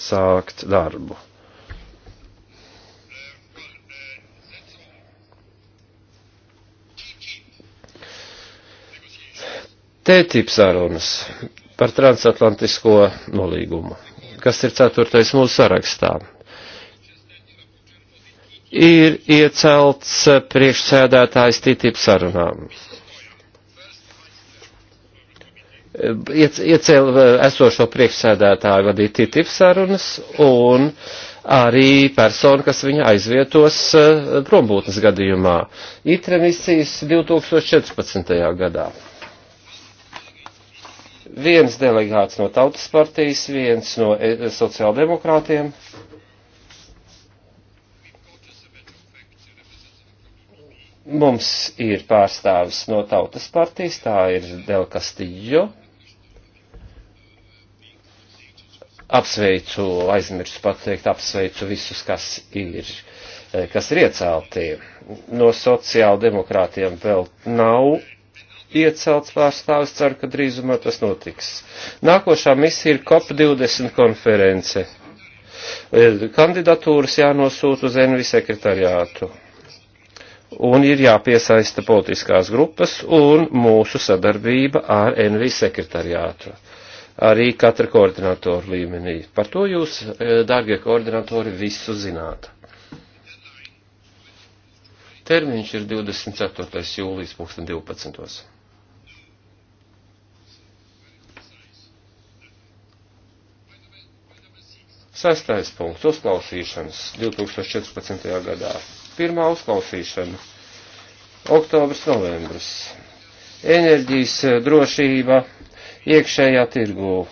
sākt darbu. Tētīp sarunas par transatlantisko nolīgumu, kas ir ceturtais mūsu sarakstā. Ir iecelts priekšsēdētājs TTIP sarunām. iecēla eh, esošo priekšsēdētāju vadīt TTIP sarunas un arī personu, kas viņu aizvietos eh, prombūtnes gadījumā. ITRE misijas 2014. gadā. Viens delegāts no Tautas partijas, viens no eh, sociāldemokrātiem. Mums ir pārstāvis no Tautas partijas, tā ir Delkastījo, apsveicu, aizmirsu pateikt, apsveicu visus, kas ir, eh, kas ir iecelti. No sociāldemokrātiem vēl nav iecelts pārstāvis, ceru, ka drīzumā tas notiks. Nākošā misija ir COP20 konference. Eh, kandidatūras jānosūta uz NV sekretariātu. Un ir jāpiesaista politiskās grupas un mūsu sadarbība ar NV sekretariātu arī katra koordinatora līmenī. Par to jūs, e, dārgie koordinatori, visu zināt. Termiņš ir 24. jūlijas 2012. Sestais punkts - uzklausīšanas 2014. gadā. Pirmā uzklausīšana - oktobris, novembris. Enerģijas e, drošība iekšējā tirgu.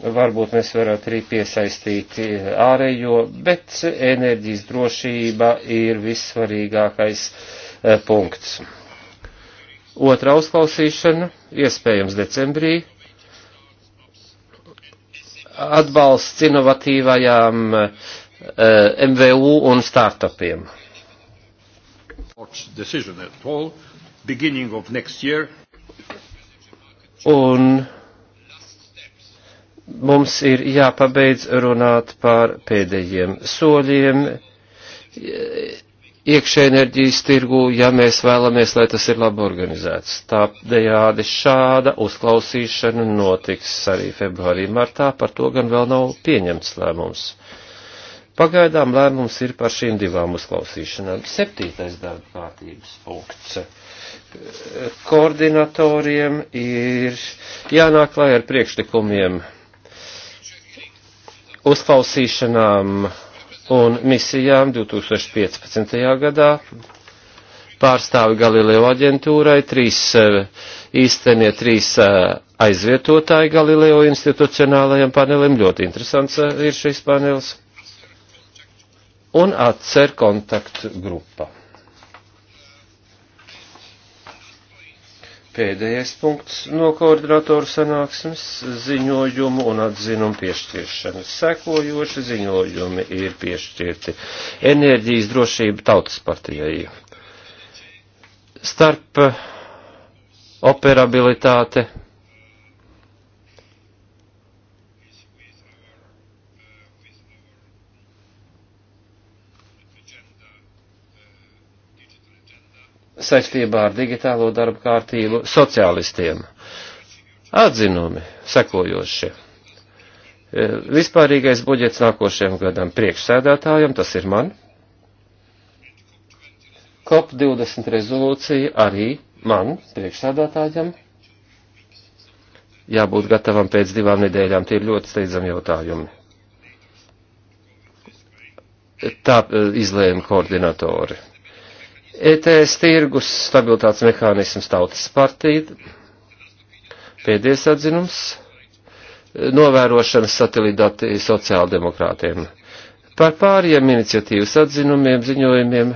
Varbūt mēs varētu arī piesaistīt ārējo, bet enerģijas drošība ir vissvarīgākais eh, punkts. Otra uzklausīšana, iespējams decembrī, atbalsts inovatīvajām eh, MVU un startupiem. Un mums ir jāpabeidz runāt par pēdējiem soļiem iekšē enerģijas tirgu, ja mēs vēlamies, lai tas ir labi organizēts. Tādējādi šāda uzklausīšana notiks arī februārī, martā, par to gan vēl nav pieņemts lēmums. Pagaidām lēmums ir par šīm divām uzklausīšanām. Septītais darba kārtības punkts. Koordinatoriem ir jānāk lai ar priekšlikumiem uzklausīšanām un misijām 2015. gadā. Pārstāvi Galileo aģentūrai, trīs eh, īstenie trīs eh, aizvietotāji Galileo institucionālajiem panelim. Ļoti interesants eh, ir šis panels. Un atcer kontaktu grupa. Pēdējais punkts no koordinatoru sanāksmes - ziņojumu un atzinumu piešķiršana. Sekojoši ziņojumi ir piešķirti enerģijas drošība tautas partijai. Starp operabilitāte saistībā ar digitālo darbu kārtību sociālistiem. Atzinumi sekojošie. E, vispārīgais budžets nākošajam gadam priekšsēdētājam, tas ir man. COP20 rezolūcija arī man, priekšsēdētājam. Jābūt gatavam pēc divām nedēļām, tie ir ļoti steidzami jautājumi. Tā e, izlēma koordinatori ETS tirgus, stabilitātes mehānisms tautas partija, pēdējais atzinums, novērošanas satelīdati sociāldemokrātiem. Par pāriem iniciatīvas atzinumiem, ziņojumiem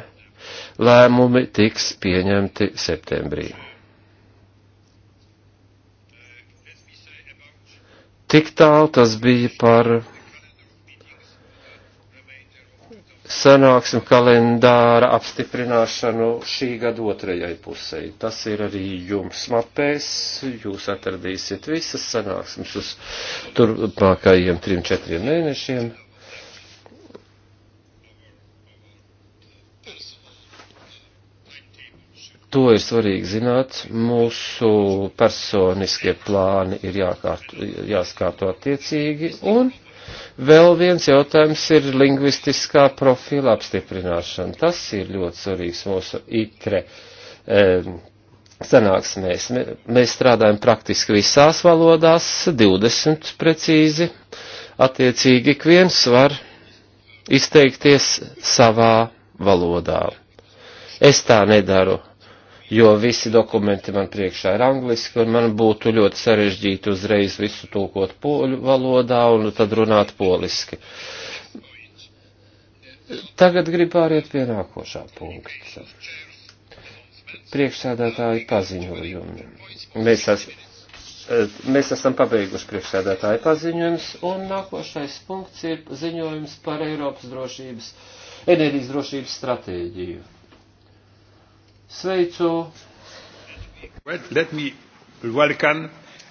lēmumi tiks pieņemti septembrī. Tik tālu tas bija par sanāksmi kalendāra apstiprināšanu šī gada otrajai pusē. Tas ir arī jums mapēs, jūs atradīsiet visas sanāksmes uz turpmākajiem trim, četriem mēnešiem. to ir svarīgi zināt. Mūsu personiskie plāni ir jākārt, jāskārto attiecīgi, un Vēl viens jautājums ir lingvistiskā profila apstiprināšana. Tas ir ļoti svarīgs mūsu itre. Um, sanāksmēs. Mēs strādājam praktiski visās valodās, 20 precīzi. Attiecīgi ik viens var izteikties savā valodā. Es tā nedaru jo visi dokumenti man priekšā ir angliski, un man būtu ļoti sarežģīti uzreiz visu tulkot poļu valodā un tad runāt poliski. Tagad gribu pāriet pie nākošā punkta. Priekšsēdētāji paziņojumi. Mēs, es, mēs esam pabeiguši priekšsēdētāju paziņojums, un nākošais punkts ir ziņojums par Eiropas drošības, enerģijas drošības stratēģiju. Sveicu! Let, let me welcome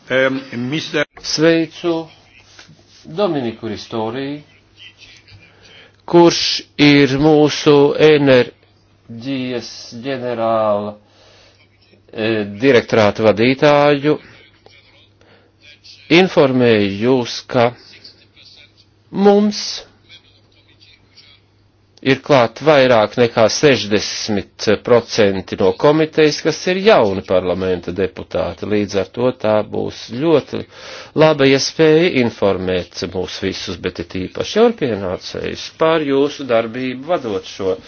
um, Mr. Sveicu Dominiku Ristoriju, kurš ir mūsu enerģijas ģenerāla e, direktorāta vadītāju. Informēju jūs, ka mums ir klāt vairāk nekā 60% no komitejas, kas ir jauni parlamenta deputāti. Līdz ar to tā būs ļoti laba iespēja informēt mūs visus, bet ir tīpaši jaunpienācējus pār jūsu darbību vadot šo e,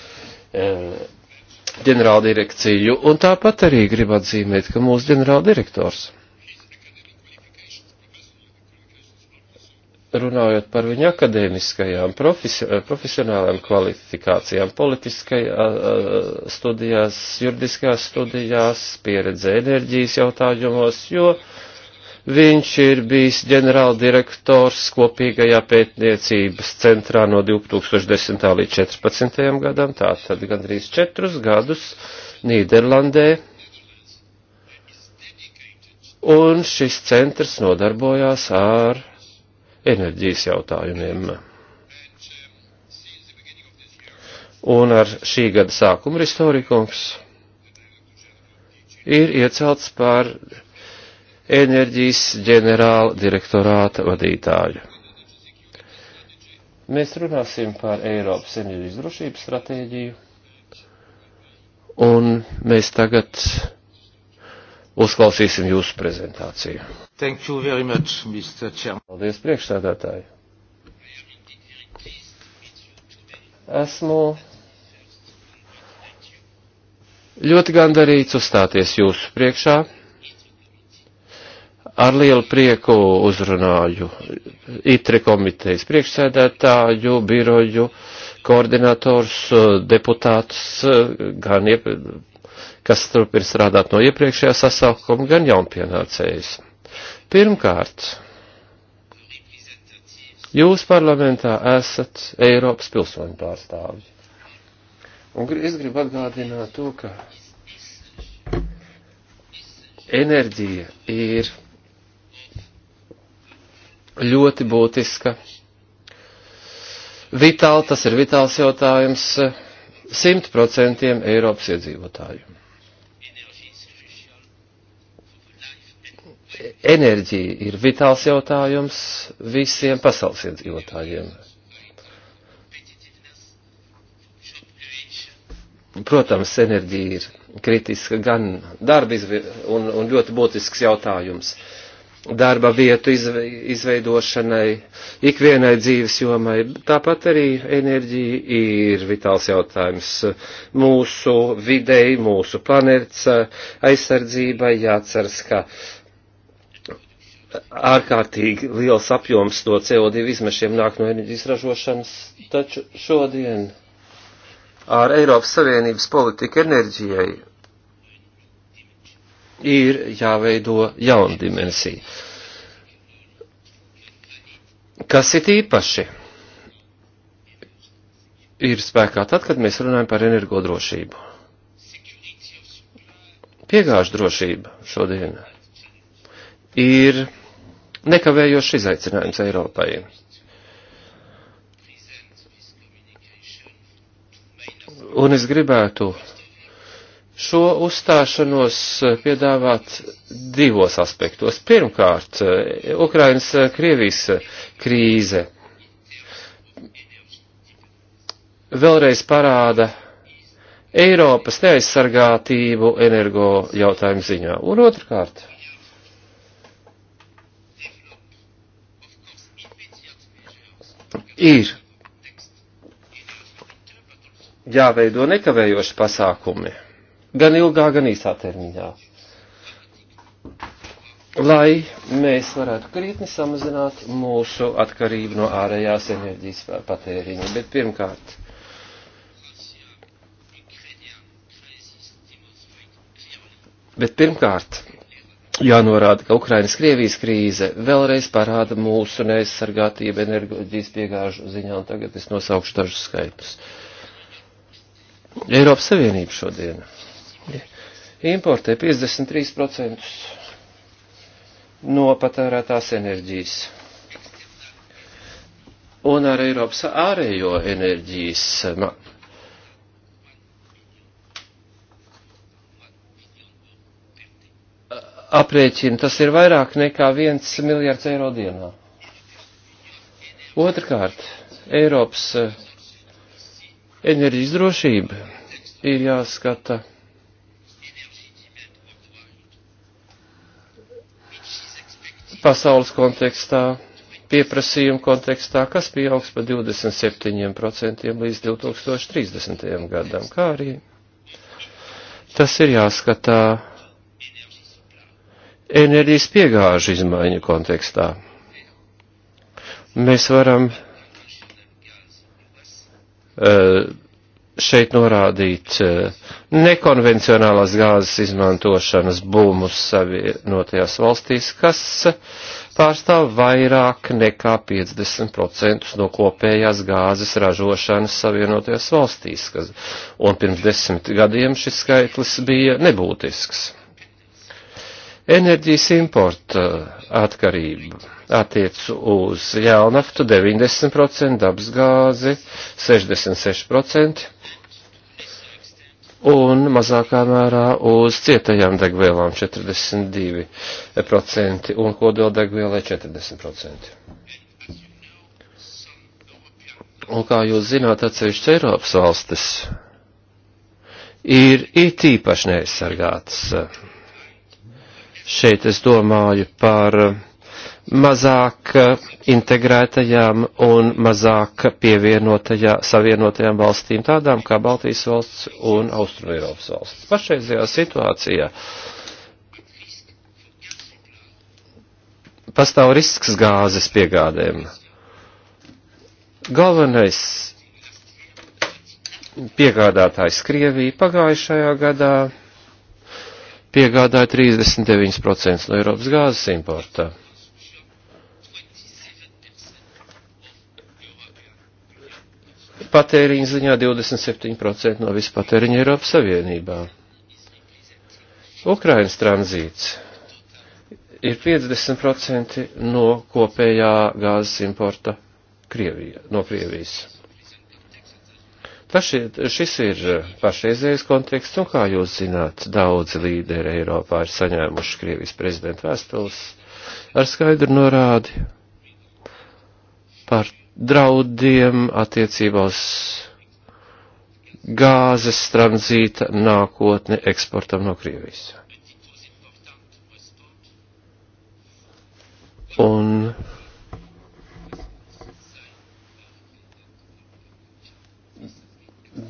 ģenerāldirekciju. Un tāpat arī gribu atzīmēt, ka mūsu ģenerāldirektors. direktors runājot par viņu akadēmiskajām, profesi, eh, profesionālām kvalifikācijām, politiskajās eh, eh, studijās, juridiskās studijās, pieredze enerģijas jautājumos, jo viņš ir bijis ģenerāldirektors kopīgajā pētniecības centrā no 2010. līdz 2014. gadam, tātad gandrīz četrus gadus Nīderlandē. Un šis centrs nodarbojās ar enerģijas jautājumiem. Un ar šī gada sākumu Ristorikungs ir iecelts par enerģijas ģenerāla direktorāta vadītāju. Mēs runāsim par Eiropas enerģijas drošības stratēģiju, un mēs tagad Uzklausīsim jūsu prezentāciju. Thank you very much, Mr. Chairman. Paldies, priekšsēdētāji. Esmu ļoti gandarīts uzstāties jūsu priekšā. Ar lielu prieku uzrunāju ITRE komitejas priekšsēdētāju, biroju, koordinators, deputātus, gan kas turpina strādāt no iepriekšējā sasaukuma, gan jaunpienācējus. Pirmkārt, jūs parlamentā esat Eiropas pilsoņu pārstāvji. Un es gribu atgādināt to, ka enerģija ir ļoti būtiska. Vitāli, tas ir vitāls jautājums simt procentiem Eiropas iedzīvotājiem. enerģija ir vitāls jautājums visiem pasaules iedzīvotājiem. Protams, enerģija ir kritiska gan darba un, un ļoti būtisks jautājums darba vietu izve izveidošanai, ikvienai dzīves jomai. Tāpat arī enerģija ir vitāls jautājums mūsu videi, mūsu planētas aizsardzībai. Jāceras, ka uh, ārkārtīgi liels apjoms no CO2 izmešiem nāk no enerģijas ražošanas, taču šodien ar Eiropas Savienības politiku enerģijai ir jāveido jauna dimensija. Kas ir īpaši? Ir spēkā tad, kad mēs runājam par energodrošību. Piegāžu drošība šodien ir nekavējošs izaicinājums Eiropai. Un es gribētu šo uzstāšanos piedāvāt divos aspektos. Pirmkārt, Ukrainas Krievijas krīze vēlreiz parāda Eiropas neaizsargātību energo jautājumu ziņā. Un otrkārt, ir jāveido nekavējoši pasākumi, gan ilgā, gan īsā termiņā, lai mēs varētu krietni samazināt mūsu atkarību no ārējās enerģijas patēriņa. Bet pirmkārt, bet pirmkārt, jānorāda, ka Ukrainas-Krievijas krīze vēlreiz parāda mūsu neaizsargātību energoģijas piegāžu ziņā, un tagad es nosaukšu dažus skaitļus. Eiropas Savienība šodien importē 53% no patērētās enerģijas. Un ar Eiropas ārējo enerģijas aprēķina, tas ir vairāk nekā viens miljards eiro dienā. Otrkārt, Eiropas eh, enerģijas drošība ir jāskata. Pasaules kontekstā, pieprasījuma kontekstā, kas pieaugs pa 27% līdz 2030. gadam, kā arī tas ir jāskatā enerģijas piegāžu izmaiņu kontekstā. Mēs varam eh, šeit norādīt eh, nekonvencionālās gāzes izmantošanas būmus savienotajās valstīs, kas pārstāv vairāk nekā 50% no kopējās gāzes ražošanas savienotajās valstīs, kas, un pirms desmit gadiem šis skaitlis bija nebūtisks. Enerģijas importa eh, atkarība attiec uz jaunaftu 90%, dabasgāzi 66% un mazākā mērā uz cietajām degvielām 42% un kodoldegvielai 40%. Un kā jūs zināt, atsevišķas Eiropas valstis ir it īpaši neaizsargātas eh, Šeit es domāju par mazāk integrētajām un mazāk pievienotajā, savienotajām valstīm, tādām kā Baltijas valsts un Austrumēropas valsts. Pašreizajā situācijā pastāv risks gāzes piegādēm. Galvenais piegādātājs Krievija pagājušajā gadā piegādāja 39% no Eiropas gāzes importā. Patēriņa ziņā 27% no visu patēriņu Eiropas Savienībā. Ukrainas tranzīts ir 50% no kopējā gāzes importa Krievija, no Krievijas. Pašiet, šis ir eh, pašreizējais konteksts, un kā jūs zināt, daudzi līderi Eiropā ir saņēmuši Krievijas prezidenta vēstules ar skaidru norādi par draudiem attiecībā uz gāzes tranzīta nākotni eksportam no Krievijas. Un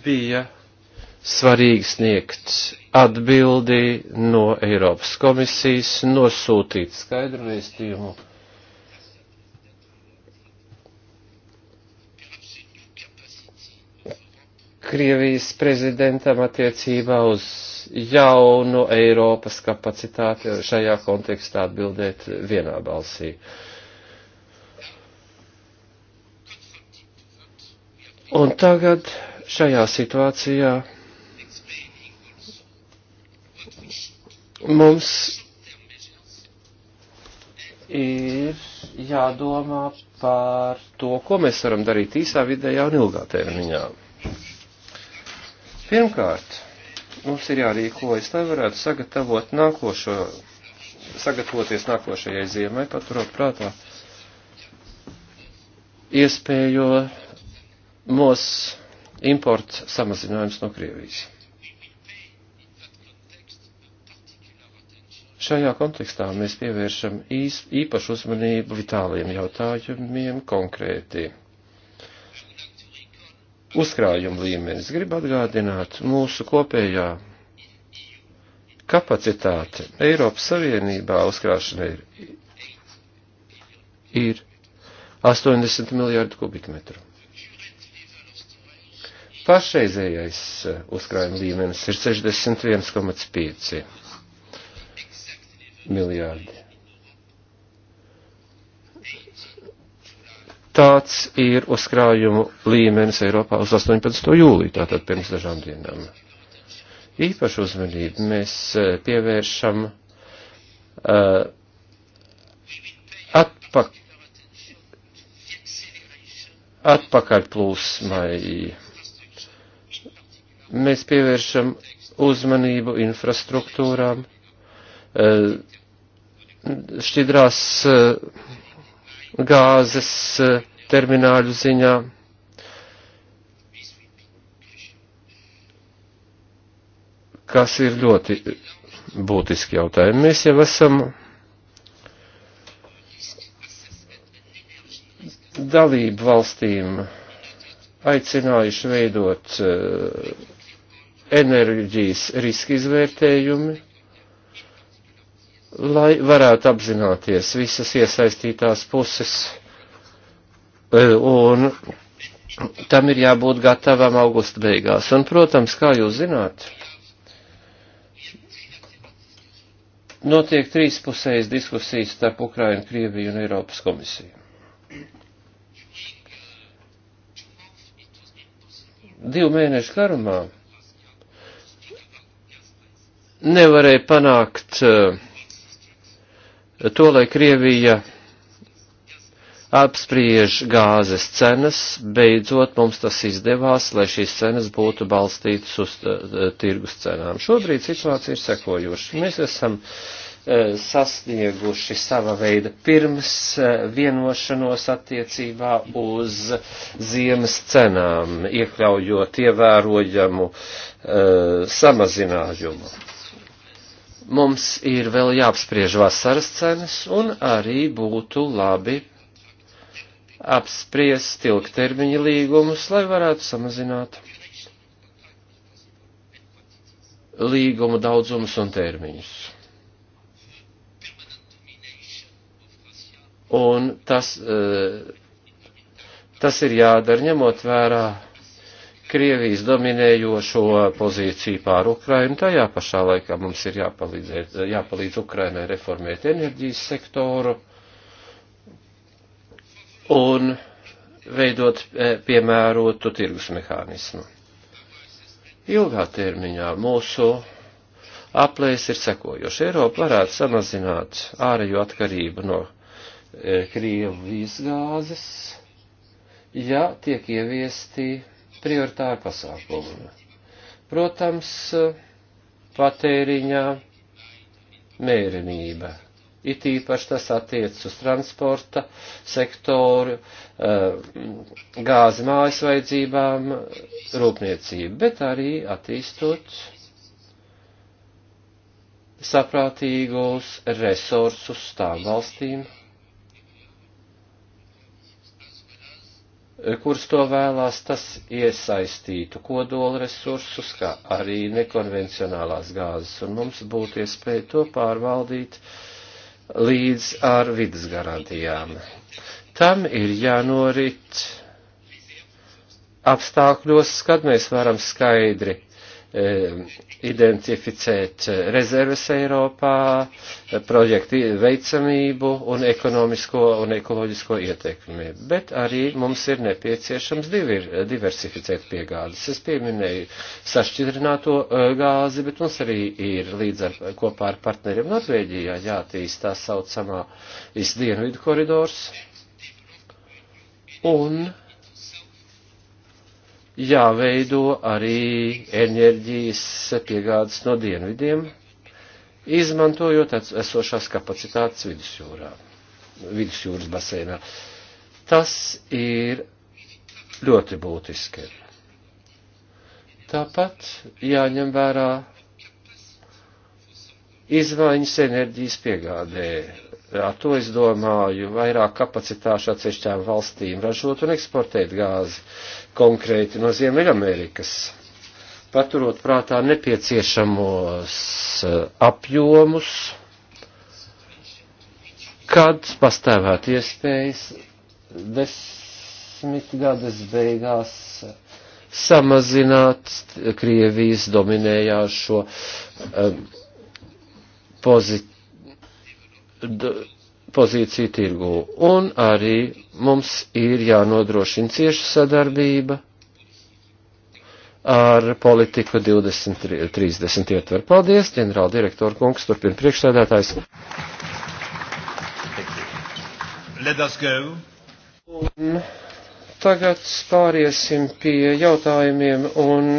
bija svarīgi sniegt atbildi no Eiropas komisijas, nosūtīt skaidru vēstījumu. Krievijas prezidentam attiecībā uz jaunu Eiropas kapacitāti šajā kontekstā atbildēt vienā balsī. Un tagad Šajā situācijā mums ir jādomā par to, ko mēs varam darīt īsā vidējā un ilgā termiņā. Pirmkārt, mums ir jārīkojas, lai varētu sagatavot nākošo, sagatavoties nākošajai ziemai, paturot prātā iespējo mūsu imports samazinājums no Krievijas. Šajā kontekstā mēs pievēršam īs, īpašu uzmanību vitāliem jautājumiem konkrēti. Uzkrājuma līmenis grib atgādināt mūsu kopējā kapacitāte Eiropas Savienībā uzkrāšanai ir, ir 80 miljārdu kubikmetru. Pašreizējais eh, uzkrājuma līmenis ir 61,5 miljārdi. Tāds ir uzkrājumu līmenis Eiropā uz 18. jūliju, tātad pirms dažām dienām. Īpašu uzmanību mēs eh, pievēršam uh, atpak atpakaļ plūsmai mēs pievēršam uzmanību infrastruktūrām, eh, šķidrās eh, gāzes eh, termināļu ziņā. kas ir ļoti būtiski jautājumi. Mēs jau esam dalību valstīm aicinājuši veidot uh, enerģijas riska izvērtējumi, lai varētu apzināties visas iesaistītās puses, e, un tam ir jābūt gatavam augusta beigās. Un, protams, kā jūs zināt, notiek trīspusējas diskusijas starp Ukrainu, Krieviju un Eiropas komisiju. Divu mēnešu garumā nevarēja panākt eh, to, lai Krievija apspriež gāzes cenas, beidzot mums tas izdevās, lai šīs cenas būtu balstītas uz eh, tirgus cenām. Šobrīd situācija ir sekojoša. Mēs esam eh, sasnieguši sava veida pirms vienošanos attiecībā uz ziemas cenām, iekļaujot ievērojamu uh, samazinājumu Mums ir vēl jāapspriež vasaras cenas un arī būtu labi apspriest ilgtermiņa līgumus, lai varētu samazināt līgumu daudzumus un termiņus. Un tas, eh, tas ir jādara ņemot vērā Krievijas dominējošo pozīciju pār Ukrainu. Tajā pašā laikā mums ir jāpalīdz, jāpalīdz Ukrainai reformēt enerģijas sektoru un veidot e, piemērotu tirgus mehānismu. Ilgā termiņā mūsu aplēs ir sekojoši. Eiropa varētu samazināt ārējo atkarību no e, Krievijas gāzes, ja tiek ieviesti prioritāru pasākumu. Protams, patēriņā mērenība. It īpaši tas attiec uz transporta sektoru, eh, gāzi mājas vajadzībām, rūpniecību, bet arī attīstot saprātīgos resursus tām valstīm, kurš to vēlās, tas iesaistītu kodola resursus, kā arī nekonvencionālās gāzes, un mums būtu iespēja to pārvaldīt līdz ar vidas garantijām. Tam ir jānorit apstākļos, kad mēs varam skaidri Eh, identificēt eh, rezerves Eiropā, eh, projektu veicamību un ekonomisko un ekoloģisko ietekmi. Bet arī mums ir nepieciešams divir, diversificēt piegādes. Es pieminēju sašķidrināto gāzi, bet mums arī ir līdz ar kopā ar partneriem Norvēģijā jātīstā saucamā izdienvidu koridors. Un jāveido arī enerģijas piegādes no dienvidiem, izmantojot esošās kapacitātes vidusjūrā, vidusjūras basēnā. Tas ir ļoti būtiski. Tāpat jāņem vērā izmaiņas enerģijas piegādē, Jā, to es domāju, vairāk kapacitāšu atsevišķām valstīm ražot un eksportēt gāzi, konkrēti no Ziemeļamerikas, paturot prātā nepieciešamos eh, apjomus, kad pastāvētu iespējas desmitgades beigās samazināt Krievijas dominējošo um, eh, pozitīvu pozīciju tirgū. Un arī mums ir jānodrošina cieša sadarbība ar politiku 2030 ietver. Paldies, ģenerāla direktora kungs, turpina priekšsēdētājs. Un tagad pāriesim pie jautājumiem un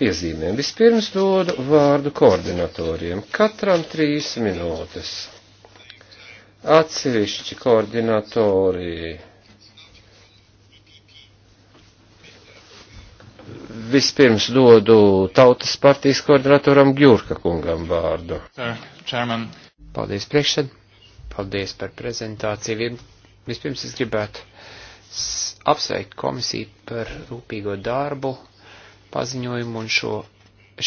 piezīmēm. Vispirms dodu vārdu koordinatoriem. Katram trīs minūtes. Atsevišķi koordinatori vispirms dodu Tautas partijas koordinatoram Gjurka kungam vārdu. Paldies priekšsēd, paldies par prezentāciju. Vispirms es gribētu apsveikt komisiju par rūpīgo darbu, paziņojumu un šo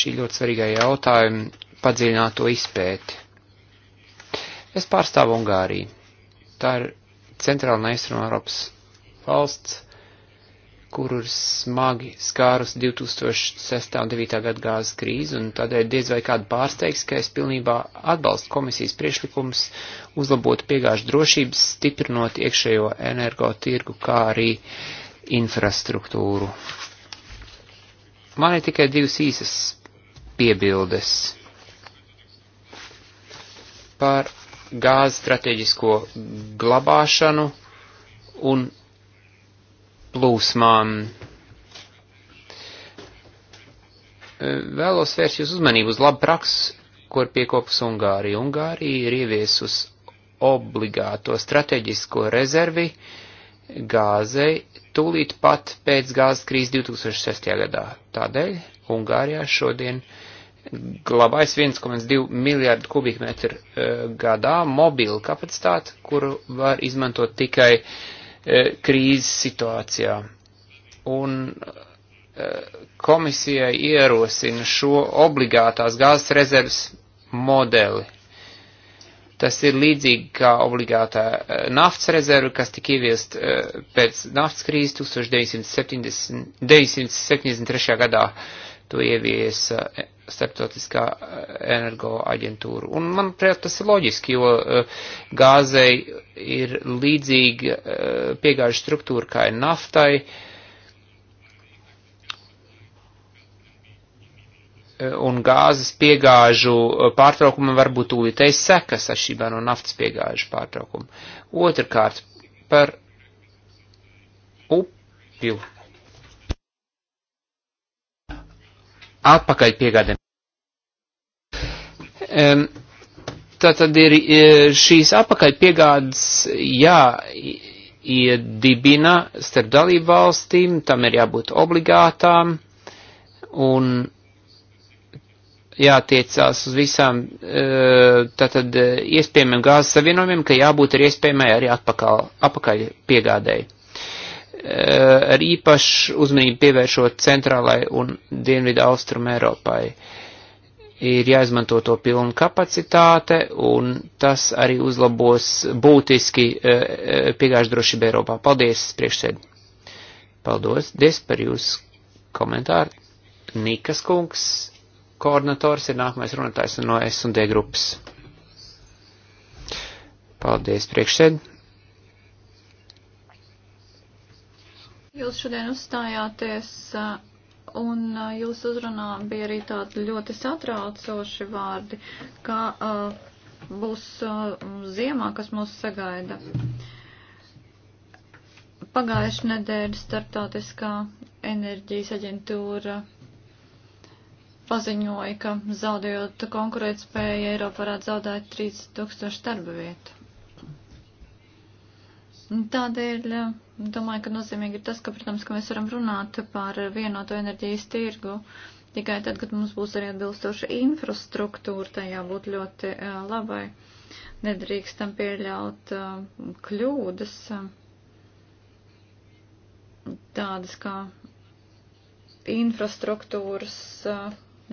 šī ļoti svarīgā jautājuma padziļināto izpēti. Es pārstāvu Ungāriju. Tā ir centrāla un aizsaruma Eiropas valsts, kuru ir smagi skārus 2006. un 2009. gada gāzes krīze, un tādēļ diez vai kādu pārsteigs, ka es pilnībā atbalstu komisijas priešlikums uzlabot piegāžu drošības, stiprinot iekšējo energotirgu, kā arī infrastruktūru. Man ir tikai divas īsas piebildes par gāzes strateģisko glabāšanu un plūsmām. E, vēlos vērst jūs uzmanību uz labu praksu, ko ir piekopus Ungārija. Ungārija ir ieviesus obligāto strateģisko rezervi gāzei tūlīt pat pēc gāzes krīzes 2006. gadā. Tādēļ Ungārijā šodien uh, glabājas 1,2 miljārdu kubikmetru e, gadā mobīlu kapacitāti, kuru var izmantot tikai e, krīzes situācijā. Un e, komisijai ierosina šo obligātās gāzes rezerves modeli. Tas ir līdzīgi kā obligātā naftas rezerve, kas tika ieviest pēc naftas krīzes 1970, 1973. gadā. To ieviesa starptautiskā eh, energo aģentūra. Un, manuprāt, tas ir loģiski, jo eh, gāzei ir līdzīga eh, piegāžu struktūra kā ir naftai. Un gāzes piegāžu pārtraukumam var būt tūlītējas sekas atšķirībā no naftas piegāžu pārtraukuma. Otrakārt, par upju atpakaļ piegādēm. Um, tā tad ir e, šīs apakaļpiegādes jāiedibina starp dalību valstīm, tam ir jābūt obligātām un jātiecās uz visām e, tātad e, iespējamiem gāzes savienojumiem, ka jābūt ir iespējamai arī atpakaļ, apakaļ piegādēji. Eh, ar īpašu uzmanību pievēršot centrālai un dienvidu austrumu Eiropai. Ir jāizmanto to pilnu kapacitāte, un tas arī uzlabos būtiski eh, eh, piegāžu drošību Eiropā. Paldies, priekšsēd. Paldies, Dies par jūsu komentāru. Nikas kungs, koordinators, ir nākamais runātājs no S&D grupas. Paldies, priekšsēd. Jūs šodien uzstājāties un jūsu uzrunā bija arī tādi ļoti satraucoši vārdi, kā uh, būs uh, ziemā, kas mūs sagaida. Pagājuši nedēļa startautiskā enerģijas aģentūra paziņoja, ka zaudējot konkurētspēju, Eiropa varētu zaudēt 3000 darba vietu. Tādēļ. Uh, Domāju, ka nozīmīgi ir tas, ka, protams, ka mēs varam runāt par vienoto enerģijas tirgu. Tikai tad, kad mums būs arī atbilstoša infrastruktūra, tā jābūt ļoti uh, labai. Nedrīkstam pieļaut uh, kļūdas, uh, tādas kā infrastruktūras uh,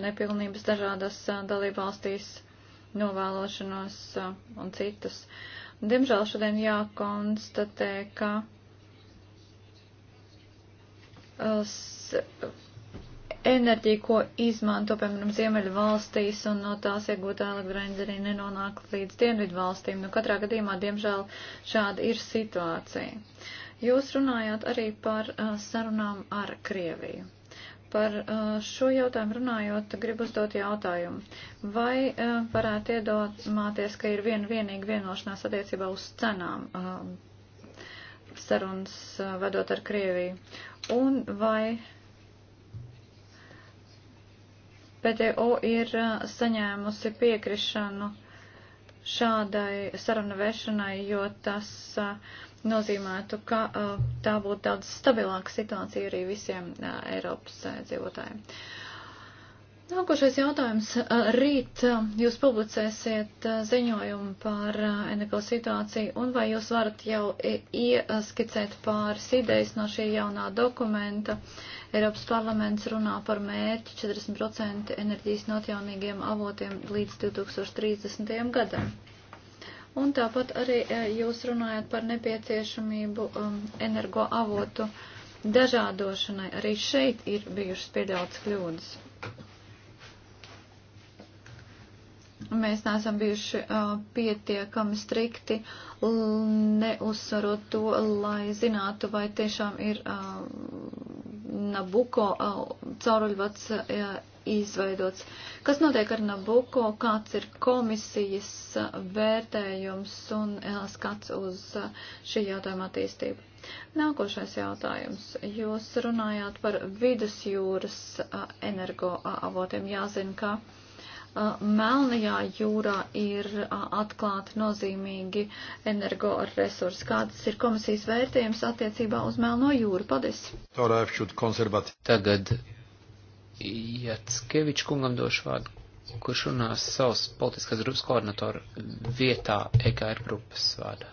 nepilnības dažādās uh, dalībvalstīs, novēlošanos uh, un citus. Diemžēl šodien jākonstatē, ka Uh, enerģija, ko izmanto, piemēram, ziemeļu valstīs, un no tās iegūtā elektroenerģija arī nenonāk līdz dienvidu valstīm. Nu, katrā gadījumā, diemžēl, šāda ir situācija. Jūs runājāt arī par uh, sarunām ar Krieviju. Par uh, šo jautājumu runājot, gribu uzdot jautājumu. Vai uh, varētu iedomāties, ka ir viena vienīga vienošanās attiecībā uz cenām? Uh, sarunas vedot ar Krieviju? Un vai PTO ir saņēmusi piekrišanu šādai sarunu vešanai, jo tas nozīmētu, ka tā būtu daudz stabilāka situācija arī visiem Eiropas dzīvotājiem? Nākošais jautājums. Rīt jūs publicēsiet ziņojumu par energo situāciju, un vai jūs varat jau ieskicēt pāris idejas no šī jaunā dokumenta? Eiropas parlaments runā par mērķi 40% enerģijas notjaunīgiem avotiem līdz 2030. gadam. Un tāpat arī jūs runājat par nepieciešamību energo avotu dažādošanai. Arī šeit ir bijušas pieļautas kļūdas. mēs neesam bijuši uh, pietiekami strikti, neuzsvarot to, lai zinātu, vai tiešām ir uh, Nabuko uh, cauruļvats uh, izveidots. Kas notiek ar Nabuko, kāds ir komisijas vērtējums un uh, skats uz uh, šī jautājuma attīstību? Nākošais jautājums. Jūs runājāt par vidusjūras uh, energo uh, avotiem. Jāzina, ka Melnajā jūrā ir atklāti nozīmīgi energoresursi. Kādas ir komisijas vērtējums attiecībā uz Melno jūru? Paldies! Tagad Jackevičs kungam došu vārdu, kurš runās savas politiskās grupas koordinatoru vietā EKR grupas vārdā.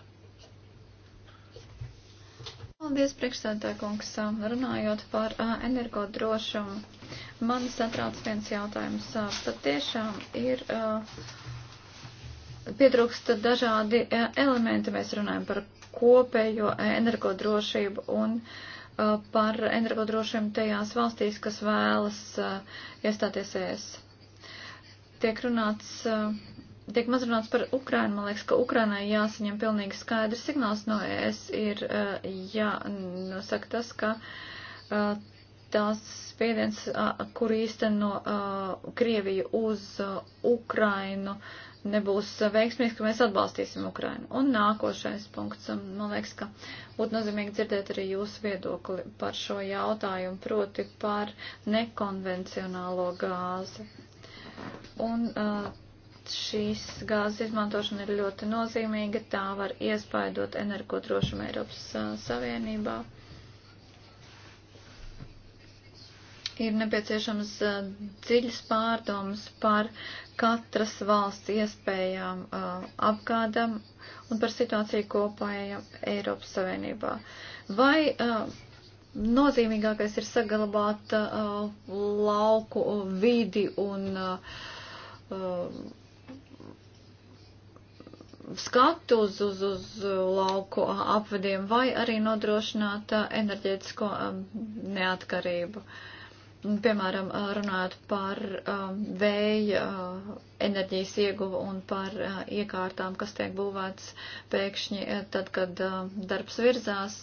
Paldies, priekšsēdētāj kungs, runājot par energodrošumu. Man satrauc viens jautājums. Pat tiešām ir pietrūkst dažādi elementi. Mēs runājam par kopējo energodrošību un par energodrošību tajās valstīs, kas vēlas iestāties ES. Tiek runāts tiek maz runāts par Ukrainu. Man liekas, ka Ukrainai jāsaņem pilnīgi skaidrs signāls no ES ir eh, jānosaka tas, ka eh, tās spiediens, eh, kur īsteno Krieviju uz Ukrainu, nebūs veiksmīgs, ka mēs atbalstīsim Ukrainu. Un nākošais punkts, man liekas, ka būtu nozīmīgi dzirdēt arī jūsu viedokli par šo jautājumu, proti par nekonvencionālo gāzi. Un uh, šīs gāzes izmantošana ir ļoti nozīmīga, tā var iespaidot energodrošumu Eiropas Savienībā. Ir nepieciešams dziļas pārdomas par katras valsts iespējām apgādam un par situāciju kopējā Eiropas Savienībā. Vai nozīmīgākais ir saglabāt lauku vidi un skatu uz, uz, uz lauku apvediem vai arī nodrošināt uh, enerģētisko um, neatkarību. Piemēram, uh, runājot par um, vēja uh, enerģijas ieguvu un par iekārtām, kas tiek būvēts pēkšņi, tad, kad darbs virzās,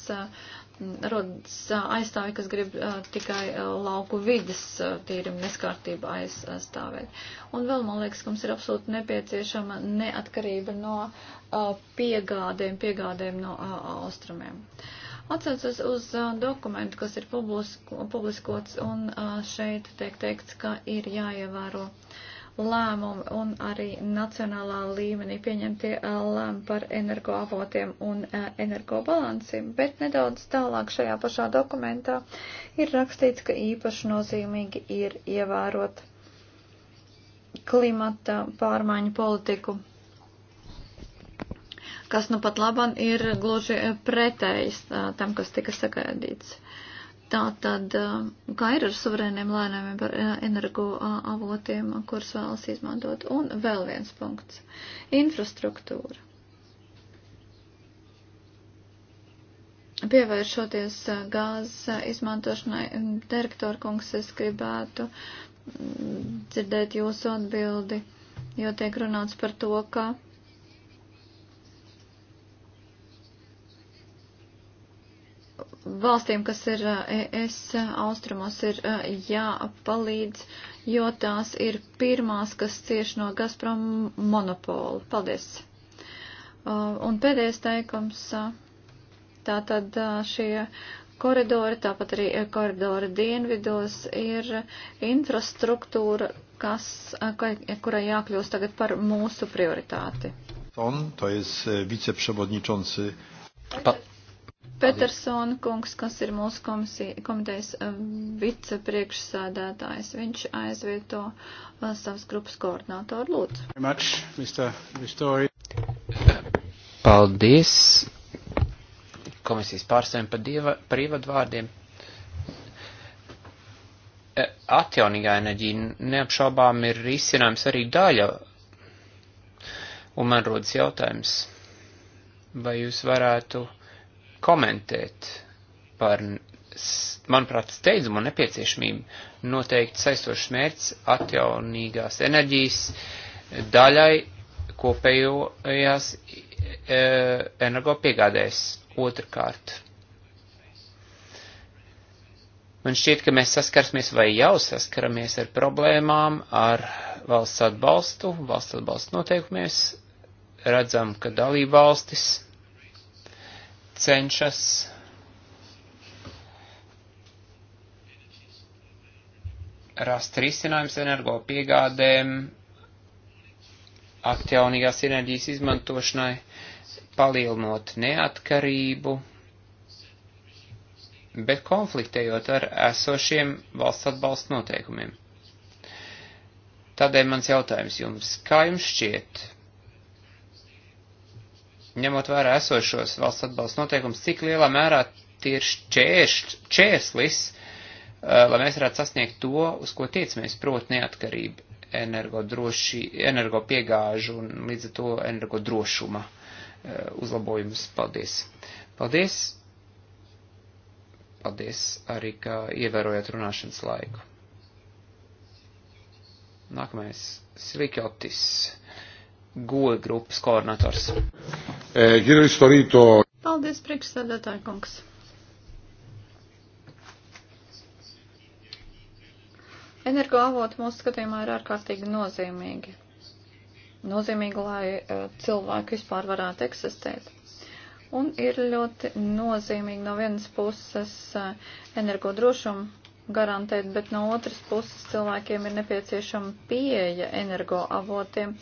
rodas aizstāvi, kas grib uh, tikai uh, lauku vidas uh, tīrim neskārtību aizstāvēt. Un vēl, man liekas, ka mums ir absolūti nepieciešama neatkarība no uh, piegādēm, piegādēm no uh, austrumiem. Atcaucas uz uh, dokumentu, kas ir publisko, publiskots, un uh, šeit tiek teikts, ka ir jāievēro uh, lēmumi un arī nacionālā līmenī pieņemtie lēmumi par energoavotiem un energobalansi, bet nedaudz tālāk šajā pašā dokumentā ir rakstīts, ka īpaši nozīmīgi ir ievērot klimata pārmaiņu politiku kas nu pat laban ir gluži pretējs tam, kas tika sagaidīts. Tā tad, um, kā ir ar suverēniem lēnēmiem par uh, energo uh, avotiem, kurus vēlas izmantot. Un vēl viens punkts - infrastruktūra. Pievēršoties uh, gāzes izmantošanai, um, direktora kungs, es gribētu mm, dzirdēt jūsu atbildi, jo tiek runāts par to, ka valstīm, kas ir ES austrumos, ir jāpalīdz, jo tās ir pirmās, kas cieši no Gazprom monopola. Paldies! Un pēdējais teikums, tā tad šie koridori, tāpat arī koridori dienvidos ir infrastruktūra, kas, kurai jākļūst tagad par mūsu prioritāti. On, to jest wiceprzewodniczący. Pa, Petersona kungs, kas ir mūsu komisija, komitejas eh, vicepriekšsādātājs, viņš aizvieto eh, savas grupas koordinātoru lūdzu. Much, Mr. Vistori. Paldies komisijas pārstāvjiem par, dieva, par ievadu vārdiem. E, atjaunīgā enerģija neapšaubām ir risinājums arī daļa. Un man rodas jautājums, vai jūs varētu komentēt par, manuprāt, steidzumu un nepieciešamību noteikt saistošs mērķis atjaunīgās enerģijas daļai kopējās e, energopiegādēs otrkārt. Man šķiet, ka mēs saskarsimies vai jau saskaramies ar problēmām ar valsts atbalstu, valsts atbalstu noteikumiem. Redzam, ka dalība valstis cenšas rast risinājums energo piegādēm, atjaunīgās enerģijas izmantošanai, palielinot neatkarību, bet konfliktējot ar esošiem valsts atbalsta noteikumiem. Tādēļ mans jautājums jums, kā jums šķiet, ņemot vērā esošos valsts atbalsta noteikumus, cik lielā mērā tie ir šķērslis, uh, lai mēs varētu sasniegt to, uz ko tiecamies, proti neatkarību, energopiegāžu energo, droši, energo un līdz ar to energodrošuma uh, uzlabojumus. Paldies! Paldies! Paldies arī, ka ievērojat runāšanas laiku. Nākamais Slikjotis, goja e grupas koordinators. Eh, Giro Istorīto. Paldies, priekšsēdētāji kungs. Energoavoti mūsu skatījumā ir ārkārtīgi nozīmīgi. Nozīmīgi, lai eh, cilvēki vispār varētu eksistēt. Un ir ļoti nozīmīgi no vienas puses eh, energodrošumu garantēt, bet no otras puses cilvēkiem ir nepieciešama pieeja energoavotiem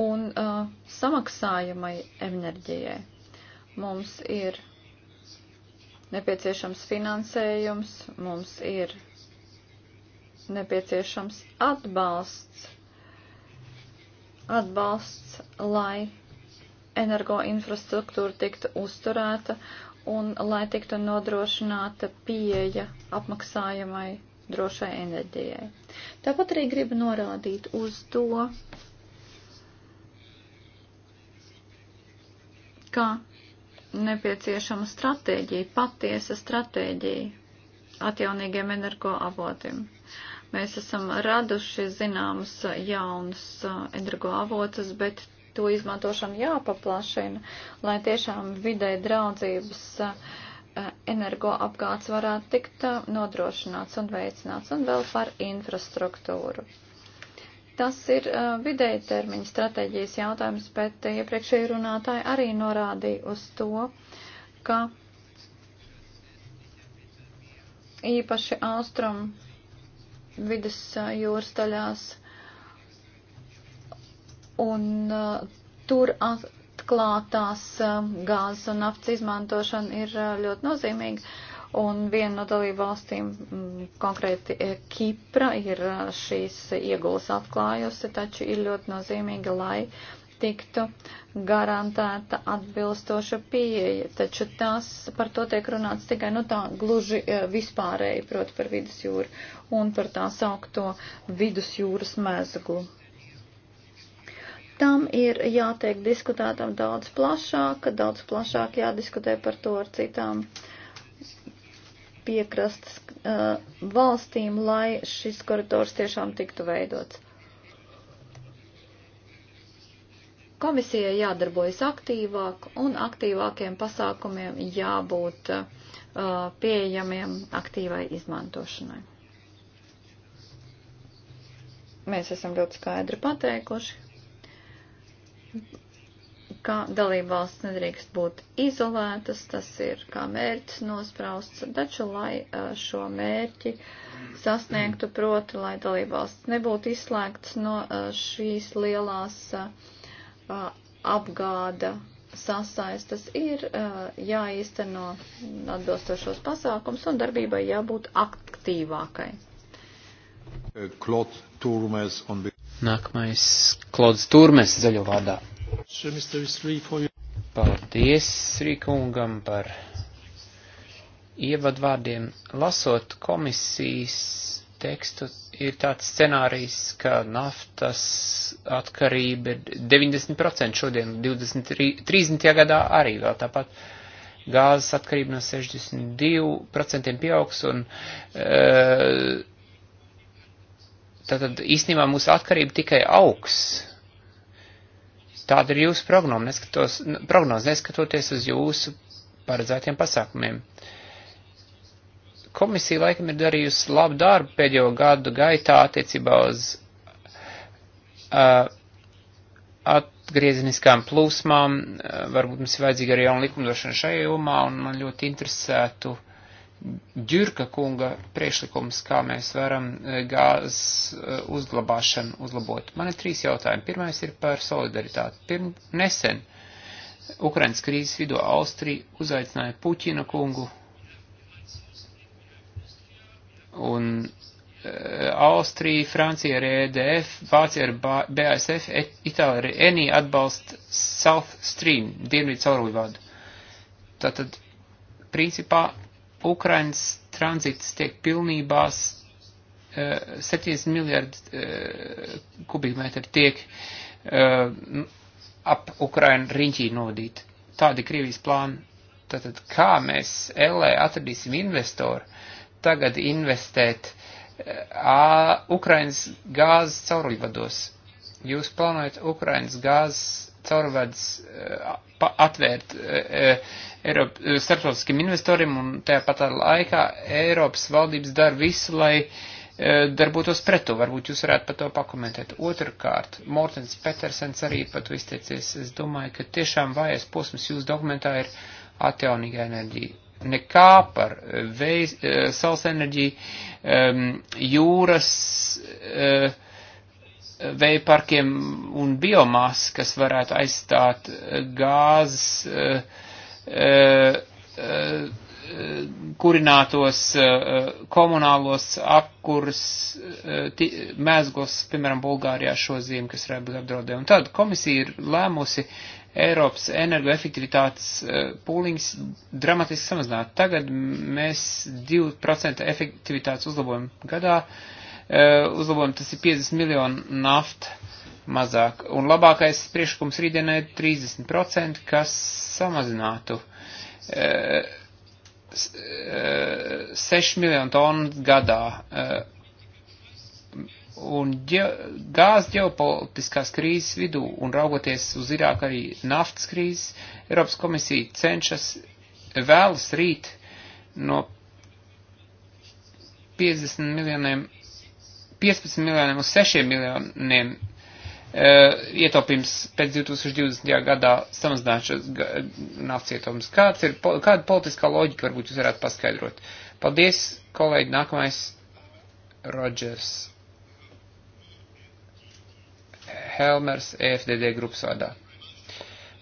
un uh, samaksājamai enerģijai. Mums ir nepieciešams finansējums, mums ir nepieciešams atbalsts, atbalsts, lai energoinfrastruktūra tiktu uzturēta un lai tiktu nodrošināta pieeja apmaksājamai drošai enerģijai. Tāpat arī gribu norādīt uz to, ka nepieciešama stratēģija, patiesa stratēģija atjaunīgiem energoavotiem. Mēs esam raduši zināmas jaunas energoavotas, bet to izmantošanu jāpaplašina, lai tiešām vidē draudzības energoapgāds varētu tikt nodrošināts un veicināts un vēl par infrastruktūru. Tas ir uh, vidēji termiņa stratēģijas jautājums, bet iepriekšēji runātāji arī norādīja uz to, ka īpaši austrum vidas jūras daļās un uh, tur atklātās uh, gāzes un naftas izmantošana ir uh, ļoti nozīmīga. Un viena no dalību valstīm, mm, konkrēti e, Kipra, ir e, šīs iegulas atklājusi, taču ir ļoti nozīmīgi, lai tiktu garantēta atbilstoša pieeja. Taču tas par to tiek runāts tikai nu tā gluži e, vispārēji, proti par vidusjūru un par tā saukto vidusjūras mezglu. Tam ir jātiek diskutētam daudz plašāk, daudz plašāk jādiskutē par to ar citām uh, piekrastas uh, valstīm, lai šis koridors tiešām tiktu veidots. Komisijai jādarbojas aktīvāk un aktīvākiem pasākumiem jābūt uh, pieejamiem aktīvai izmantošanai. Mēs esam ļoti skaidri pateikuši ka dalībvalsts nedrīkst būt izolētas, tas ir kā mērķis nosprausts, taču, lai šo mērķi sasniegtu, proti, lai dalībvalsts nebūtu izslēgts no šīs lielās apgāda sasaistas, ir jāīsteno atbilstošos pasākums un darbībai jābūt aktīvākai. Nākamais Klods Turmes zaļo vārdā. Paldies Rīkungam par ievadvārdiem. Lasot komisijas tekstu, ir tāds scenārijs, ka naftas atkarība ir 90% šodien, 20, 30. gadā arī vēl tāpat. Gāzes atkarība no 62% pieaugs un e, tātad īstenībā mūsu atkarība tikai augs Tāda ir jūsu prognoze, neskatoties uz jūsu paredzētiem pasākumiem. Komisija laikam ir darījusi labu darbu pēdējo gadu gaitā attiecībā uz uh, atgriezeniskām plūsmām. Uh, varbūt mums ir vajadzīga arī jauna likumdošana šajā jomā, un man ļoti interesētu Džurka kunga priekšlikums, kā mēs varam e, gāzes e, uzglabāšanu uzlabot. Man ir trīs jautājumi. Pirmais ir par solidaritāti. Pirm, nesen Ukrainas krīzes vidū Austrija uzaicināja Puķina kungu un e, Austrija, Francija ar EDF, Vācija ar BASF, Itālija ar ENI atbalsta South Stream, Dienvidu caurulvadu. Tātad, principā, Ukrainas tranzīts tiek pilnībās 70 eh, miljardi eh, kubikmetri tiek eh, ap Ukrainu riņķī nodīt. Tādi Krievijas plāni. Tātad, kā mēs LA atradīsim investoru tagad investēt Ukrainas gāzes cauruļvados? Jūs plānojat Ukrainas gāzes caurvads eh, atvērt eh, eh, Eiropa, starptautiskiem investoriem un tāpat ar laikā Eiropas valdības dara visu, lai darbotos pret to. Varbūt jūs varētu par to pakomentēt. Otrkārt, Mortens Petersens arī pat izteicies. Es domāju, ka tiešām vājais posms jūsu dokumentā ir atjaunīga enerģija. Nekā par vējas, saules enerģiju, um, jūras uh, vēja parkiem un biomasu, kas varētu aizstāt eh, gāzes eh, eh, kurinātos komunālos apkurs mēzgos, piemēram, Bulgārijā šo ziemu, kas rēbīgi apdraudē. Un tad komisija ir lēmusi Eiropas energoefektivitātes pūliņas dramatiski samazināt. Tagad mēs 2% efektivitātes uzlabojumu gadā uh, Eh, uzlabojumu, tas ir 50 miljonu nafta mazāk. Un labākais priekšlikums rītdienai ir 30%, kas samazinātu 6 eh, eh, miljonu tonu gadā. Un ģe, gāzes ģeopolitiskās krīzes vidū un raugoties uz Irāku arī naftas krīzes, Eiropas komisija cenšas vēlas rīt no 50 miljoniem 15 miljoniem uz 6 miljoniem uh, ietaupījums pēc 2020. gadā samazināšanas naftas ietaupījums. Kāds ir, po, kāda politiskā loģika varbūt jūs varētu paskaidrot? Paldies, kolēģi, nākamais Rodžers Helmers, EFDD grupas vārdā.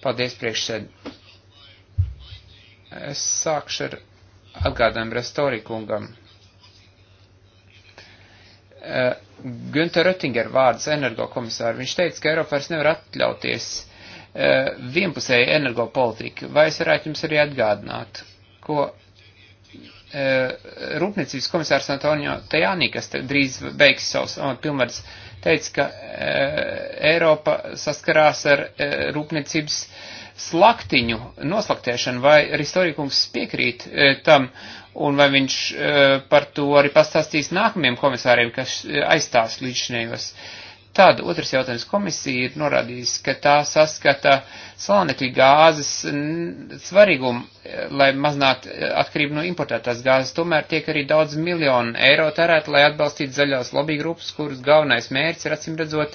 Paldies, priekšsēd. Es sākšu ar atgādinājumu Restorikungam. kungam Eh, Günter Oettinger vārds energokomisāru. Viņš teica, ka Eiropa vairs nevar atļauties eh, vienpusēju energopolitiku. Vai es varētu jums arī atgādināt, ko eh, rūpniecības komisārs Antonio Tajānī, kas drīz beigs savus pilnvaras, teica, ka e, Eiropa saskarās ar e, rūpniecības slaktiņu noslaktēšanu, vai Ristorikums piekrīt e, tam, un vai viņš e, par to arī pastāstīs nākamajiem komisāriem, kas e, aizstās līdzinējos. E, Tad otrs jautājums komisija ir norādījis, ka tā saskata slānekļa gāzes svarīgumu, lai maznātu eh, atkarību no importētās gāzes. Tomēr tiek arī daudz miljonu eiro tērēt, lai atbalstītu zaļās lobby grupas, kuras galvenais mērķis ir acimredzot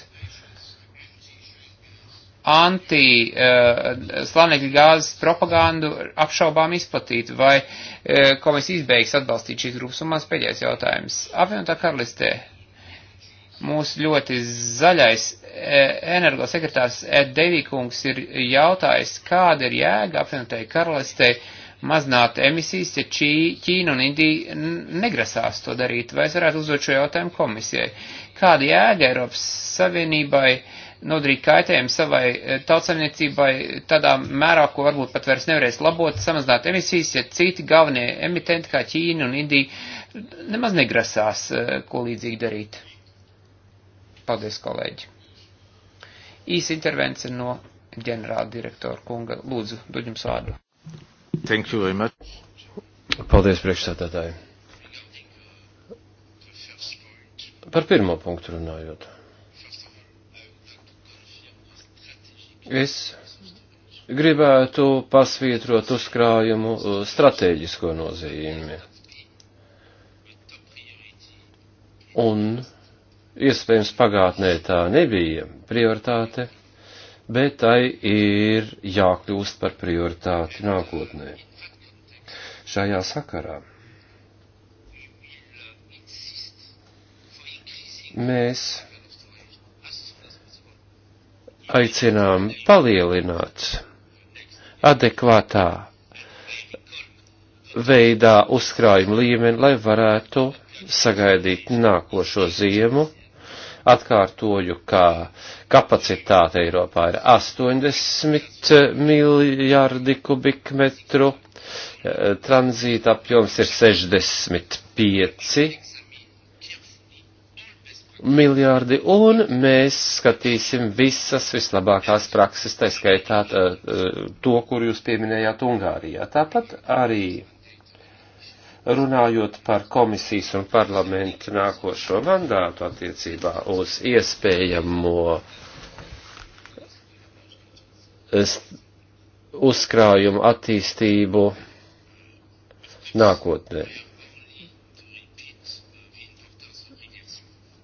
anti uh, eh, slānekļa gāzes propagandu apšaubām izplatīt, vai uh, komisija izbeigs atbalstīt šīs grupas. Un mans pēdējais jautājums. Apvienotā karalistē Mūsu ļoti zaļais e, energosekretārs Ed Devīkungs ir jautājis, kāda ir jēga apvienotai karalistei mazināt emisijas, ja Ķīna un Indija negrasās to darīt. Vai es varētu uzdot šo jautājumu komisijai? Kāda jēga Eiropas Savienībai nodarīt kaitējumu savai e, tautsamniecībai tādā mērā, ko varbūt pat vairs nevarēs labot, samazināt emisijas, ja citi galvenie emitenti kā Ķīna un Indija nemaz negrasās e, ko līdzīgi darīt? Paldies, kolēģi. Īsa intervence no ģenerāla direktora kunga. Lūdzu, dod jums vārdu. Thank you very much. Paldies, priekšsēdētāji. Par pirmo punktu runājot. Es gribētu pasvītrot uzkrājumu uh, stratēģisko nozīmi. Un Iespējams, pagātnē tā nebija prioritāte, bet tai ir jākļūst par prioritāti nākotnē. Šajā sakarā mēs aicinām palielināt adekvātā veidā uzkrājuma līmeni, lai varētu sagaidīt nākošo ziemu Atkārtoju, ka kapacitāte Eiropā ir 80 miljardi kubikmetru, e, tranzīta apjoms ir 65 miljardi, un mēs skatīsim visas vislabākās prakses, tā skaitā e, to, kur jūs pieminējāt Ungārijā. Tāpat arī runājot par komisijas un parlamentu nākošo mandātu attiecībā uz iespējamo uzkrājumu attīstību nākotnē.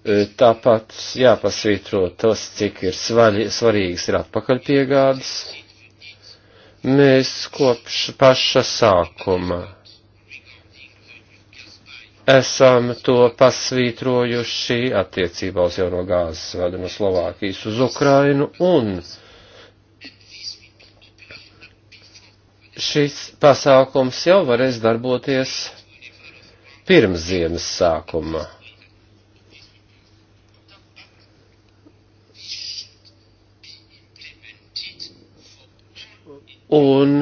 E, tāpat jāpasvītro tas, cik ir svarī, svarīgas ir atpakaļpiegādes. Mēs kopš paša sākuma esam to pasvītrojuši attiecībā uz jauno gāzes vadu no Slovākijas uz Ukrainu, un šis pasākums jau varēs darboties pirms ziemas sākuma. Un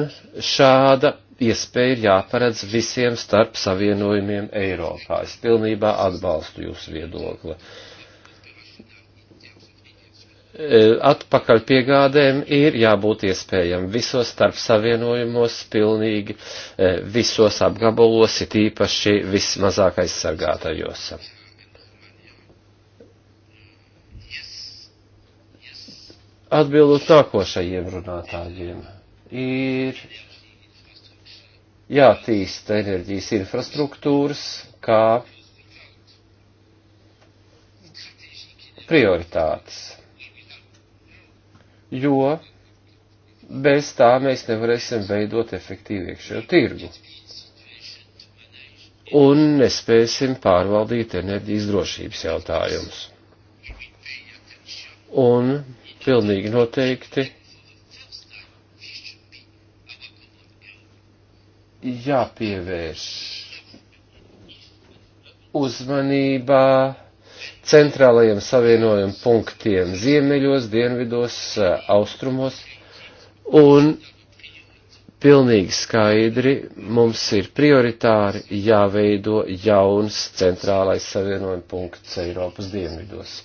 šāda iespēja ir jāparedz visiem starp savienojumiem Eiropā. Es pilnībā atbalstu jūsu viedokli. E, atpakaļ piegādēm ir jābūt iespējam visos starp savienojumos, pilnīgi e, visos apgabalos, it īpaši vismazāk aizsargātajos. Atbildot nākošajiem runātājiem, ir jātīsta enerģijas infrastruktūras kā prioritātes. Jo bez tā mēs nevarēsim veidot efektīvu iekšējo tirgu. Un nespēsim pārvaldīt enerģijas drošības jautājumus. Un pilnīgi noteikti jāpievērš uzmanībā centrālajiem savienojuma punktiem ziemeļos, dienvidos, eh, austrumos, un pilnīgi skaidri mums ir prioritāri jāveido jauns centrālais savienojuma punkts Eiropas dienvidos.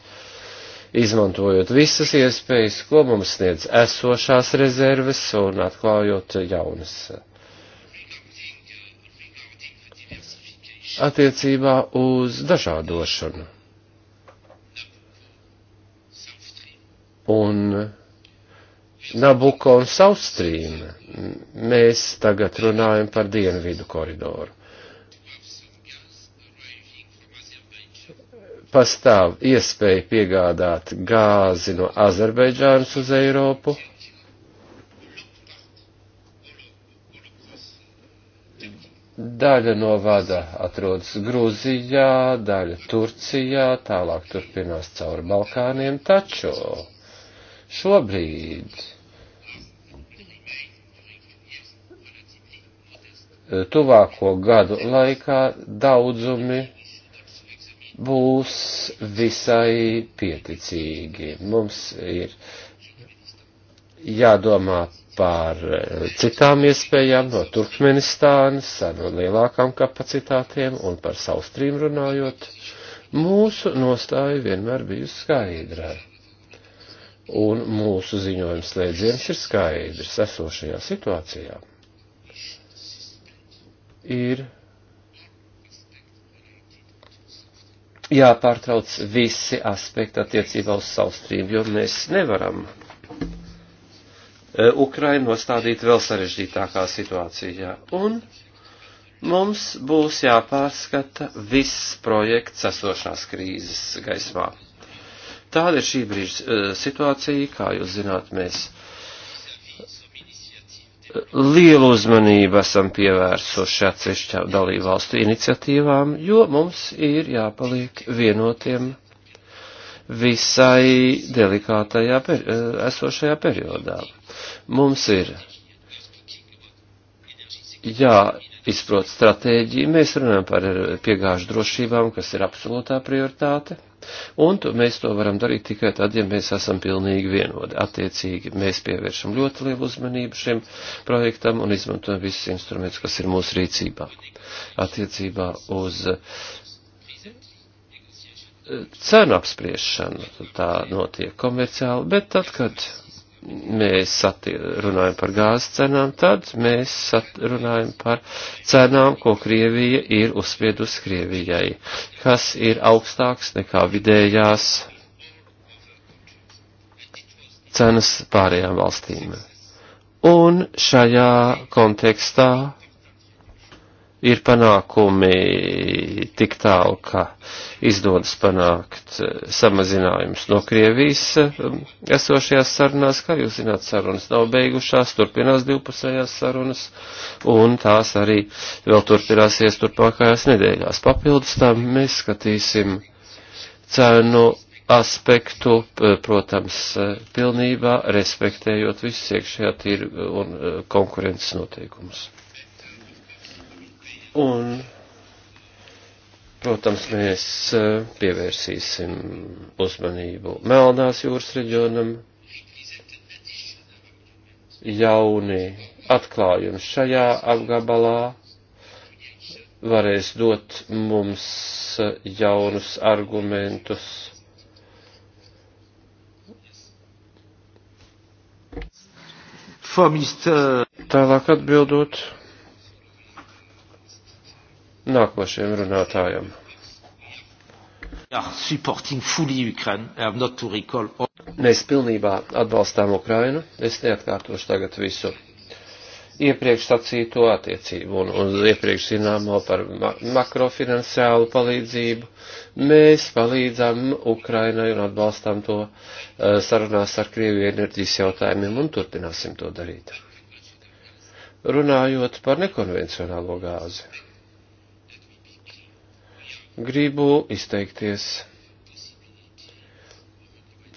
Izmantojot visas iespējas, ko mums sniedz esošās rezerves un atklājot jaunas. attiecībā uz dažādošanu. Un Nabuko un South Stream mēs tagad runājam par dienvidu koridoru. Pastāv iespēja piegādāt gāzi no Azerbaidžānas uz Eiropu Daļa no vada atrodas Grūzijā, daļa Turcijā, tālāk turpinās cauri Balkāniem, taču šobrīd eh, tuvāko gadu laikā daudzumi būs visai pieticīgi. Mums ir jādomā par eh, citām iespējām no Turkmenistānas ar lielākām kapacitātiem un par saustrīm runājot, mūsu nostāja vienmēr bijusi skaidra. Un mūsu ziņojums slēdziens ir skaidrs esošajā situācijā. Ir jāpārtrauc visi aspekti attiecībā uz saustrību, jo mēs nevaram Eh, Ukraina nostādīta vēl sarežģītākā situācijā. Un mums būs jāpārskata viss projekts esošās krīzes gaismā. Tāda ir šī brīža eh, situācija, kā jūs zināt, mēs eh, lielu uzmanību esam pievērsuši atsevišķā dalību valstu iniciatīvām, jo mums ir jāpaliek vienotiem visai delikātajā per, esošajā periodā. Mums ir jāizprot stratēģija. Mēs runājam par piegāžu drošībām, kas ir absolūtā prioritāte. Un to, mēs to varam darīt tikai tad, ja mēs esam pilnīgi vienodi. Attiecīgi mēs pievēršam ļoti lielu uzmanību šim projektam un izmantojam visus instrumentus, kas ir mūsu rīcībā. Attiecībā uz eh, cenu apspriešanu tā notiek komerciāli, bet tad, kad mēs runājam par gāzes cenām, tad mēs runājam par cenām, ko Krievija ir uzspiedusi Krievijai, kas ir augstāks nekā vidējās cenas pārējām valstīm. Un šajā kontekstā ir panākumi tik tālu, ka izdodas panākt eh, samazinājumus no Krievijas eh, esošajās sarunās. Kā jūs zināt, sarunas nav beigušās, turpinās divpusējās sarunas, un tās arī vēl turpināsies turpmākajās nedēļās. Papildus tam mēs skatīsim cenu aspektu, eh, protams, pilnībā respektējot visus iekšējā tirgu un konkurences noteikumus. Un, protams, mēs eh, pievērsīsim uzmanību Melnās jūras reģionam. Jauni atklājumi šajā apgabalā varēs dot mums eh, jaunus argumentus. Tālāk atbildot nākošajam runātājam. Mēs pilnībā atbalstām Ukrainu. Es neatkārtošu tagad visu iepriekš sacīto attiecību un, un iepriekš zināmo par ma makrofinansiālu palīdzību. Mēs palīdzam Ukrainai un atbalstām to uh, sarunās ar Krieviju enerģijas jautājumiem un turpināsim to darīt. Runājot par nekonvencionālo gāzi Gribu izteikties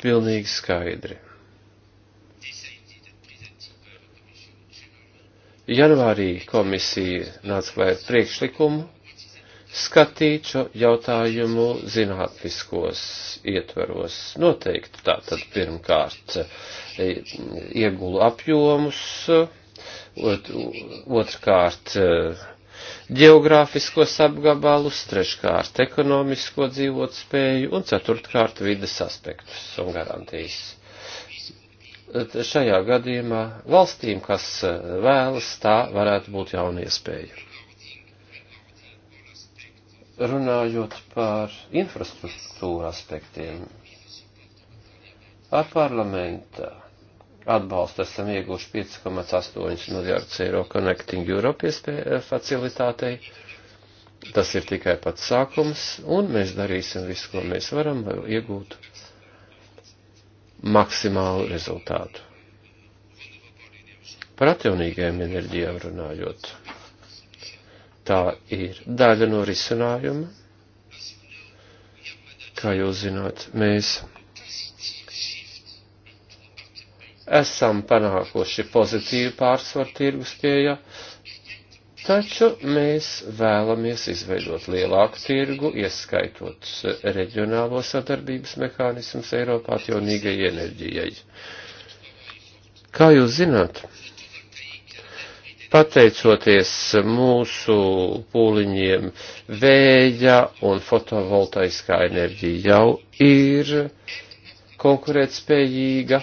pilnīgi skaidri. Janvārī komisija nāca klāt priekšlikumu skatīt šo jautājumu zinātniskos ietveros. Noteikti tā tad pirmkārt e, iegulu apjomus, ot, otrkārt e, geogrāfiskos apgabalus, treškārt ekonomisko dzīvotspēju un ceturtkārt vides aspektus un garantijas. Šajā gadījumā valstīm, kas eh, vēlas, tā varētu būt jauna iespēja. Runājot par infrastruktūru aspektiem, ar parlamenta atbalstu esam ieguši 5,8 miljārdus eiro Connecting Europe eh, facilitātei. Tas ir tikai pats sākums, un mēs darīsim visu, ko mēs varam, lai iegūtu maksimālu rezultātu. Par atjaunīgajām enerģijām runājot, tā ir daļa no risinājuma. Kā jūs zināt, mēs esam panākoši pozitīvu pārsvaru tirgus pieeja, taču mēs vēlamies izveidot lielāku tirgu, ieskaitot reģionālo sadarbības mehānismus Eiropā atjaunīgai enerģijai. Kā jūs zināt, pateicoties mūsu pūliņiem vēja un fotovoltaiskā enerģija jau ir konkurētspējīga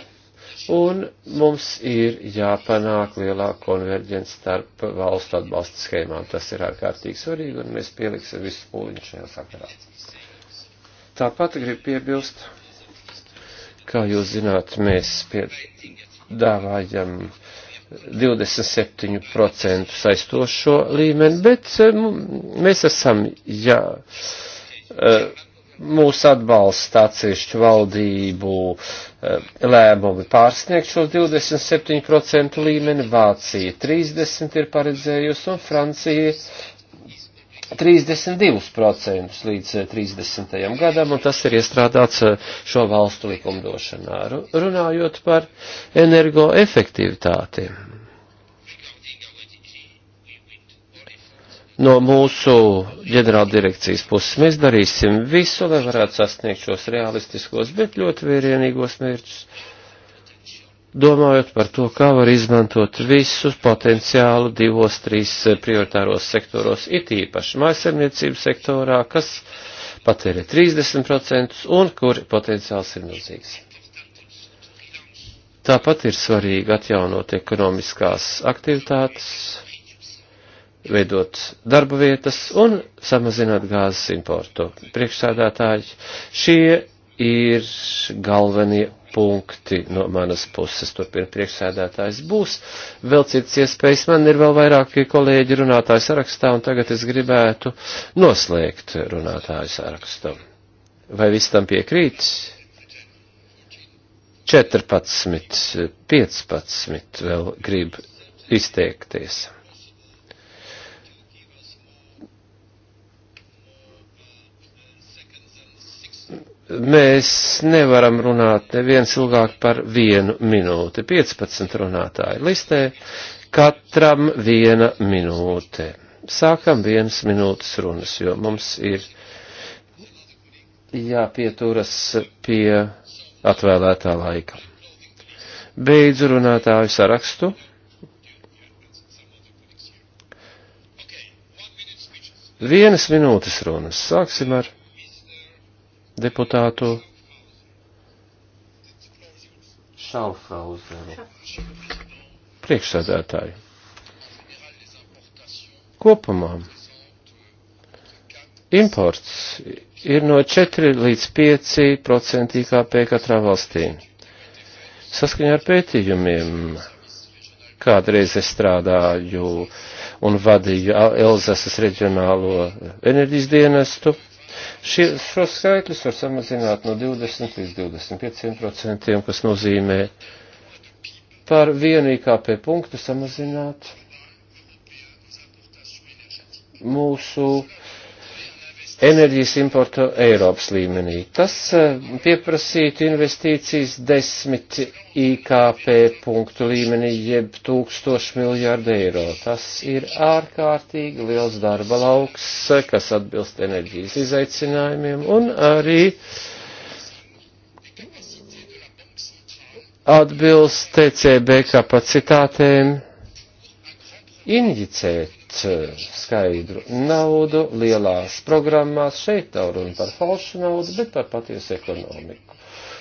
un mums ir jāpanāk lielāka konverģence starp valstu atbalsta schēmām. Tas ir ārkārtīgi svarīgi, un mēs pieliksim visu pūliņu šajā sakarā. Tāpat gribu piebilst, kā jūs zināt, mēs piedāvājam 27% saistošo līmeni, bet mēs esam, jā. Uh, mūs atbalsta atsevišķu valdību eh, lēmumi pārsniegt šo 27% līmeni, Vācija 30% ir paredzējusi un Francija 32% līdz 30. Eh, gadam, un tas ir iestrādāts eh, šo valstu likumdošanā, runājot par energoefektivitāti. no mūsu ģenerāldirekcijas puses. Mēs darīsim visu, lai varētu sasniegt šos realistiskos, bet ļoti vērienīgos mērķus, domājot par to, kā var izmantot visus potenciālu divos, trīs prioritāros sektoros, it īpaši mājasemniecības sektorā, kas patērē 30% un kur potenciāls ir milzīgs. Tāpat ir svarīgi atjaunot ekonomiskās aktivitātes, veidot darba vietas un samazināt gāzes importu. Priekšsādātāji, šie ir galvenie punkti no manas puses. Turpina priekšsēdētājs būs. Vēl cits iespējas man ir vēl vairāk pie kolēģi runātāju sarakstā, un tagad es gribētu noslēgt runātāju sarakstu. Vai viss tam piekrīt? 14, 15 vēl grib izteikties. mēs nevaram runāt neviens ilgāk par vienu minūti. 15 runātāji listē, katram viena minūte. Sākam vienas minūtes runas, jo mums ir jāpieturas pie atvēlētā laika. Beidzu runātāju sarakstu. Vienas minūtes runas. Sāksim ar deputātu Šalfauzeru. Priekšsēdētāju. Kopumā imports ir no 4 līdz 5 procenti IKP katrā valstī. Saskaņā ar pētījumiem, kādreiz es strādāju un vadīju Elzasas reģionālo enerģijas dienestu, Šie, šo skaitļus var samazināt no 20 līdz 25%, kas nozīmē par vienu IKP punktu samazināt mūsu enerģijas importu Eiropas līmenī. Tas eh, pieprasītu investīcijas desmit IKP punktu līmenī, jeb tūkstošu miljārdu eiro. Tas ir ārkārtīgi liels darba lauks, eh, kas atbilst enerģijas izaicinājumiem un arī atbilst TCB kapacitātēm injicēt Eh, skaidru naudu lielās programmās. Šeit nav runa par falšu naudu, bet par patiesu ekonomiku.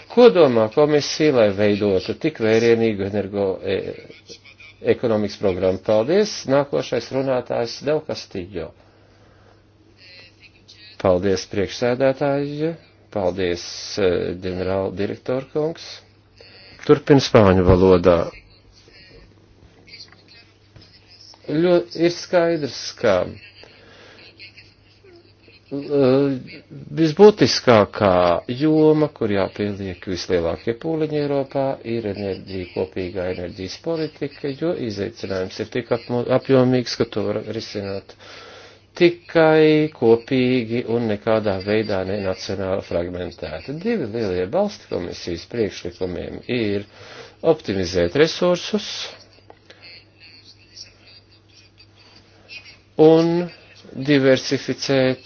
Ko domā komisija, lai veidotu tik vērienīgu energo e, ekonomikas programmu? Paldies! Nākošais runātājs Del Castillo. Paldies, priekšsēdētāji! Paldies, eh, ģenerāla direktora kungs! Turpin spāņu valodā. ļoti ir skaidrs, ka uh, visbūtiskākā joma, kur jāpieliek vislielākie pūliņi Eiropā, ir enerģija, kopīgā enerģijas politika, jo izaicinājums ir tik apjomīgs, ka to var risināt tikai kopīgi un nekādā veidā nenacionāli fragmentēti. Divi lielie balsti komisijas priekšlikumiem ir optimizēt resursus, un diversificēt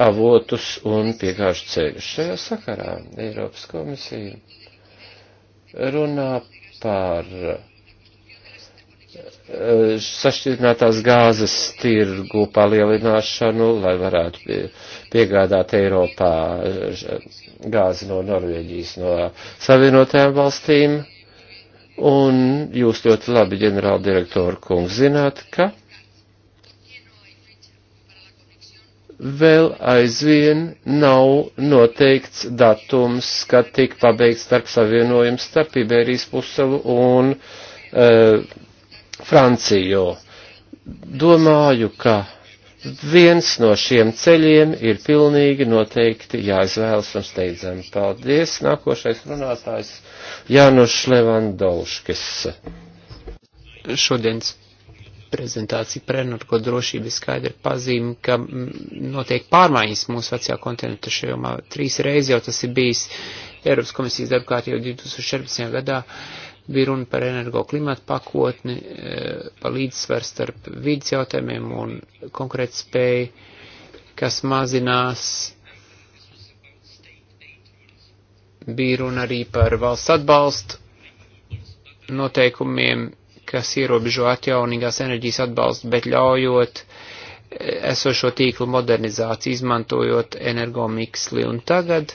avotus un piegāžu ceļus. Šajā sakarā Eiropas komisija runā par eh, sašķirtinātās gāzes tirgu palielināšanu, lai varētu pie, piegādāt Eiropā eh, gāzi no Norvēģijas, no Savienotajām valstīm. Un jūs ļoti labi, ģenerāldirektora kungs, zināt, ka vēl aizvien nav noteikts datums, kad tik pabeigts starp savienojums starp Iberijas puselu un e, Franciju. Domāju, ka viens no šiem ceļiem ir pilnīgi noteikti jāizvēlas un steidzami. Paldies. Nākošais runātājs Jānuš Levandovskis. Šodienas prezentācija prenorko nu, drošība skaidri pazīme, ka mm, notiek pārmaiņas mūsu vecajā kontinentu šajomā. Trīs reizes jau tas ir bijis Eiropas komisijas darbkārt jau 2014. gadā bija runa par energo klimatu pakotni, e, par līdzsvaru starp vidas jautājumiem un konkrēti spēju, kas mazinās. Bija runa arī par valsts atbalstu noteikumiem kas ierobežo atjaunīgās enerģijas atbalstu, bet ļaujot eh, esošo tīklu modernizāciju, izmantojot energomiksli. Un tagad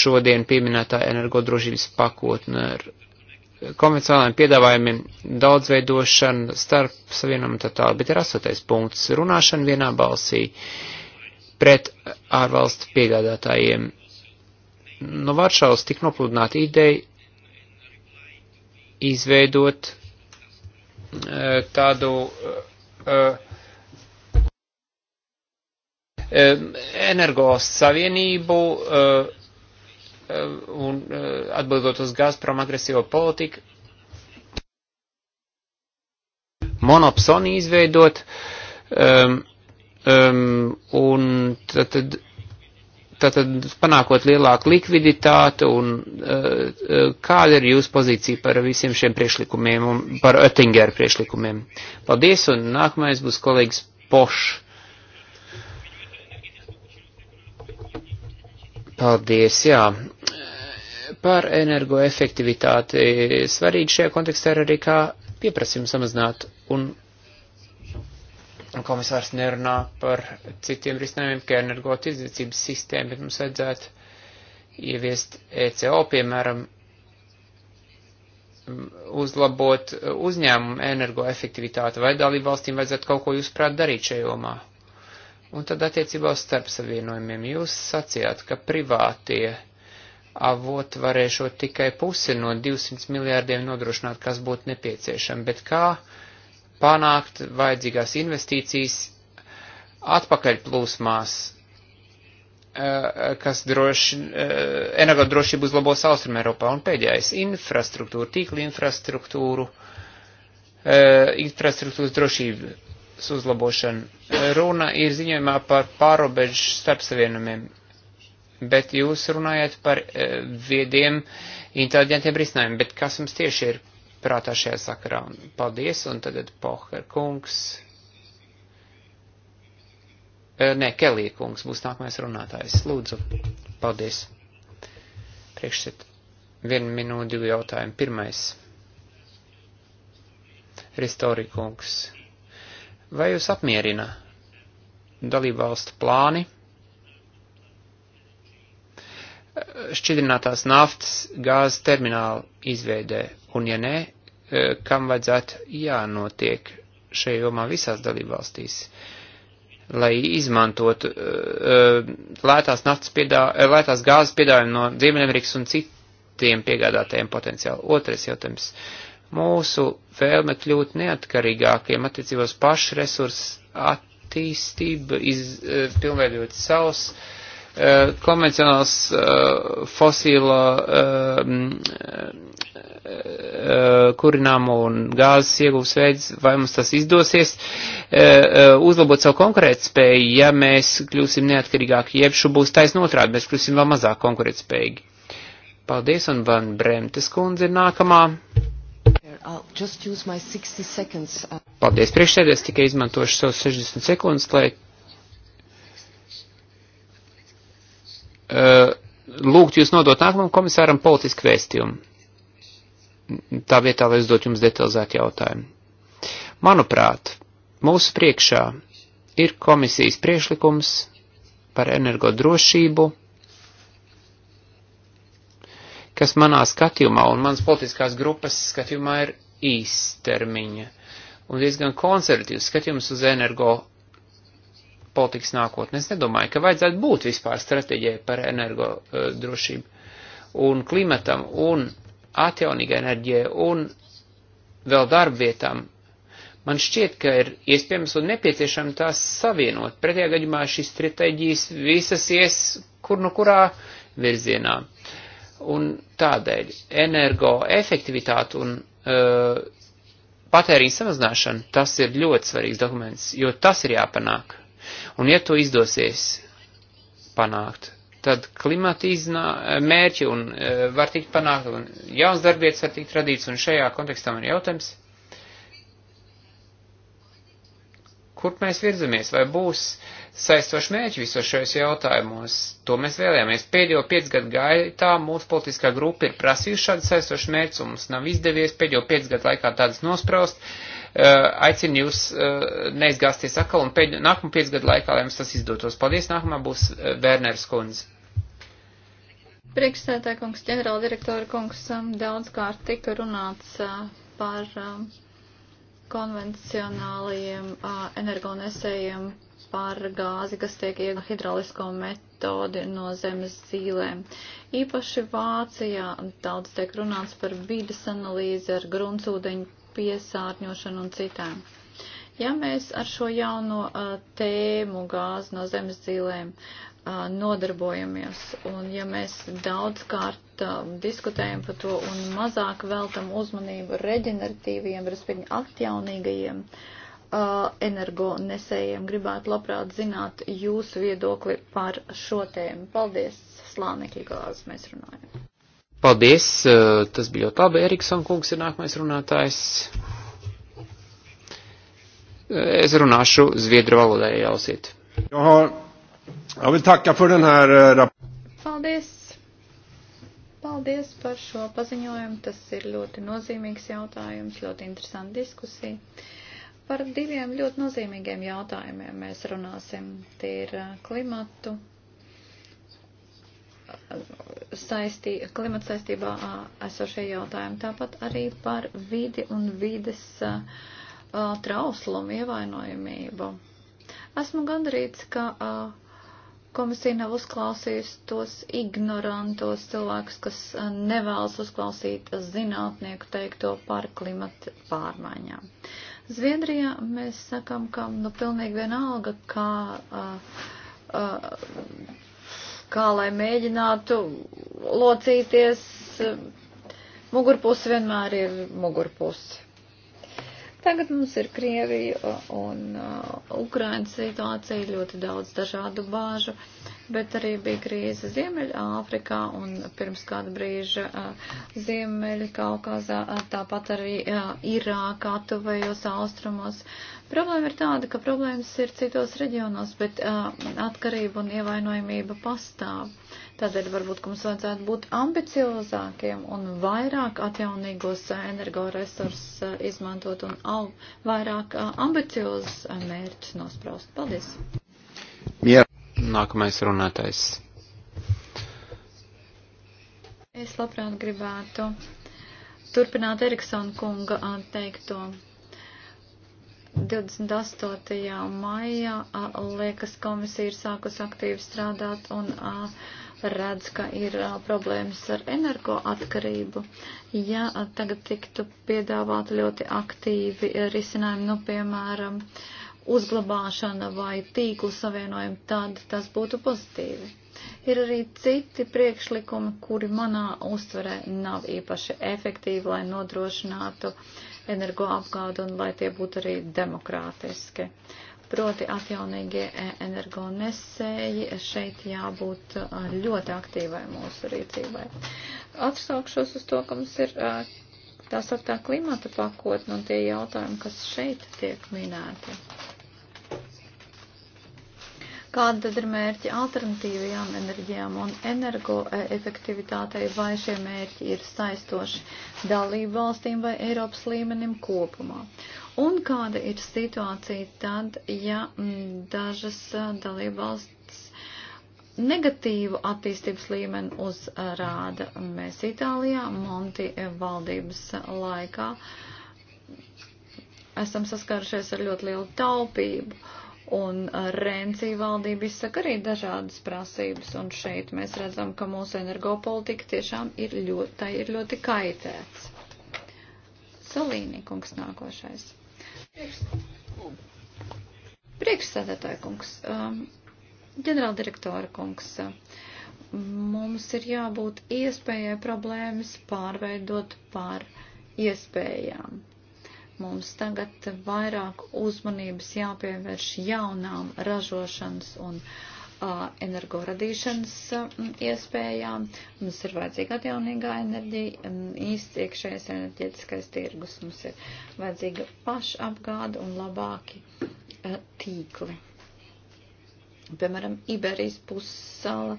šodien pieminētā energodrošības pakotne ar konvencionālajiem piedāvājumiem daudzveidošana starp savienam un tā tālāk, bet ir astotais punkts - runāšana vienā balsī pret ārvalstu piegādātājiem. No nu, Varšavas tik nopludināta ideja izveidot tādu energos savienību un atbildot uz Gazprom agresīvo politiku, monopsoniju izveidot, um, um, un tad, tad tātad panākot lielāku likviditātu un uh, kāda ir jūsu pozīcija par visiem šiem priekšlikumiem un par Oettingeru priekšlikumiem? Paldies, un nākamais būs kolēģis Pošs. Paldies, jā. Par energoefektivitāti svarīgi šajā kontekstā ir arī kā pieprasījumu samazināt un komisārs nerunā par citiem risinājumiem, kā energo tirdzniecības sistēma, bet mums vajadzētu ieviest ECO, piemēram, uzlabot uzņēmumu energoefektivitāti, vai dalību valstīm vajadzētu kaut ko jūs prāt darīt šajā jomā? Un tad attiecībā uz starpsavienojumiem jūs sacījāt, ka privātie avot varēšot tikai pusi no 200 miljārdiem nodrošināt, kas būtu nepieciešama, bet kā panākt vajadzīgās investīcijas atpakaļ plūsmās, eh, kas droši, eh, energodrošību uzlabos Austrum Eiropā. Un pēdējais - infrastruktūra, tīkla infrastruktūru, eh, infrastruktūras drošības uzlabošana. Runa ir ziņojumā par pārobežu starpsavienumiem, bet jūs runājat par viediem, inteliģentiem risinājumiem, bet kas jums tieši ir prātā šajā sakarā. Un paldies, un tagad Poher kungs. Nē, Kelija kungs būs nākamais runātājs. Lūdzu, paldies. Priekšsit, vienu minūti, divi jautājumi. Pirmais. Ristori kungs. Vai jūs apmierina dalībvalstu plāni? šķidrinātās naftas gāzes terminālu izveidē, un ja nē, E, kam vajadzētu jānotiek šajā jomā visās dalībvalstīs, lai izmantotu e, e, lētās, piedā, lētās gāzes piedāvājumu no Ziemeļamerikas un citiem piegādātājiem potenciāli. Otrais jautājums. Mūsu vēlme kļūt neatkarīgākiem attiecībos pašu resursu attīstību, iz, pilnveidot savus uh, Eh, konvencionāls eh, fosīlo eh, kurināmo un gāzes ieguvas veids, vai mums tas izdosies uzlabot savu konkurētspēju, ja mēs kļūsim neatkarīgāki, jeb šo būs taisn otrādi, mēs kļūsim vēl mazāk konkurētspējīgi. Paldies, un Van Bremtes kundze ir nākamā. Uh, Paldies, priekšsēdēs, tikai izmantošu savus 60 sekundes, lai Uh, lūgt jūs nodot nākamam komisāram politisku vēstījumu. Tā vietā, lai uzdot jums detalizētu jautājumu. Manuprāt, mūsu priekšā ir komisijas priešlikums par energodrošību, kas manā skatījumā un manas politiskās grupas skatījumā ir īstermiņa un diezgan konservatīvs skatījums uz energo politikas nākotni. Es nedomāju, ka vajadzētu būt vispār stratēģijai par energo eh, drošību un klimatam un atjaunīgai enerģijai un vēl darbvietām. Man šķiet, ka ir iespējams un nepieciešams tās savienot. Pretējā gadījumā šīs stratēģijas visas ies kur nu kurā virzienā. Un tādēļ energoefektivitāte un uh, patēriņa samazināšana, tas ir ļoti svarīgs dokuments, jo tas ir jāpanāk. Un ja to izdosies panākt, tad klimata iznā, mērķi un uh, var tikt panākt, un jauns darbietis var tikt radīts, un šajā kontekstā man ir jautājums, kur mēs virzamies, vai būs saistoši mērķi visos šajos jautājumos, to mēs vēlējāmies. Pēdējo piecu gadu gaitā mūsu politiskā grupa ir prasījusi šādu saistošu mērķi, un mums nav izdevies pēdējo piecu gadu laikā tādas nospraust. Uh, Eh, aicinu jūs eh, neizgāzties atkal un pēd, nākamo piec gadu laikā, lai jums tas izdotos. Paldies, nākamā būs Bērners eh, kundze. Priekšsētā kungs, ģenerāldirektora kungs, um, daudz kārt tika runāts uh, par um, konvencionālajiem uh, energonesējiem par gāzi, kas tiek iegūta hidraulisko metodi no zemes zīlēm. Īpaši Vācijā daudz tiek runāts par vidas analīzi ar gruntsūdeņu piesārņošanu un citām. Ja mēs ar šo jauno tēmu gāzi no zemes dzīvēm nodarbojamies, un ja mēs daudzkārt diskutējam par to un mazāk veltam uzmanību reģeneratīviem, respektīvi atjaunīgajiem energonesējiem, gribētu labprāt zināt jūsu viedokli par šo tēmu. Paldies, slānekļa gāzi mēs runājam. Paldies, eh, tas bija ļoti labi. Erikson kungs ir nākamais runātājs. Eh, es runāšu zviedru valodā, ja jausiet. Eh, Paldies! Paldies par šo paziņojumu. Tas ir ļoti nozīmīgs jautājums, ļoti interesanta diskusija. Par diviem ļoti nozīmīgiem jautājumiem mēs runāsim. Tie ir klimatu saistī, klimata saistībā esošie jautājumi, tāpat arī par vidi un vides trauslumu, ievainojamību. Esmu gandrīz, ka komisija nav uzklausījusi tos ignorantos cilvēkus, kas nevēlas uzklausīt zinātnieku teikto par klimata pārmaiņām. Zviedrijā mēs sakam, ka nu pilnīgi vienalga, kā. Uh, uh, kā lai mēģinātu locīties, mugurpusi vienmēr ir mugurpusi. Tagad mums ir Krievija un uh, Ukraina situācija, ļoti daudz dažādu bāžu, bet arī bija krīze Ziemeļāfrikā un pirms kāda brīža uh, Ziemeļkaukazā, uh, tāpat arī uh, Irākā, tuvējos austrumos. Problēma ir tāda, ka problēmas ir citos reģionos, bet uh, atkarība un ievainojamība pastāv. Uh, Tādēļ varbūt, ka mums vajadzētu būt ambiciozākiem un vairāk atjaunīgos energoresursus eh, izmantot un au, vairāk eh, ambiciozus eh, mērķus nospraust. Paldies! Jā. Nākamais runātais. Es labprāt gribētu turpināt Eriksona kunga teikto. 28. maijā, liekas, komisija ir sākus aktīvi strādāt un. A, redz, ka ir problēmas ar energoatkarību. Ja tagad tiktu piedāvāti ļoti aktīvi risinājumi, nu, piemēram, uzglabāšana vai tīklu savienojumi, tad tas būtu pozitīvi. Ir arī citi priekšlikumi, kuri manā uztverē nav īpaši efektīvi, lai nodrošinātu energoapgādu un lai tie būtu arī demokrātiski. Uh, proti atjaunīgie e, energonesēji. Šeit jābūt e, ļoti aktīvai mūsu rīcībai. Atsaukšos uz to, ka mums ir e, tā sauktā klimata pakotne un tie jautājumi, kas šeit tiek minēti. Kāda tad ir mērķi alternatīvajām enerģijām un energoefektivitātei, vai šie mērķi ir saistoši dalību valstīm vai Eiropas līmenim kopumā? Un kāda ir situācija tad, ja m, mm, dažas dalībvalsts negatīvu attīstības līmeni uzrāda? Mēs Itālijā Monti e, valdības laikā esam saskārušies ar ļoti lielu taupību. Un Rencija valdība izsaka arī dažādas prasības, un šeit mēs redzam, ka mūsu energopolitika tiešām ir ļoti, ir ļoti kaitēts. Salīnī kungs nākošais. Priekšsēdētāja kungs, um, ģenerāldirektora kungs, um, mums ir jābūt iespējai problēmas pārveidot par iespējām. Mums tagad vairāk uzmanības jāpievērš jaunām ražošanas un uh, energoradīšanas iespējām, mums ir vajadzīga atjaunīgā enerģija, īsts iekšējais enerģētiskais tirgus, mums ir vajadzīga pašapgāda un labāki tīkli. Piemēram, Iberijas pussala,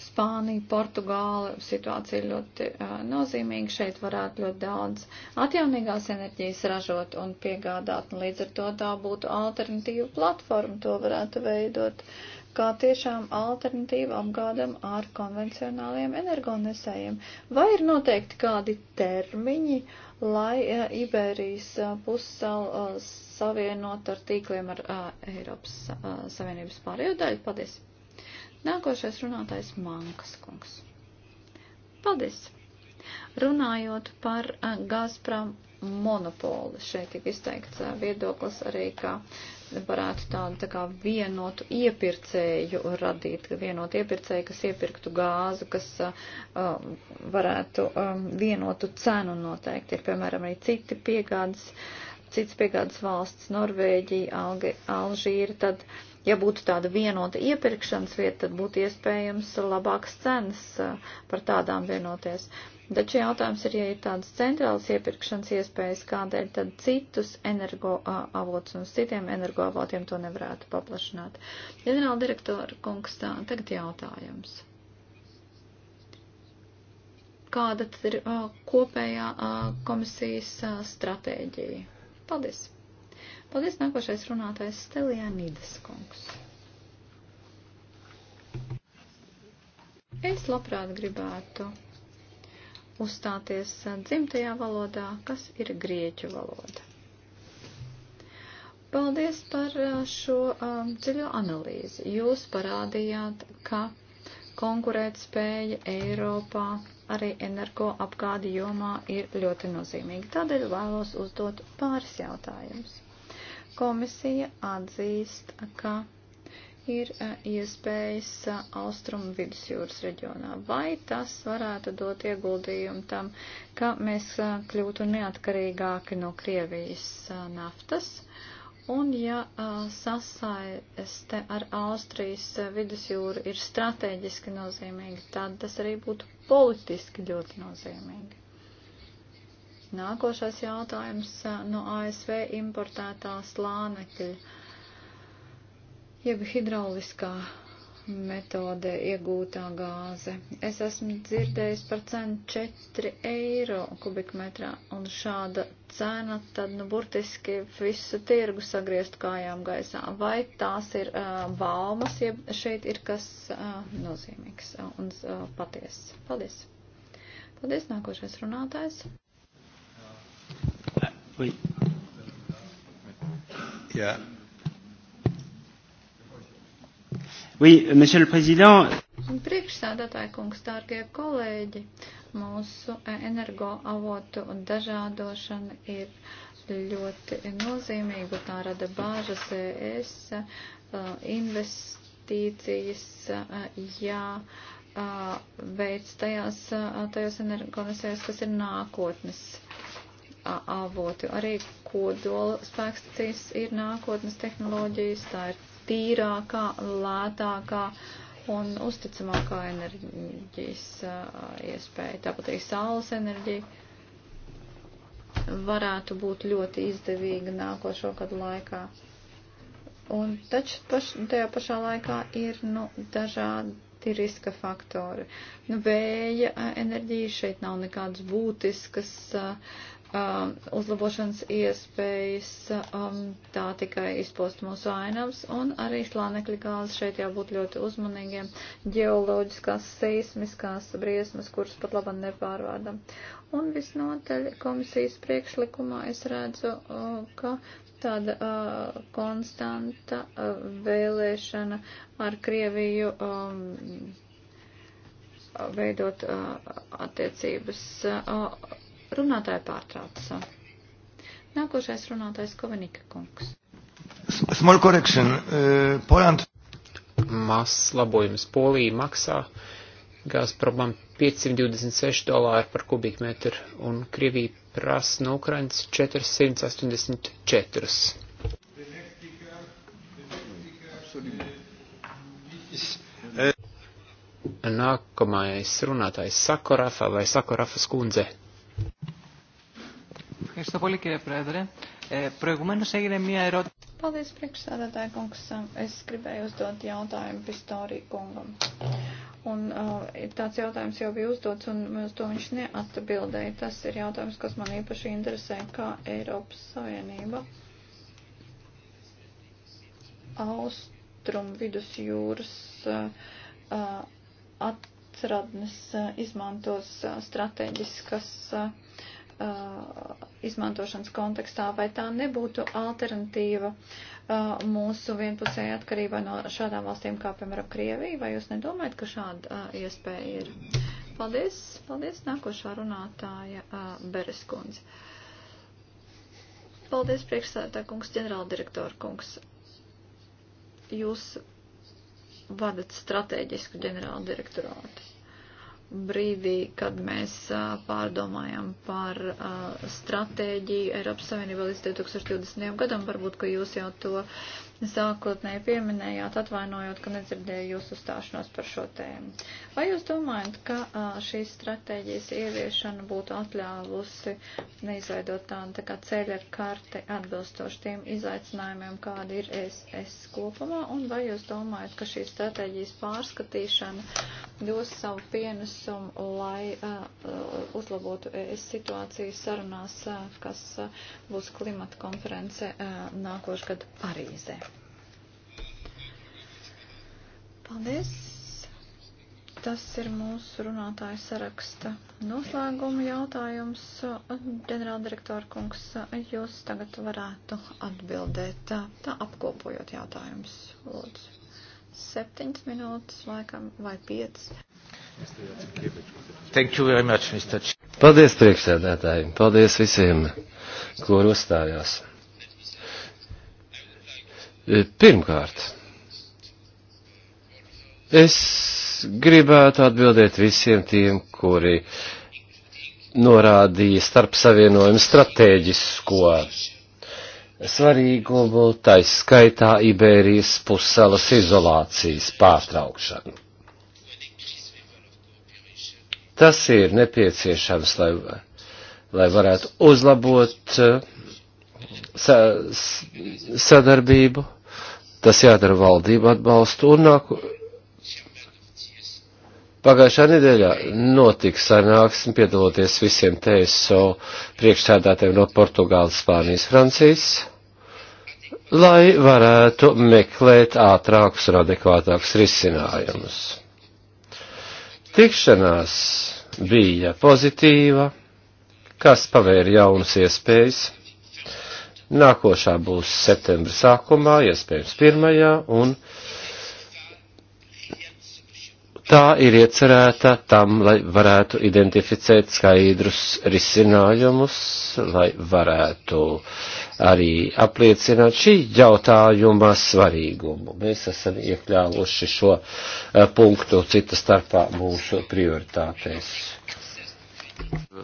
Spānija, Portugāla situācija ir ļoti nozīmīga. Šeit varētu ļoti daudz atjaunīgās enerģijas ražot un piegādāt, un līdz ar to tā būtu alternatīva platforma, to varētu veidot. Uh, kā tiešām alternatīva apgādam ar konvencionāliem energonesējiem. Vai ir noteikti kādi termiņi, lai e, Iberijas e, pussalu e, savienot ar tīkliem ar Eiropas Savienības pārējo daļu? Paldies! Nākošais runātājs Mankas kungs. Paldies! Runājot par Gazprom monopolu, šeit tika izteikts viedoklis arī, ka varētu tādu tā kā vienotu iepirkēju radīt, vienotu iepirkēju, kas iepirktu gāzi, kas uh, um, varētu um, vienotu cenu noteikt. Ir, piemēram, arī citi piegādes, cits piegādes valsts, Norvēģija, Algi, Alžīra, tad, ja būtu tāda vienota iepirkšanas vieta, tad būtu iespējams labāks cenas uh, par tādām vienoties. Uh, Taču jautājums ir, ja ir tādas centrālas iepirkšanas iespējas, kādēļ tad citus energoavotus un citiem energoavotiem to nevarētu paplašināt. Ģenerāla direktora kungs, tā, tagad jautājums. Kāda tad ir uh, kopējā uh, komisijas uh, stratēģija? Paldies. Paldies, nākošais runātājs Stelijā Nīdas kungs. Es labprāt gribētu uzstāties dzimtajā valodā, kas ir grieķu valoda. Paldies par uh, šo um, dziļo analīzi. Jūs parādījāt, ka konkurētspēja Eiropā arī energoapgādi jomā ir ļoti nozīmīga. Tādēļ vēlos uzdot pāris jautājumus. Komisija atzīst, ka ir iespējas austrumu vidusjūras reģionā. Vai tas varētu dot ieguldījumu tam, ka mēs kļūtu neatkarīgāki no Krievijas naftas? Un ja sasaiste ar Austrijas vidusjūru ir strateģiski nozīmīga, tad tas arī būtu politiski ļoti nozīmīgi. Nākošais jautājums no ASV importētā slānekļa jeb hidrauliskā metode iegūtā gāze. Es esmu dzirdējis par cenu 4 eiro kubikmetrā, un šāda cena tad, nu, burtiski visu tirgu sagrieztu kājām gaisā. Vai tās ir uh, baumas, ja šeit ir kas uh, nozīmīgs un uh, patiess? Paldies! Paldies, nākošais runātājs. Uh, oui. Yeah. Oui, monsieur le président. Priekšsādātāji kungs, dārgie kolēģi, mūsu energoavotu un dažādošana ir ļoti nozīmīga, tā rada bāžas ES investīcijas, jā, veids tajās, tajos energonesējos, kas ir nākotnes avoti. Arī kodola spēkstacijas ir nākotnes tehnoloģijas, tā ir tīrākā, lētākā un uzticamākā enerģijas iespēja. Tāpat arī saules enerģija varētu būt ļoti izdevīga nākošo gadu laikā. Un taču paš, tajā pašā laikā ir nu, dažādi riska faktori. Nu, vēja enerģija šeit nav nekādas būtiskas um, uzlabošanas iespējas, um, tā tikai izpost mūsu ainavas, un arī slānekļa gāzes šeit jābūt ļoti uzmanīgiem, ģeoloģiskās, seismiskās briesmas, kuras pat labam nepārvārdam. Un visnotaļ komisijas priekšlikumā es redzu, uh, ka tāda uh, konstanta uh, vēlēšana ar Krieviju. Um, veidot uh, attiecības. Uh, Runātāja pārtrauc. Nākošais runātājs Kovenika kungs. Small correction. Uh, Poland. Mās labojums Polija maksā Gazpromam 526 dolāri par kubikmetru un Krievija prasa no Ukrainas 484. Nākamais runātājs Sakorafa vai Sakorafas kundze. Ευχαριστώ πολύ κύριε Πρόεδρε. Ε, προηγουμένως έγινε μία ερώτηση. Paldies, priekšsēdētāji kungs. Es gribēju uzdot jautājumu Pistorī kungam. Un uh, tāds jautājums jau bija uzdots, un uz to viņš neatbildēja. Tas ir jautājums, kas man īpaši interesē, kā Eiropas Savienība austrum vidus jūras uh, uh, atradnes uh, izmantos uh, strateģiskas. Uh, uh, izmantošanas kontekstā, vai tā nebūtu alternatīva uh, mūsu vienpusēja atkarība no šādām valstīm kā, piemēram, Krievija, vai jūs nedomājat, ka šāda uh, iespēja ir? Paldies, paldies, nākošā runātāja uh, Bereskundze. Paldies, priekšsētā kungs, ģenerāldirektora kungs. Jūs vadat strateģisku ģenerāldirektorātu brīdī, kad mēs pārdomājam par stratēģiju Eiropas Savienībā līdz 2020. gadam, varbūt, ka jūs jau to sākotnēji pieminējāt, atvainojot, ka nedzirdēju jūsu stāšanos par šo tēmu. Vai jūs domājat, ka šīs stratēģijas ieviešana būtu atļāvusi neizveidot tādu tā kā ceļa ar karti atbilstoši tiem izaicinājumiem, kādi ir ES kopumā, un vai jūs domājat, ka šīs stratēģijas pārskatīšana dos savu pienesumu aptvērumu, lai uh, uzlabotu ES situāciju sarunās, uh, kas uh, būs klimata konference uh, nākošu gadu Parīzē. Paldies! Tas ir mūsu runātāja saraksta noslēguma jautājums. Ģenerāldirektora kungs, jūs tagad varētu atbildēt, uh, tā apkopojot jautājumus. Lūdzu, septiņas minūtes laikam vai piecas. Thank you very much, Mr. Paldies priekšsēdētājiem, paldies visiem, kur uzstājās. Pirmkārt, es gribētu atbildēt visiem tiem, kuri norādīja starp savienojumu stratēģisko svarīgumu, taisa skaitā Iberijas pussalas izolācijas pārtraukšanu. Tas ir nepieciešams, lai, lai varētu uzlabot eh, sa, sadarbību. Tas jādara valdību atbalstu un nāku. Pagājušā nedēļā notika sanāksme piedaloties visiem TSO priekšsēdātiem no Portugāles, Spānijas, Francijas, lai varētu meklēt ātrākus un adekvātākus risinājumus. Tikšanās bija pozitīva, kas pavēra jaunas iespējas. Nākošā būs septembra sākumā, iespējams pirmajā, un tā ir iecerēta tam, lai varētu identificēt skaidrus risinājumus, lai varētu uh, arī apliecināt šī jautājuma svarīgumu. Mēs esam iekļāvuši šo eh, punktu cita starpā mūsu prioritātēs.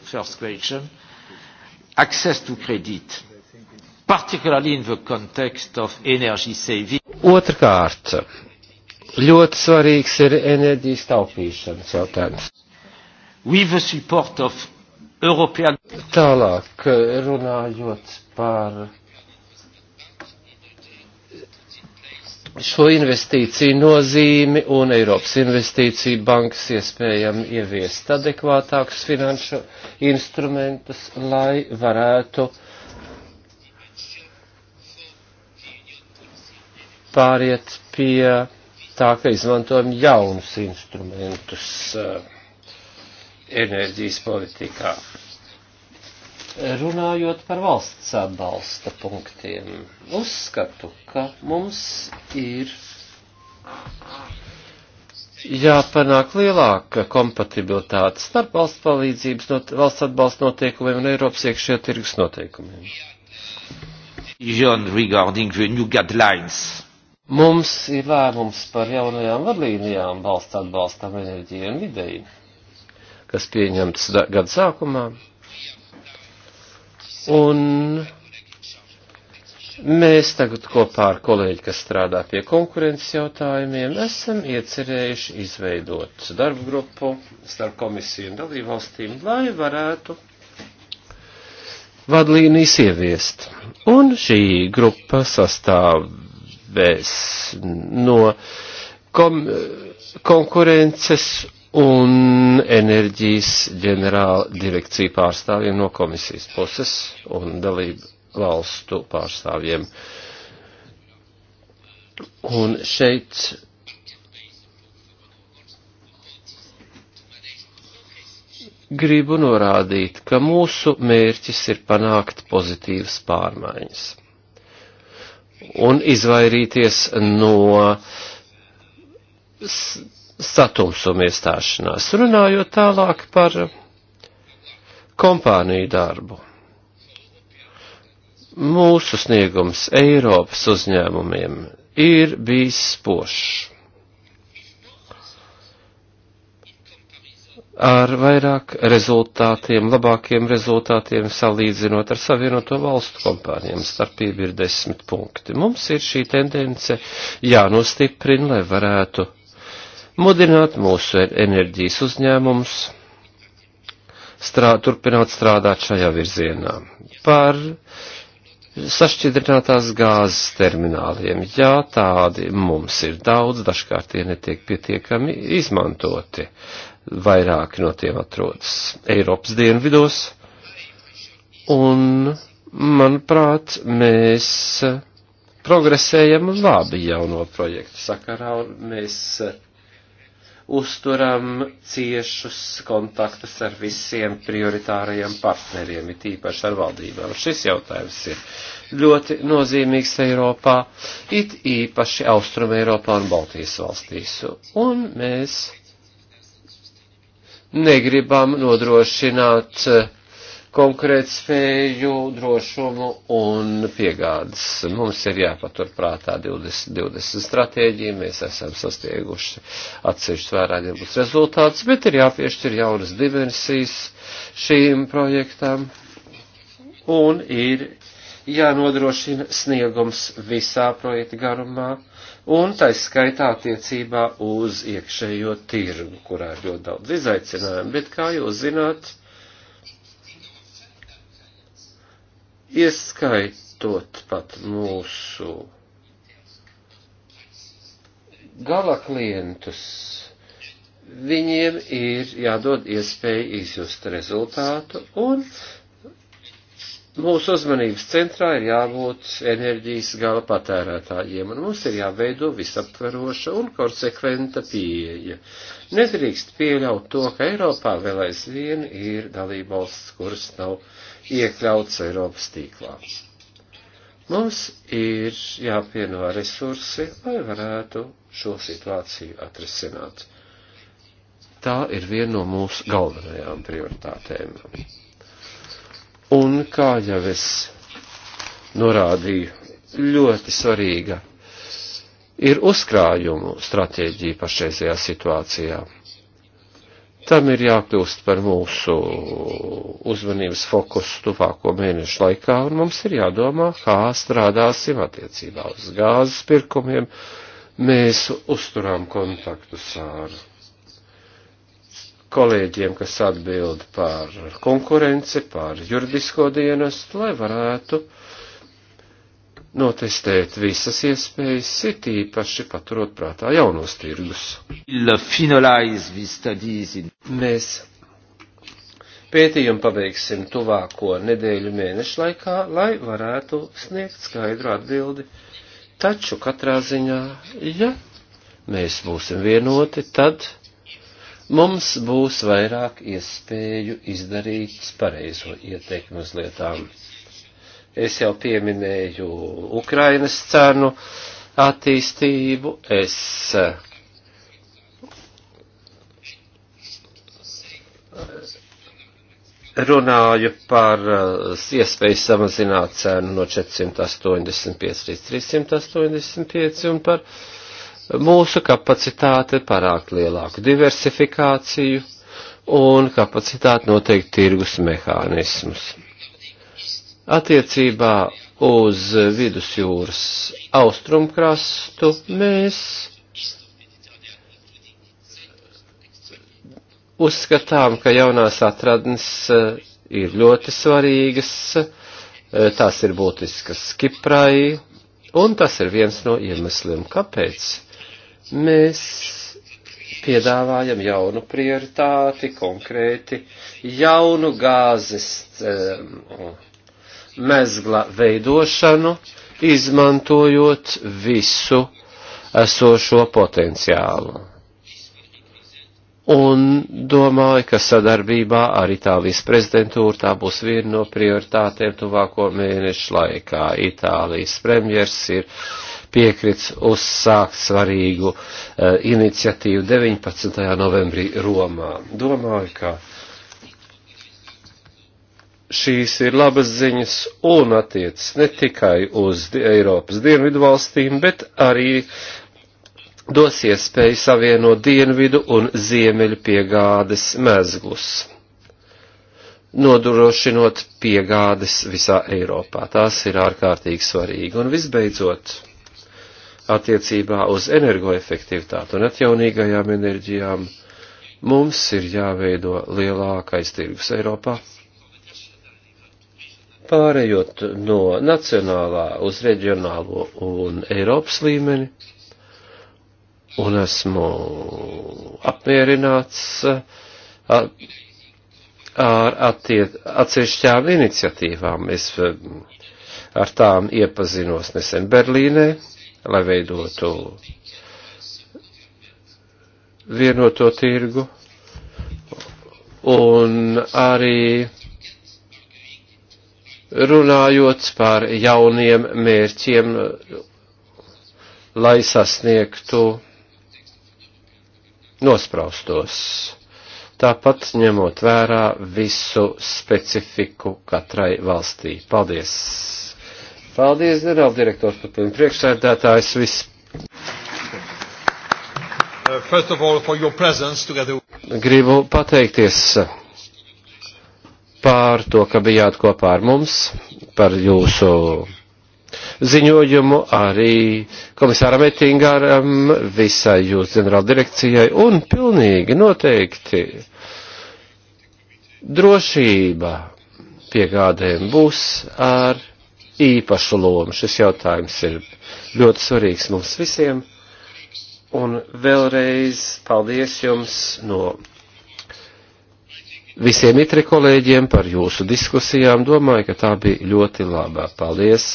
First question. Access to credit. Particularly in the context of energy saving. Otrkārt, ļoti svarīgs ir enerģijas taupīšanas jautājums. With the support of European... Tālāk runājot par šo investīciju nozīmi un Eiropas investīciju bankas iespējami ieviest adekvātākus finanšu instrumentus, lai varētu pāriet pie tā, ka izmantojam jaunus instrumentus. Uh, enerģijas politikā. Runājot par valsts atbalsta punktiem, uzskatu, ka mums ir jāpanāk lielāka kompatibilitāte starp valsts palīdzības, not, valsts atbalsta noteikumiem un Eiropas iekšējā tirgus noteikumiem. Mums ir lēmums par jaunajām vadlīnijām valsts atbalstam enerģiju un videi kas pieņemts gada sākumā. Un mēs tagad kopā ar kolēģi, kas strādā pie konkurences jautājumiem, esam iecerējuši izveidot darbu grupu starp komisiju un dalībvalstīm, lai varētu vadlīnijas ieviest. Un šī grupa sastāvēs no kom, konkurences un enerģijas ģenerāla direkcija pārstāvjiem no komisijas puses un dalību valstu pārstāvjiem. Un šeit gribu norādīt, ka mūsu mērķis ir panākt pozitīvas pārmaiņas un izvairīties no satumsuma iestāšanās. Runājot tālāk par kompāniju darbu. Mūsu sniegums Eiropas uzņēmumiem ir bijis spošs. Ar vairāk rezultātiem, labākiem rezultātiem salīdzinot ar savienoto valstu kompānijām, starpība ir desmit punkti. Mums ir šī tendence jānostiprina, lai varētu mudināt mūsu enerģijas uzņēmumus strā, turpināt strādāt šajā virzienā. Par sašķidrinātās gāzes termināliem. Jā, tādi mums ir daudz, dažkārt tie netiek pietiekami izmantoti. Vairāki no tiem atrodas Eiropas dienvidos. Un, manuprāt, mēs progresējam labi jauno projektu sakarā, un mēs uh, uzturam ciešus kontaktus ar visiem prioritārajiem partneriem, it īpaši ar valdībām. Šis jautājums ir ļoti nozīmīgs Eiropā, it īpaši Austrum Eiropā un Baltijas valstīs. Un mēs negribam nodrošināt uh, konkurētspēju, drošumu un piegādes. Mums ir jāpaturprātā 20, 20 stratēģija, mēs esam sastieguši atsevišķus vērā ņemus rezultātus, bet ir jāpiešķir jaunas dimensijas šīm projektām un ir jānodrošina sniegums visā projekta garumā un tā skaitā attiecībā uz iekšējo tirgu, kurā ir ļoti daudz izaicinājumu, bet kā jūs zināt, ieskaitot pat mūsu gala klientus, viņiem ir jādod iespēja izjust rezultātu, un mūsu uzmanības centrā ir jābūt enerģijas gala patērētājiem, un mums ir jāveido visaptveroša un konsekventa pieeja. Nedrīkst pieļaut to, ka Eiropā vēl aizvien ir dalībvalsts, kuras nav iekļauts Eiropas tīklā. Mums ir jāpieno resursi, lai varētu šo situāciju atrisināt. Tā ir viena no mūsu galvenajām prioritātēm. Un kā jau es norādīju, ļoti svarīga ir uzkrājumu stratēģija pašreizajā situācijā. Tam ir jākļūst par mūsu uzmanības fokusu tuvāko mēnešu laikā, un mums ir jādomā, kā strādāsim attiecībā uz gāzes pirkumiem. Mēs uzturām kontaktus ar kolēģiem, kas atbild par konkurenci, par juridisko dienestu, lai varētu uh, notestēt visas iespējas, it īpaši paturot prātā jaunos tirgus. Mēs pētījumu pabeigsim tuvāko nedēļu mēnešu laikā, lai varētu sniegt skaidru atbildi. Taču katrā ziņā, ja mēs būsim vienoti, tad mums būs vairāk iespēju izdarīt pareizo ieteikumu uz lietām. Es jau pieminēju Ukrainas cenu attīstību. Es eh, runāju par eh, iespēju samazināt cenu no 485 līdz 385 un par mūsu kapacitāti parākt lielāku diversifikāciju un kapacitāti noteikt tirgus mehānismus. Attiecībā uz vidusjūras austrumkrastu mēs uzskatām, ka jaunās atradnes eh, ir ļoti svarīgas, eh, tās ir būtiskas Kiprai, un tas ir viens no iemesliem, kāpēc mēs piedāvājam jaunu prioritāti, konkrēti jaunu gāzes. Um, mezgla veidošanu, izmantojot visu esošo potenciālu. Un domāju, ka sadarbībā ar Itālijas prezidentūru tā būs viena no prioritātēm tuvāko mēnešu laikā. Itālijas premjers ir piekrits uzsākt svarīgu uh, iniciatīvu 19. novembrī Romā. Domāju, ka šīs ir labas ziņas un attiecas ne tikai uz Eiropas dienvidu valstīm, bet arī dos iespēju savienot dienvidu un ziemeļu piegādes mezglus, nodrošinot piegādes visā Eiropā. Tās ir ārkārtīgi svarīgi. Un visbeidzot, attiecībā uz energoefektivitāti un atjaunīgajām enerģijām mums ir jāveido lielākais tirgus Eiropā Pārējot no nacionālā uz reģionālo un Eiropas līmeni, un esmu apmierināts ar atsevišķām iniciatīvām. Es ar tām iepazinos nesen Berlīnē, lai veidotu vienoto tirgu, un arī runājot par jauniem mērķiem, lai sasniegtu nospraustos. Tāpat ņemot vērā visu specifiku katrai valstī. Paldies! Paldies, ģenerāldirektors, par pirmā priekšsēdētājs. Viss. Uh, Gribu pateikties par to, ka bijāt kopā ar mums, par jūsu ziņojumu arī komisāram Ettingaram, visai jūsu ģenerāldirekcijai un pilnīgi noteikti drošība piegādēm būs ar īpašu lomu. Šis jautājums ir ļoti svarīgs mums visiem. Un vēlreiz paldies jums no visiem itri kolēģiem par jūsu diskusijām. Domāju, ka tā bija ļoti labā. Paldies!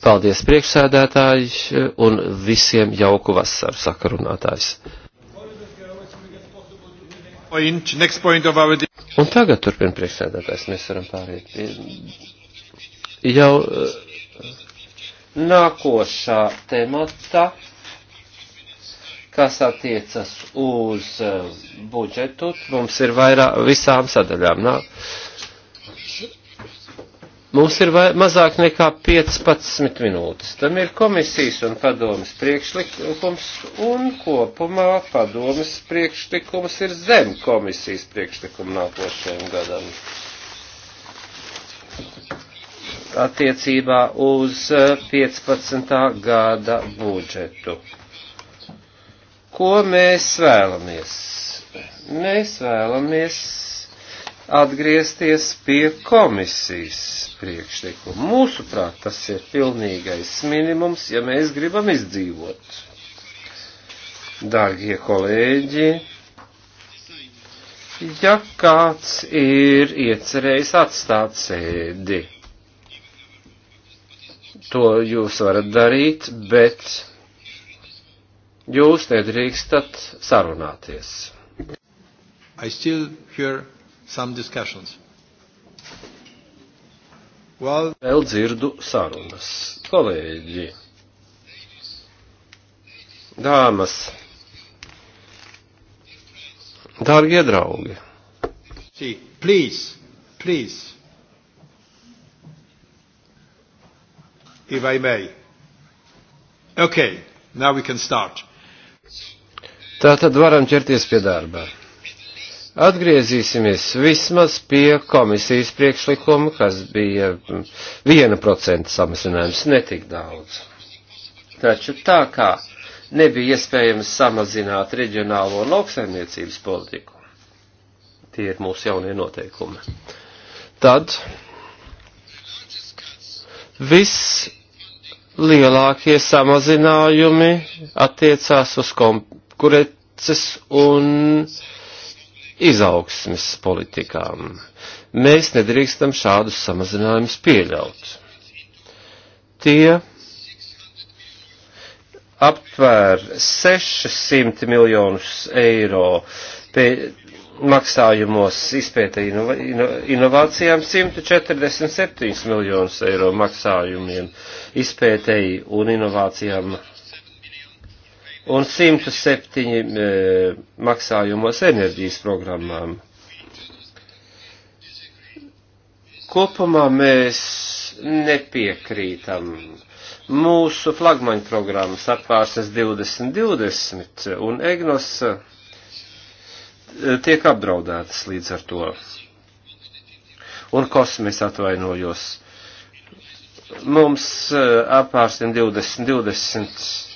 Paldies priekšsēdētāji un visiem jauku vasaru sakarunātājs. Un tagad turpin priekšsēdētājs, mēs varam pāriet pie jau eh, nākošā temata kas attiecas uz eh, budžetu, mums ir vairāk visām sadaļām. Nā, mums ir vai, mazāk nekā 15 minūtes. Tam ir komisijas un padomas priekšlikums, un kopumā padomas priekšlikums ir zem komisijas priekšlikuma nākošajam gadam. Attiecībā uz 15. Eh, gada budžetu. Ko mēs vēlamies? Mēs vēlamies atgriezties pie komisijas priekšlikuma. Mūsuprāt, tas ir pilnīgais minimums, ja mēs gribam izdzīvot. Dārgie kolēģi, ja kāds ir iecerējis atstāt sēdi, to jūs varat darīt, bet Jūs nedrīkstat sarunāties. I still hear some discussions. Well, Vēl dzirdu sarunas. Kolēģi, dāmas, dārgie draugi. Please, please. If I may. Okay, now we can start. Tā tad varam ķerties pie darba. Atgriezīsimies vismaz pie komisijas priekšlikuma, kas bija viena procenta samazinājums, netik daudz. Taču tā kā nebija iespējams samazināt reģionālo lauksaimniecības politiku, tie ir mūsu jaunie noteikumi, tad vislielākie samazinājumi attiecās uz komp konkurences un izaugsmes politikām. Mēs nedrīkstam šādus samazinājumus pieļaut. Tie aptvēr 600 miljonus eiro maksājumos izpēta inova, inovācijām 147 miljonus eiro maksājumiem izpētēji un inovācijām un 107 e, maksājumos enerģijas programmām. Kopumā mēs nepiekrītam mūsu flagmaņu programmas apvārses 2020 un EGNOS e, tiek apdraudētas līdz ar to. Un kosmēs atvainojos. Mums e, apvārsim 2020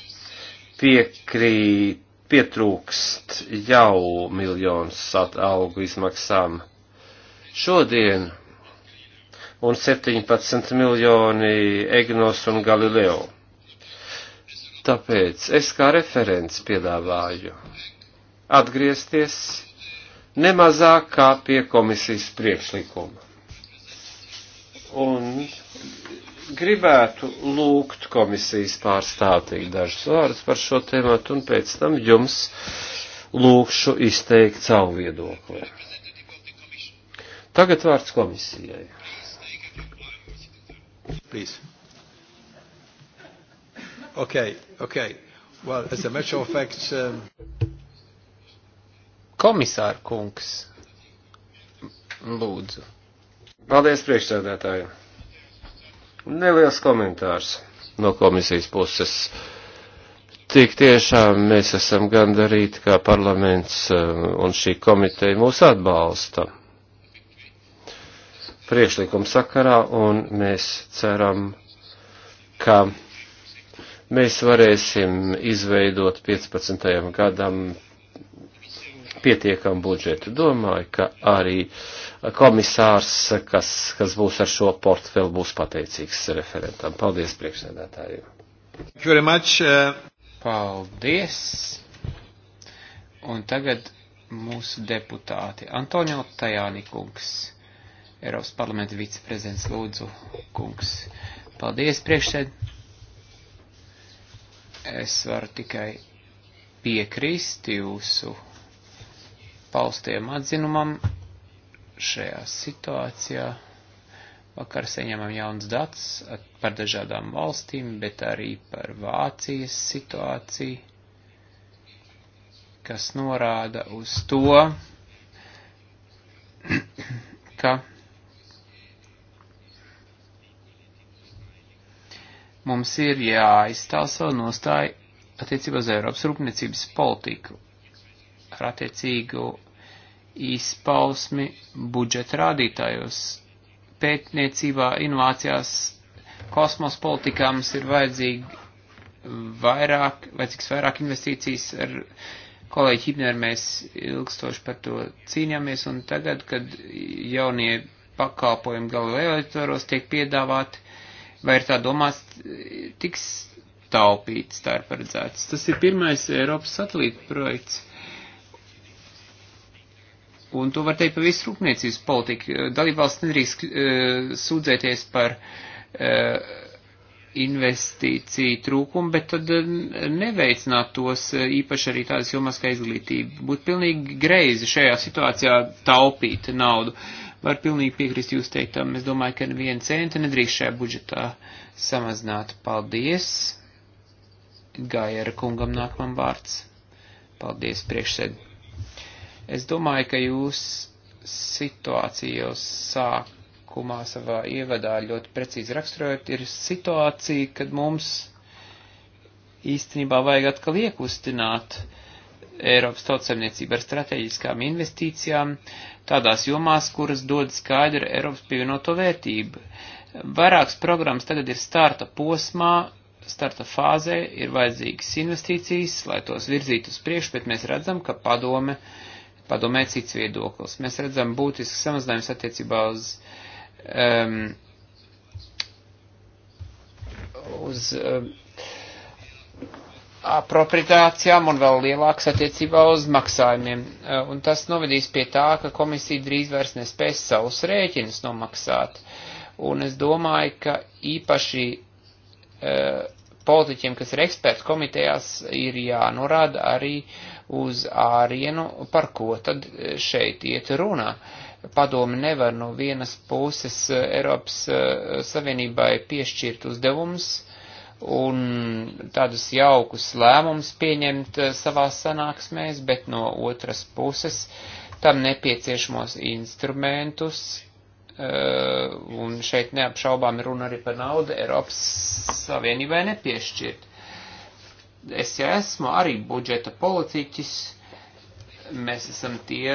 piekrīt, pietrūkst jau miljonus algu izmaksām šodien un 17 miljoni Egnos un Galileo. Tāpēc es kā referents piedāvāju atgriezties nemazāk kā pie komisijas priekšlikuma. Un gribētu lūgt komisijas pārstāvtīgi dažus vārdus par šo tēmatu, un pēc tam jums lūkšu izteikt savu viedokli. Tagad vārds komisijai. Please. Okay, okay. Well, as a matter of fact, um... Komisār kungs, lūdzu. Paldies priekšsēdētājiem. Neliels komentārs no komisijas puses. Tik tiešām mēs esam gandarīti, kā parlaments eh, un šī komiteja mūs atbalsta priekšlikuma sakarā, un mēs ceram, ka mēs varēsim izveidot 15. gadam pietiekamu budžetu. Domāju, ka arī komisārs, kas, kas būs ar šo portfeli, būs pateicīgs referentam. Paldies priekšsēdētājiem. Uh, Paldies. Un tagad mūsu deputāti Antonio Tajānikungs, Eiropas parlamenta viceprezidents Lūdzu kungs. Paldies priekšsēd. Es varu tikai piekrist jūsu paustiem atzinumam šajā situācijā. Vakar saņemam jauns dats par dažādām valstīm, bet arī par Vācijas situāciju, kas norāda uz to, ka mums ir jāizstāv savu nostāju attiecībā uz Eiropas rūpniecības politiku ar attiecīgu izpausmi budžeta rādītājos. Pētniecībā, inovācijās, kosmos politikā mums ir vajadzīgi vairāk, vajadzīgs vairāk investīcijas ar kolēģi Hibner mēs ilgstoši par to cīnāmies, un tagad, kad jaunie pakalpojumi Galileo ietvaros tiek piedāvāti, vai ir tā domāts, tiks taupīts, tā ir paredzēts. Tas ir pirmais Eiropas satelīta projekts, Un to var teikt par visu rūpniecības politiku. Eh, dalībvalsts nedrīkst uh, sūdzēties par uh, investīciju trūkumu, bet tad neveicināt tos īpaši arī tādas jomas kā izglītība. Būtu pilnīgi greizi šajā situācijā taupīt naudu. Var pilnīgi piekrist jūs teiktam. Es domāju, ka neviena centa nedrīkst šajā budžetā samazināt. Paldies! Gājera kungam nākamam vārds. Paldies, priekšsēd. Es domāju, ka jūs situāciju jau sākumā savā ievadā ļoti precīzi raksturojot, ir situācija, kad mums īstenībā vajag atkal iekustināt Eiropas tautsemniecību ar strateģiskām investīcijām tādās jomās, kuras dod skaidru Eiropas pievienoto vērtību. Vairākas programmas tagad ir starta posmā, starta fāzē, ir vajadzīgas investīcijas, lai tos virzītu uz priekšu, bet mēs redzam, ka padome uh, padomē cits viedoklis. Mēs redzam būtisks samazinājums attiecībā uz, um, uz um, apropriācijām un vēl lielāks attiecībā uz maksājumiem. Uh, un tas novedīs pie tā, ka komisija drīz vairs nespēs savus rēķinus nomaksāt. Un es domāju, ka īpaši uh, politiķiem, kas ir eksperts komitejās, ir jānorāda arī uz ārienu, par ko tad šeit iet runā. Padomi nevar no vienas puses eh, Eiropas eh, Savienībai piešķirt uzdevumus un tādus jaukus lēmumus pieņemt eh, savās sanāksmēs, bet no otras puses tam nepieciešamos instrumentus Eh, un šeit neapšaubām runa arī par naudu Eiropas Savienībai nepiešķirt. Es jau esmu arī budžeta politiķis, mēs esam tie,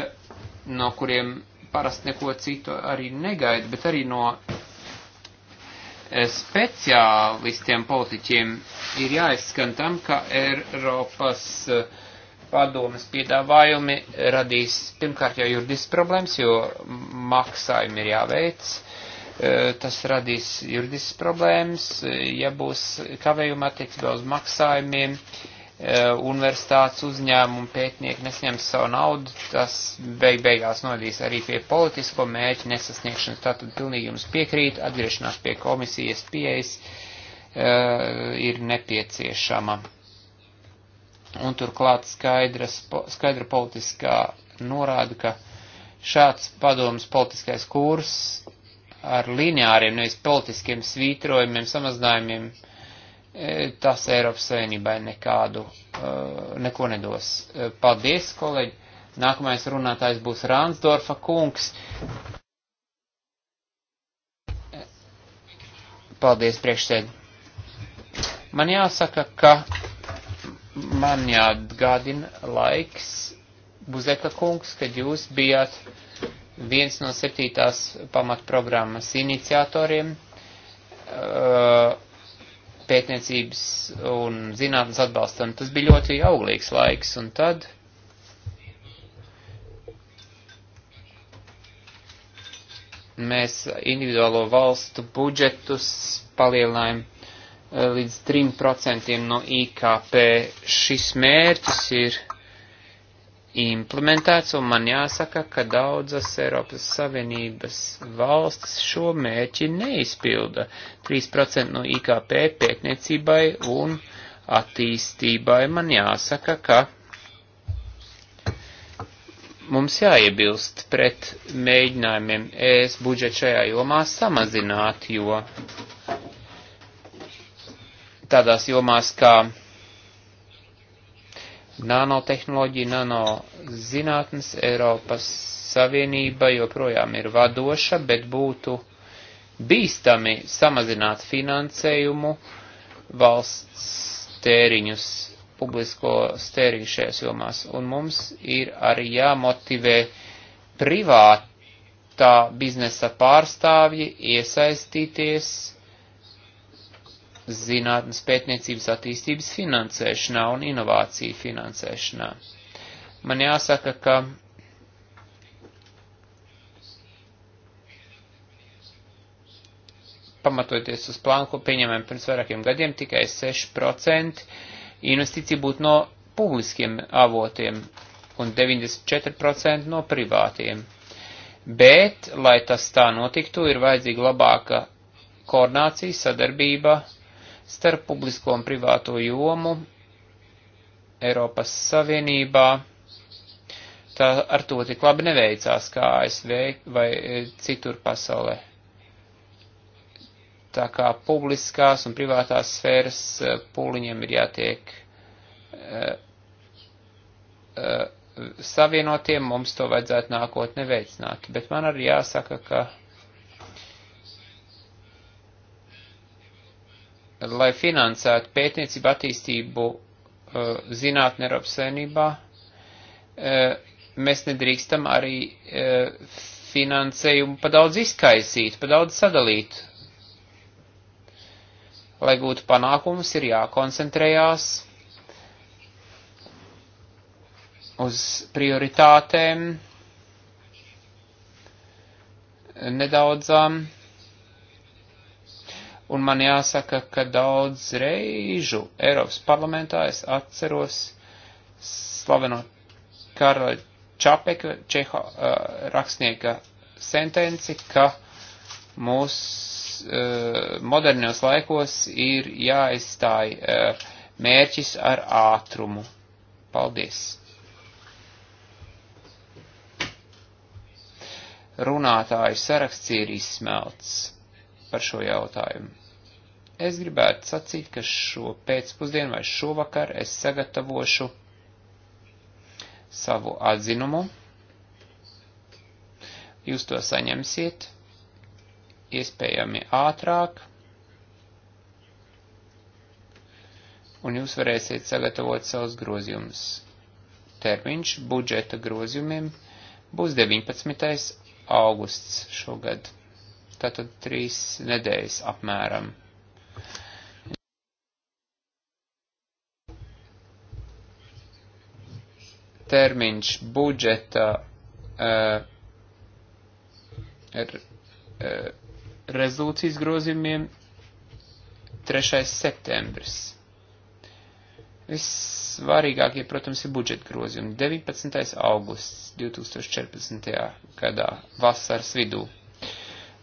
no kuriem parasti neko citu arī negaida, bet arī no eh, speciālistiem politiķiem ir jāizskan tam, ka Eiropas uh, padomas piedāvājumi radīs pirmkārt jau juridisks problēmas, jo maksājumi ir jāveic. E, tas radīs juridisks problēmas, e, ja būs kavējuma attiecībā uz maksājumiem, e, universitātes uzņēmumu pētnieki nesņems savu naudu, tas beig beigās nodīs arī pie politisko mērķu nesasniegšanas. Tātad pilnīgi jums piekrīt, atgriešanās pie komisijas pieejas ir nepieciešama un turklāt skaidra, skaidra politiskā norāda, ka šāds padomas politiskais kurs ar lineāriem, nevis politiskiem svītrojumiem, samazinājumiem, e, tas Eiropas Savienībai nekādu, e, neko nedos. E, paldies, kolēģi! Nākamais runātājs būs Rānsdorfa kungs. Paldies, priekšsēd. Man jāsaka, ka man jāatgādina laiks, Buzeka kungs, kad jūs bijāt viens no septītās pamatprogrammas iniciatoriem uh, pētniecības un zinātnes atbalstam. Tas bija ļoti auglīgs laiks, un tad mēs individuālo valstu budžetus palielinājām Eh, līdz 3% no IKP. Šis mērķis ir implementēts, un man jāsaka, ka daudzas Eiropas Savienības valstis šo mērķi neizpilda. 3% no IKP pētniecībai un attīstībai man jāsaka, ka mums jāiebilst pret mēģinājumiem ES budžetu šajā jomā samazināt, jo tādās jomās kā nanotehnoloģija, nanozinātnes Eiropas Savienība joprojām ir vadoša, bet būtu bīstami samazināt finansējumu valsts tēriņus, publisko tēriņu šajās jomās. Un mums ir arī jāmotivē privātā biznesa pārstāvji iesaistīties zinātnes pētniecības attīstības finansēšanā un inovāciju finansēšanā. Man jāsaka, ka pamatoties uz plānu, ko pieņemam pirms vairākiem gadiem, tikai 6% investīcija būtu no publiskiem avotiem un 94% no privātiem. Bet, lai tas tā notiktu, ir vajadzīga labāka koordinācija, sadarbība starp publisko un privāto jomu Eiropas Savienībā. Tā ar to tik labi neveicās kā ASV vai e, citur pasaulē. Tā kā publiskās un privātās sfēras e, pūliņiem ir jātiek uh, uh, savienotiem, mums to vajadzētu nākotnē veicināt. Bet man arī jāsaka, ka lai finansētu pētniecību attīstību uh, zinātne Eiropas savienībā, uh, mēs nedrīkstam arī uh, finansējumu pa daudz izkaisīt, pa daudz sadalīt. Lai gūtu panākumus, ir jākoncentrējās uz prioritātēm, nedaudzām. Um, Un man jāsaka, ka daudz reižu Eiropas parlamentā es atceros slaveno Karla Čapeka, Čeha uh, eh, rakstnieka sentenci, ka mūs uh, modernos laikos ir jāizstāj uh, mērķis ar ātrumu. Paldies! Runātāju saraksts ir izsmelts par šo jautājumu. Es gribētu sacīt, ka šo pēcpusdienu vai šovakar es sagatavošu savu atzinumu. Jūs to saņemsiet iespējami ātrāk, un jūs varēsiet sagatavot savus grozījumus. Termiņš budžeta grozījumiem būs 19. augusts šogad, tātad trīs nedēļas apmēram. termiņš budžeta uh, rezolūcijas grozījumiem 3. septembris. Vissvarīgākie, protams, ir budžeta grozījumi. 19. augusts 2014. gadā, vasaras vidū.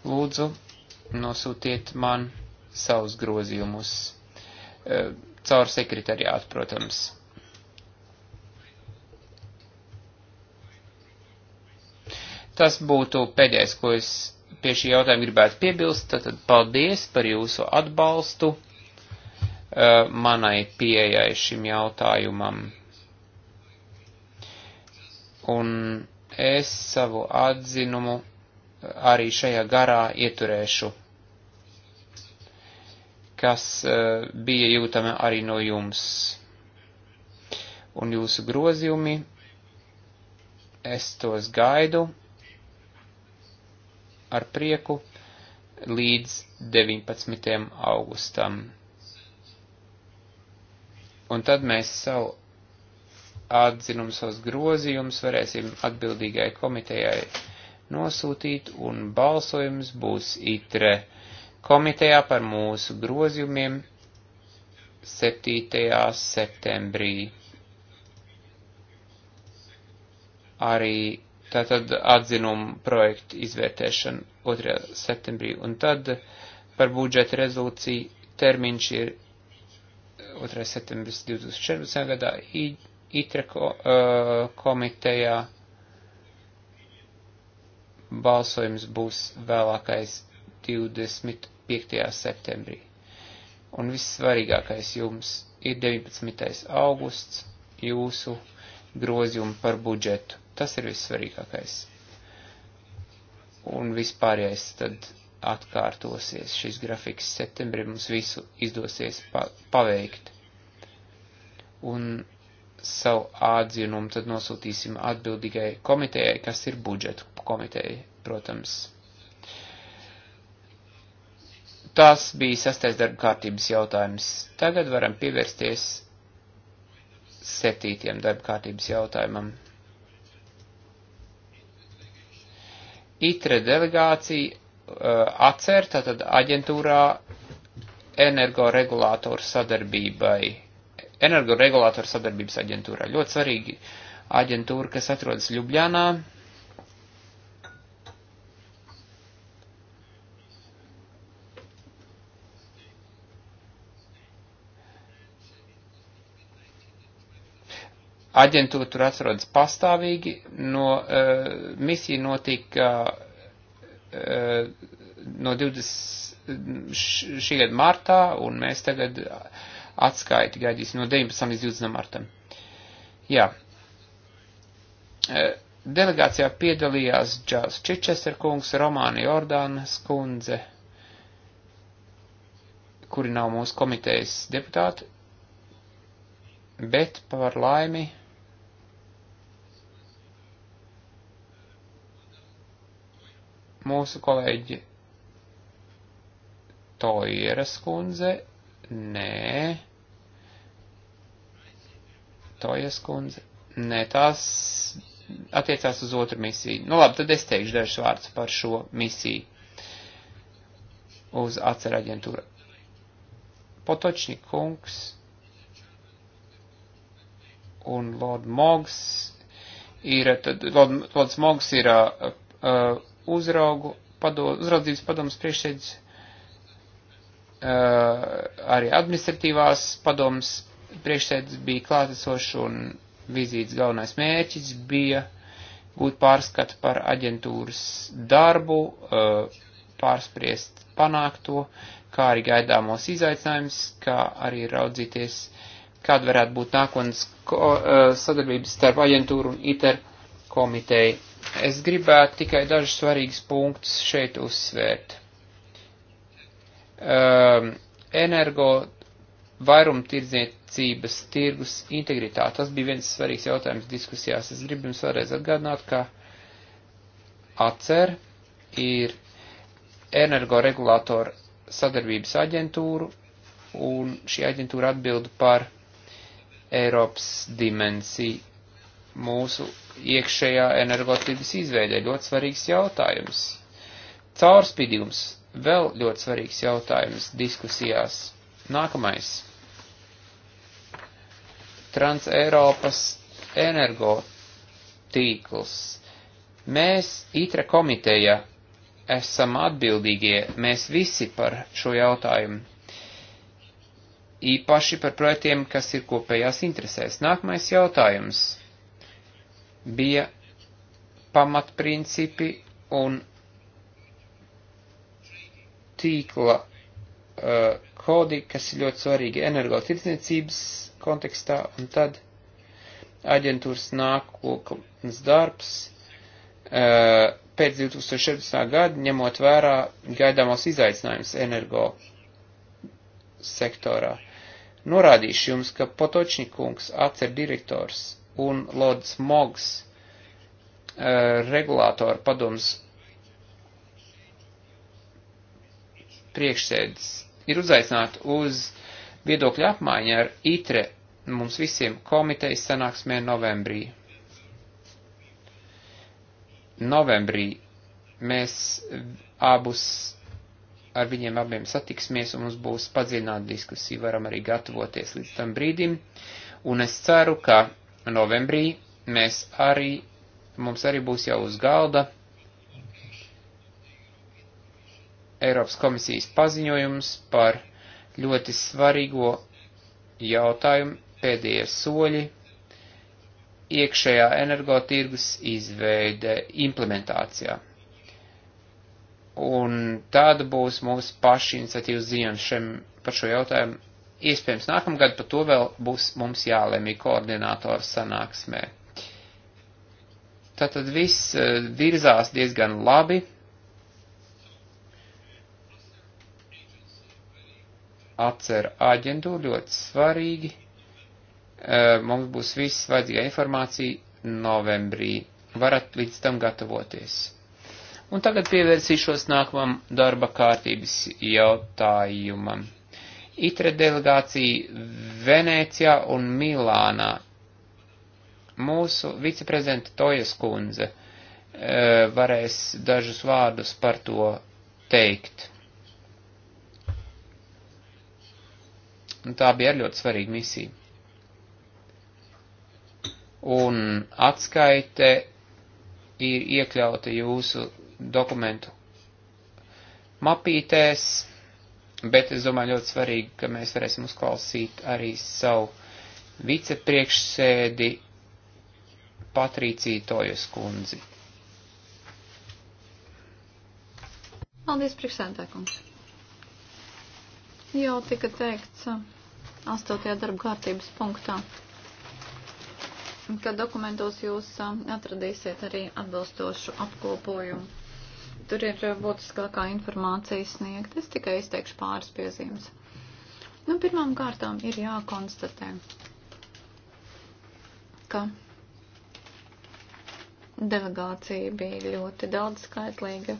Lūdzu, nosūtiet man savus grozījumus. Eh, caur sekretariātu, protams. Tas būtu pēdējais, ko es pie šī jautājuma gribētu piebilst. Tad paldies par jūsu atbalstu uh, manai pieejai šim jautājumam. Un es savu atzinumu arī šajā garā ieturēšu, kas uh, bija jūtama arī no jums. Un jūsu grozījumi, es tos gaidu ar prieku līdz 19. augustam. Un tad mēs savu atzinumu, savus grozījumus varēsim atbildīgai komitejai nosūtīt, un balsojums būs itre komitejā par mūsu grozījumiem 7. septembrī. Arī tātad atzinumu projektu izvērtēšanu 2. septembrī, un tad par budžeta rezolūciju termiņš ir 2. septembris 2014. gadā ITRE ko, uh, komitejā balsojums būs vēlākais 25. septembrī. Un viss svarīgākais jums ir 19. augusts jūsu grozījumi par budžetu Tas ir vissvarīgākais. Un vispārējais tad atkārtosies. Šis grafiks septembrī mums visu izdosies pa paveikt. Un savu atzinumu tad nosūtīsim atbildīgai komitejai, kas ir budžetu komiteja, protams. Tas bija sastais darba kārtības jautājums. Tagad varam pievērsties septītiem darba kārtības jautājumam. ITRE delegācija uh, atcer, tātad aģentūrā energoregulātoru sadarbībai, energoregulātoru sadarbības aģentūrā. Ļoti svarīgi aģentūra, kas atrodas Ljubļānā. Aģentūra tur atrodas pastāvīgi, no uh, misija notika uh, no 20 š, šī gada martā, un mēs tagad atskaiti gaidīsim no 19 līdz 20 martam. Jā. Uh, delegācijā piedalījās Džās Čičester kungs, Romāna Jordānas kundze, kuri nav mūsu komitejas deputāti, bet par laimi Mūsu kolēģi Toieras kundze, nē, Tojas kundze, nē, tās attiecās uz otru misiju. Nu labi, tad es teikšu dažus vārdus par šo misiju uz atcera aģentūra. Potočnik kungs un Lord Mogs ir, tad Lord, Lords Mogs ir uh, uh uzraugu padod, uzraudzības padomas priekšsēdis, uh, arī administratīvās padomas priekšsēdis bija klātesošs un vizītes galvenais mērķis bija gūt pārskatu par aģentūras darbu, uh, pārspriest panākto, kā arī gaidāmos izaicinājumus, kā arī raudzīties, kāda varētu būt nākotnes uh, sadarbības starp aģentūru un ITER komiteju. Es gribētu tikai dažus svarīgus punktus šeit uzsvērt. Um, energo vairumtirdzniecības tirgus integritāte. Tas bija viens svarīgs jautājums diskusijās. Es gribu jums vēlreiz atgādināt, ka ACER ir energoregulātora sadarbības aģentūru, un šī aģentūra atbild par Eiropas dimensiju mūsu iekšējā energotības izveidē. Ļoti svarīgs jautājums. Caurspīdījums vēl ļoti svarīgs jautājums diskusijās. Nākamais. Trans-Eiropas energotīkls. Mēs ITRE komiteja esam atbildīgie, mēs visi par šo jautājumu. Īpaši par projektiem, kas ir kopējās interesēs. Nākamais jautājums bija pamatprincipi un tīkla uh, kodi, kas ir ļoti svarīgi energotirdzniecības kontekstā, un tad aģentūras nākotnes darbs uh, pēc 2016. gada, ņemot vērā gaidāmos izaicinājumus energo sektorā. Norādīšu jums, ka Potočņikungs atcer direktors un Lods Mogs eh, regulātoru padoms priekšsēdis ir uzaicināti uz viedokļu apmaiņu ar ITRE mums visiem komitejas sanāksmē novembrī. Novembrī mēs abus ar viņiem abiem satiksimies un mums būs padziļināta diskusija, varam arī gatavoties līdz tam brīdim. Un es ceru, ka novembrī mēs arī, mums arī būs jau uz galda Eiropas komisijas paziņojums par ļoti svarīgo jautājumu pēdējie soļi iekšējā energotirgus izveide implementācijā. Un tāda būs mūsu paša iniciatīvas ziņojums šiem par šo jautājumu iespējams nākamgad par to vēl būs mums jālemj koordinātoru sanāksmē. Tātad viss eh, virzās diezgan labi. Atcer aģentūru ļoti svarīgi. Eh, mums būs viss vajadzīgā informācija novembrī. Varat līdz tam gatavoties. Un tagad pievērsīšos nākamam darba kārtības jautājumam. ITRE delegācija Venēcijā un Milānā. Mūsu viceprezidenta Tojas kundze e, varēs dažus vārdus par to teikt. Un tā bija ļoti svarīga misija. Un atskaite ir iekļauta jūsu dokumentu mapītēs bet es domāju ļoti svarīgi, ka mēs varēsim uzklausīt arī savu vicepriekšsēdi Patrīciju Tojas kundzi. Paldies, priekšsēdētājkungs. Jau tika teikts astotajā darba kārtības punktā, ka dokumentos jūs atradīsiet arī atbilstošu apkopojumu tur ir būtiskākā informācija sniegt. Es tikai izteikšu pāris piezīmes. Nu, pirmām kārtām ir jākonstatē, ka delegācija bija ļoti daudz skaitlīga,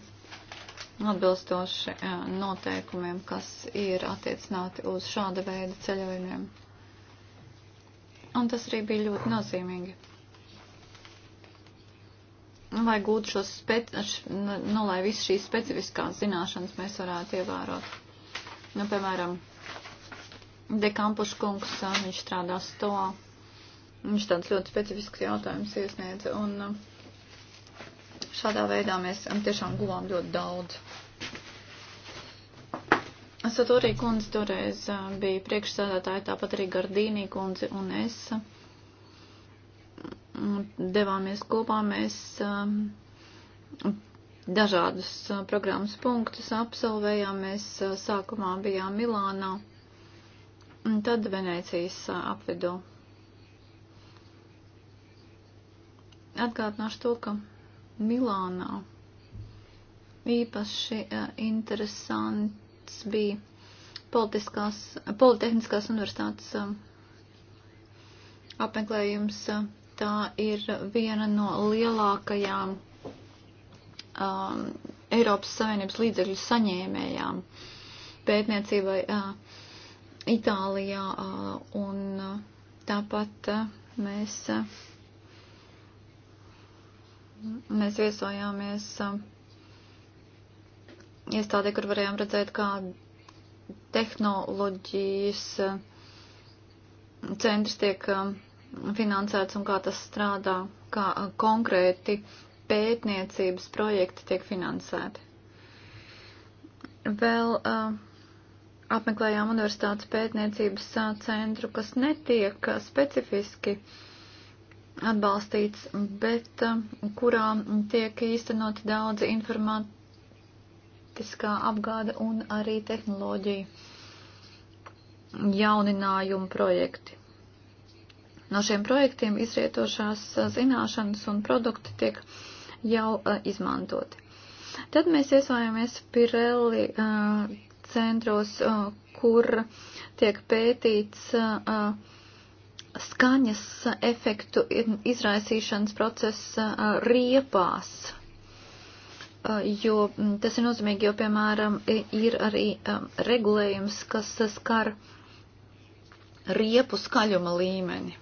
atbilstoši noteikumiem, kas ir attiecināti uz šāda veida ceļojumiem. Un tas arī bija ļoti nozīmīgi lai gūtu šos, nu, nu, lai visas šīs specifiskās zināšanas mēs varētu ievērot. Nu, piemēram, Dekampuša kungs, viņš strādā sto, viņš tāds ļoti specifisks jautājums iesniedz, un šādā veidā mēs tiešām guvām ļoti daudz. Satorī kundze toreiz bija priekšsēdētāja, tāpat arī Gardīnī kundze un es devāmies kopā, mēs um, dažādus uh, programmas punktus absolvējām. Mēs uh, sākumā bijām Milānā un tad Venēcijas uh, apvidū. Atgādināšu to, ka Milānā īpaši interesants bija Politiskās, Politehniskās universitātes um, apmeklējums tā ir viena no lielākajām um, Eiropas Savienības līdzekļu saņēmējām pētniecībai uh, Itālijā, uh, un uh, tāpat uh, mēs, uh, mēs viesojāmies uh, iestādē, kur varējām redzēt, kā tehnoloģijas uh, centrs tiek. Uh, finansēts un kā tas strādā, kā konkrēti pētniecības projekti tiek finansēti. Vēl uh, apmeklējām universitātes pētniecības centru, kas netiek specifiski atbalstīts, bet kurā tiek īstenoti daudzi informatiskā apgāde un arī tehnoloģija jauninājuma projekti. No šiem projektiem izrietošās zināšanas un produkti tiek jau izmantoti. Tad mēs iesvājamies Pirelli centros, kur tiek pētīts skaņas efektu izraisīšanas process riepās, jo tas ir nozīmīgi, jo, piemēram, ir arī regulējums, kas skar riepu skaļuma līmeni.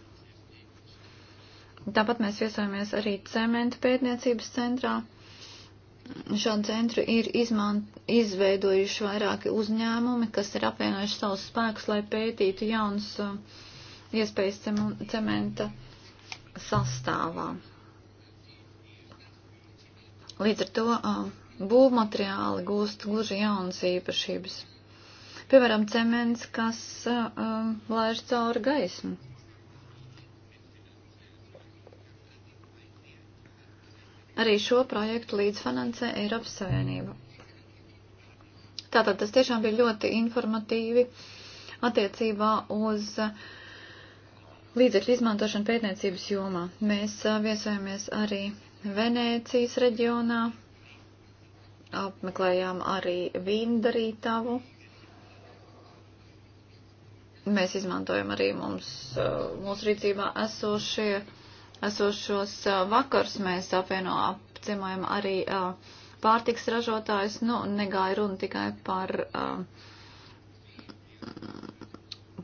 Tāpat mēs viesojamies arī cementu pētniecības centrā. Šādu centru ir izmant, izveidojuši vairāki uzņēmumi, kas ir apvienojuši savus spēkus, lai pētītu jaunas uh, iespējas cementa sastāvā. Līdz ar to uh, būvmateriāli gūst gluži jaunas īpašības. Piemēram, cements, kas uh, uh laiž cauri gaismu. Arī šo projektu līdzfinansē Eiropas Savienība. Tātad tas tiešām bija ļoti informatīvi attiecībā uz līdzekļu izmantošanu pētniecības jomā. Mēs viesojamies arī Venēcijas reģionā, apmeklējām arī vīndarītavu. Mēs izmantojam arī mums, mūsu rīcībā esošie esošos vakars mēs apvieno apciemojam arī pārtiks ražotājs, nu, negāja runa tikai par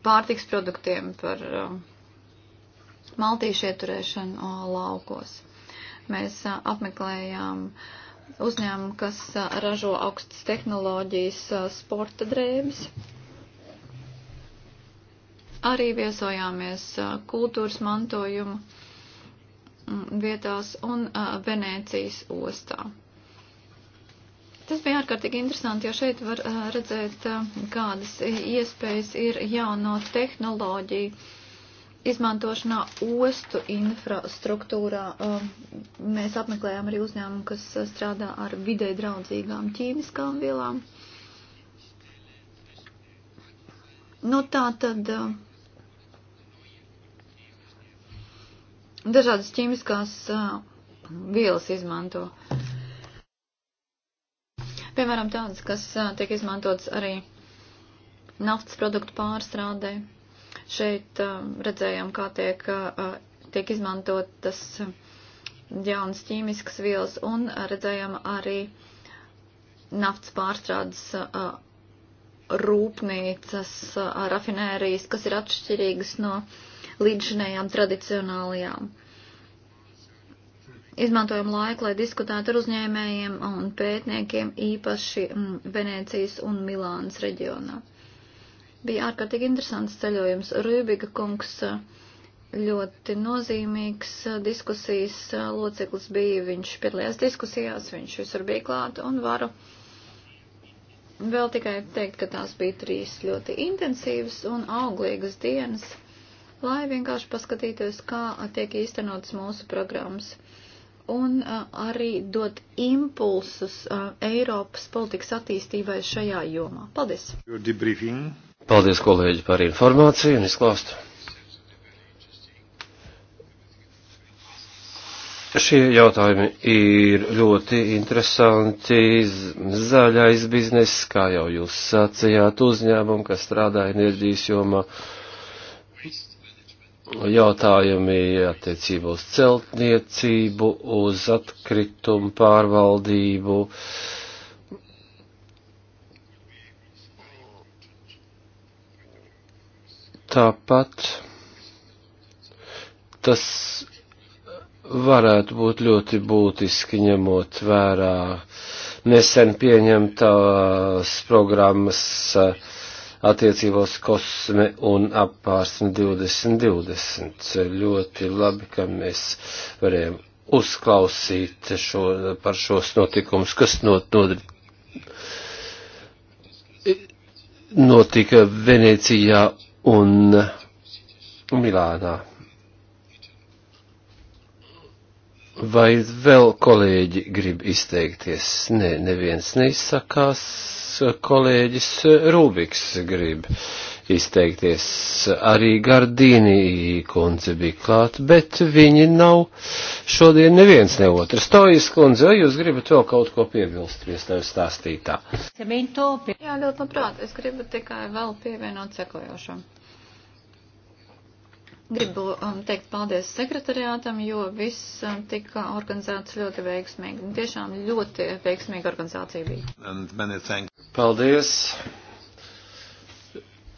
pārtiks produktiem, par maltīšu ieturēšanu laukos. Mēs apmeklējām uzņēmumu, kas ražo augstas tehnoloģijas sporta drēbes. Arī viesojāmies kultūras mantojuma Mm, vietās un uh, Venēcijas ostā. Tas bija ārkārtīgi interesanti, jo šeit var uh, redzēt, uh, kādas iespējas ir jauno tehnoloģiju izmantošanā ostu infrastruktūrā. Uh, mēs apmeklējām arī uzņēmumu, kas strādā ar vidē draudzīgām ķīmiskām vielām. Nu, tā tad. Uh, dažādas ķīmiskās vielas izmanto. Piemēram, tādas, kas tiek izmantotas arī naftas produktu pārstrādē. Šeit redzējām, kā tiek, tiek izmantotas jaunas ķīmiskas vielas un redzējām arī naftas pārstrādes rūpnīcas, rafinērijas, kas ir atšķirīgas no uh, līdzšinējām tradicionālajām. Izmantojam laiku, lai diskutētu ar uzņēmējiem un pētniekiem īpaši mm, Venēcijas un Milānas reģionā. Bija ārkārtīgi interesants ceļojums. Rūbiga kungs ļoti nozīmīgs eh, diskusijas eh, loceklis bija. Viņš piedalījās diskusijās, viņš visur bija klāt un varu vēl tikai teikt, ka tās bija trīs ļoti intensīvas un auglīgas dienas lai vienkārši paskatītos, kā tiek īstenotas mūsu programmas. Un uh, arī dot impulsus uh, Eiropas politikas attīstībai šajā jomā. Paldies! Paldies, kolēģi, par informāciju un izklāstu. Šie jautājumi ir ļoti interesanti. Zaļais biznes, kā jau jūs sacījāt, uzņēmumu, kas strādā enerģijas jomā. Uh, jautājumi attiecībā uz celtniecību, uz atkritumu pārvaldību. Tāpat tas varētu būt ļoti būtiski ņemot vērā nesen pieņemtās programmas uh, attiecībos kosme un apvārsni 2020. Ļoti labi, ka mēs varējām uzklausīt šo, par šos notikumus, kas not, not, notika Venecijā un Milānā. Vai vēl kolēģi grib izteikties? Nē, ne, neviens neizsakās kolēģis Rūbiks grib izteikties. Arī Gardīnī kundze bija klāt, bet viņi nav šodien neviens ne otrs. Tojas kundze, vai jūs gribat vēl kaut ko piebilst, iestāvis stāstītā? Jā, ļoti labprāt. Es gribu tikai vēl pievienot sekojošam. Gribu um, teikt paldies sekretariātam, jo viss um, tika organizēts ļoti veiksmīgi. Tiešām ļoti veiksmīga organizācija bija. Paldies!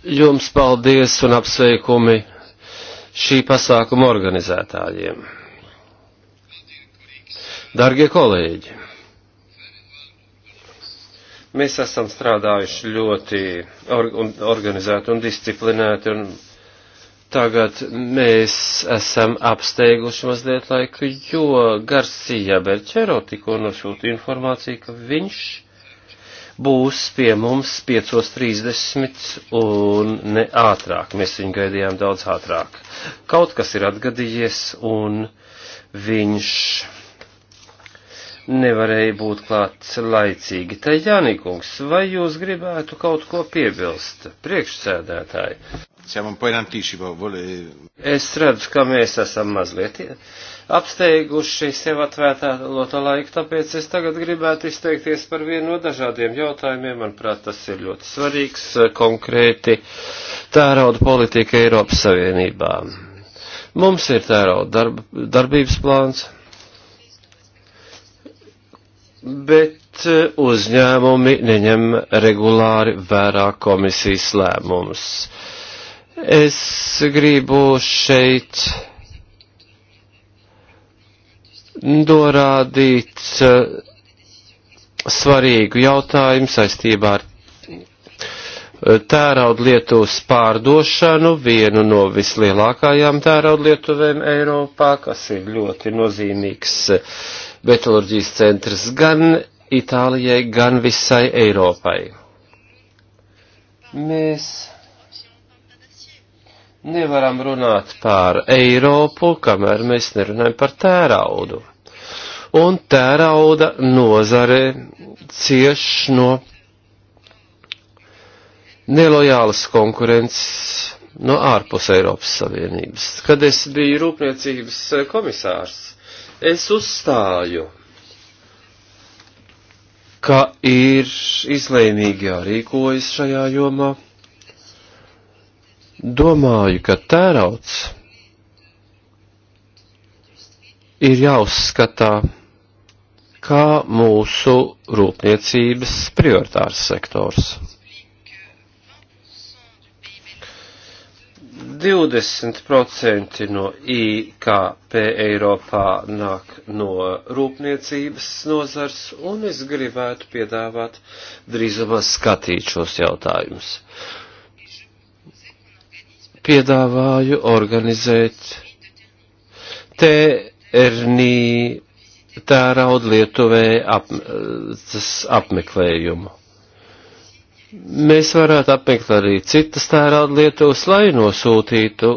Jums paldies un apsveikumi šī pasākuma organizētājiem. Dargie kolēģi, mēs esam strādājuši ļoti or un organizēti un disciplinēti un Tagad mēs esam apsteiguši mazliet laiku, jo Garcija Berķero tikko nosūta informāciju, ka viņš būs pie mums 5.30 un ne ātrāk. Mēs viņu gaidījām daudz ātrāk. Kaut kas ir atgadījies un viņš nevarēja būt klāt laicīgi. Te Jānikungs, vai jūs gribētu kaut ko piebilst? Priekšsēdētāji. Es redzu, ka mēs esam mazliet apsteiguši sev atvētā loto laiku, tāpēc es tagad gribētu izteikties par vienu no dažādiem jautājumiem. Manuprāt, tas ir ļoti svarīgs konkrēti tērauda politika Eiropas Savienībā. Mums ir tērauda darb, darbības plāns bet eh, uzņēmumi neņem regulāri vērā komisijas lēmumus. Es gribu šeit norādīt eh, svarīgu jautājumu saistībā ar eh, tērauda Lietuvas pārdošanu, vienu no vislielākajām tērauda Lietuvēm Eiropā, kas ir ļoti nozīmīgs metalurģijas centrs gan Itālijai, gan visai Eiropai. Mēs nevaram runāt par Eiropu, kamēr mēs nerunājam par tēraudu. Un tērauda nozare cieš no nelojālas konkurences no ārpus Eiropas Savienības. Kad es biju rūpniecības komisārs, Es uzstāju, ka ir izlēmīgi jārīkojas šajā jomā. Domāju, ka tērauts ir jāuzskatā kā mūsu rūpniecības prioritārs sektors. 20% no IKP Eiropā nāk no rūpniecības nozars, un es gribētu piedāvāt drīzumā skatīt šos jautājumus. Piedāvāju organizēt tērnī tērauda Lietuvē ap, apmeklējumu mēs varētu apmeklēt arī citas tērauda Lietuvas, lai nosūtītu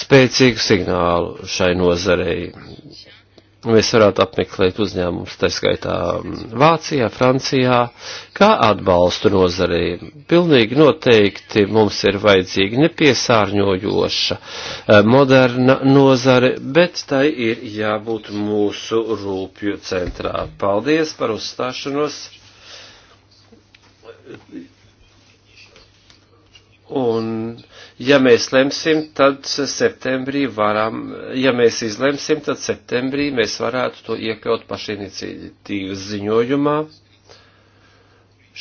spēcīgu signālu šai nozarei. Mēs varētu apmeklēt uzņēmumus, tā skaitā mm, Vācijā, Francijā, kā atbalstu nozarei. Pilnīgi noteikti mums ir vajadzīga nepiesārņojoša, eh, moderna nozare, bet tai ir jābūt mūsu rūpju centrā. Paldies par uzstāšanos! Un, ja mēs lemsim, tad septembrī varam, ja mēs izlemsim, tad septembrī mēs varētu to iekļaut pašiniciatīvas ziņojumā.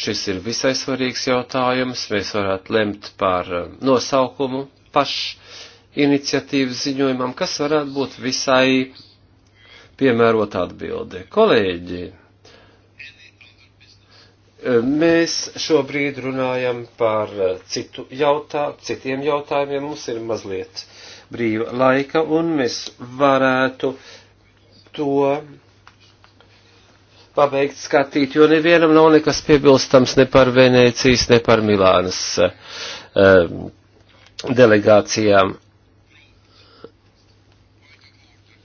Šis ir visai svarīgs jautājums. Mēs varētu lemt par eh, nosaukumu pašiniciatīvas ziņojumam, kas varētu būt visai piemērota atbilde. Kolēģi! Mēs šobrīd runājam par citu jautā, citiem jautājumiem. Mums ir mazliet brīva laika, un mēs varētu to pabeigt skatīt, jo nevienam nav nekas piebilstams ne par Venēcijas, ne par Milānas um, delegācijām.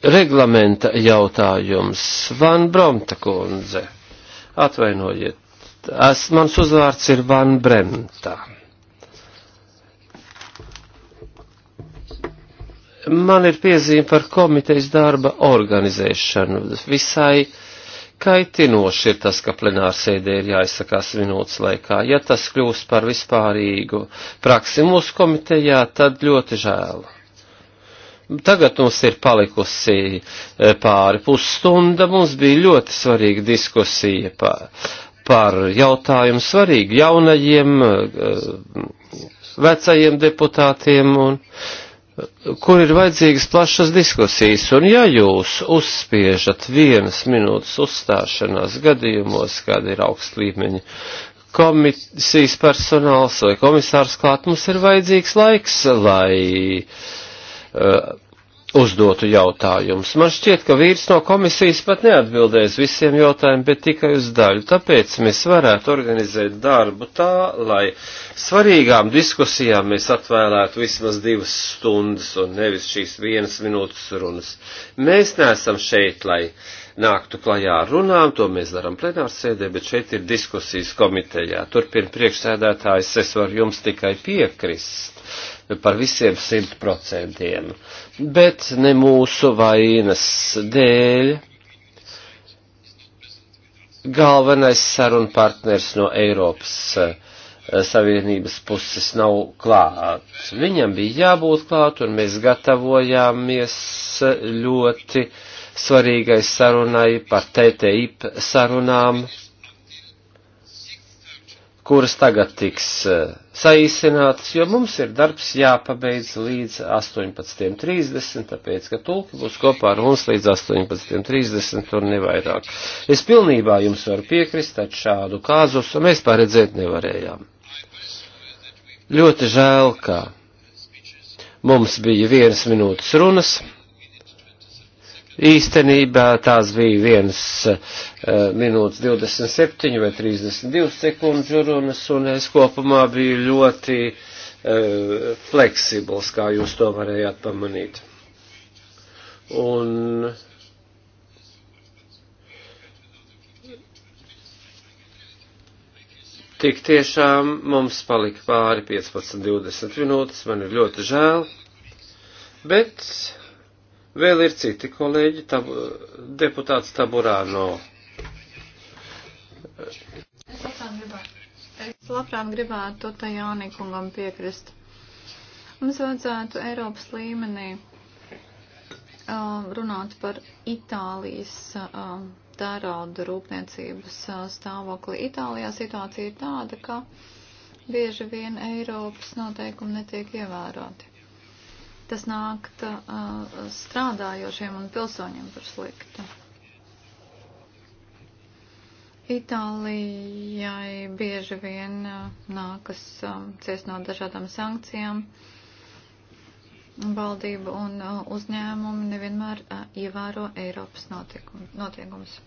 Reglamenta jautājums. Van Bromta kundze. Atvainojiet Es, mans uzvārds ir Van Bremta. Man ir piezīme par komitejas darba organizēšanu. Visai kaitinoši ir tas, ka plenārsēdē ir jāizsakās minūtes laikā. Ja tas kļūst par vispārīgu praksi mūsu komitejā, tad ļoti žēl. Tagad mums ir palikusi eh, pāri pusstunda, mums bija ļoti svarīga diskusija par par jautājumu svarīgu jaunajiem, eh, vecajiem deputātiem, un, eh, kur ir vajadzīgas plašas diskusijas. Un ja jūs uzspiežat vienas minūtes uzstāšanās gadījumos, kad ir augst līmeņa komisijas personāls vai komisārs klāt, mums ir vajadzīgs laiks, lai. Uh, uzdotu jautājumus. Man šķiet, ka vīrs no komisijas pat neatbildēs visiem jautājumiem, bet tikai uz daļu. Tāpēc mēs varētu organizēt darbu tā, lai svarīgām diskusijām mēs atvēlētu vismaz divas stundas un nevis šīs vienas minūtes runas. Mēs neesam šeit, lai nāktu klajā ar runām, to mēs darām plenārsēdē, bet šeit ir diskusijas komitejā. Turpin priekšsēdētājs, es varu jums tikai piekrist par visiem simt procentiem, bet ne mūsu vainas dēļ. Galvenais saruna partners no Eiropas eh, Savienības puses nav klāt. Viņam bija jābūt klāt, un mēs gatavojāmies ļoti svarīgai sarunai par TTIP sarunām kuras tagad tiks eh, saīsinātas, jo mums ir darbs jāpabeidz līdz 18.30, tāpēc, ka tulki būs kopā ar mums līdz 18.30 un nevairāk. Es pilnībā jums varu piekrist, taču šādu kāzusu mēs paredzēt nevarējām. Ļoti žēl, ka mums bija vienas minūtes runas īstenībā tās bija viens eh, minūtes 27 vai 32 sekundžu runas, un es kopumā biju ļoti uh, fleksibls, kā jūs to varējāt pamanīt. Un Tik tiešām mums palika pāri 15-20 minūtes, man ir ļoti žēl, bet Vēl ir citi kolēģi, tab deputāts Taburāno. Es labprāt gribētu, es labprāt gribētu to Jānikungam piekrist. Mums vajadzētu Eiropas līmenī runāt par Itālijas tērauda rūpniecības stāvokli. Itālijā situācija ir tāda, ka bieži vien Eiropas noteikumi netiek ievēroti tas nākt uh, strādājošiem un pilsoņiem par sliktu. Itālijai bieži vien uh, nākas uh, ciest no dažādām sankcijām. Valdība un uh, uzņēmumi nevienmēr uh, ievēro Eiropas notiekumus.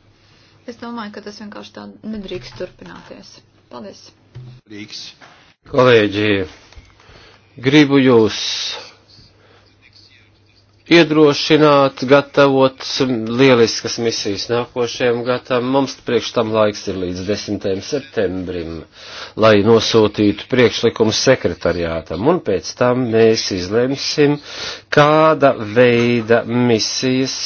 Es domāju, ka tas vienkārši tā nedrīkst turpināties. Paldies! Rīks. Kolēģi, gribu jūs iedrošināt, gatavot lieliskas misijas nākošajam gadam. Mums priekš tam laiks ir līdz 10. septembrim, lai nosūtītu priekšlikumu sekretariātam, un pēc tam mēs izlemsim, kāda veida misijas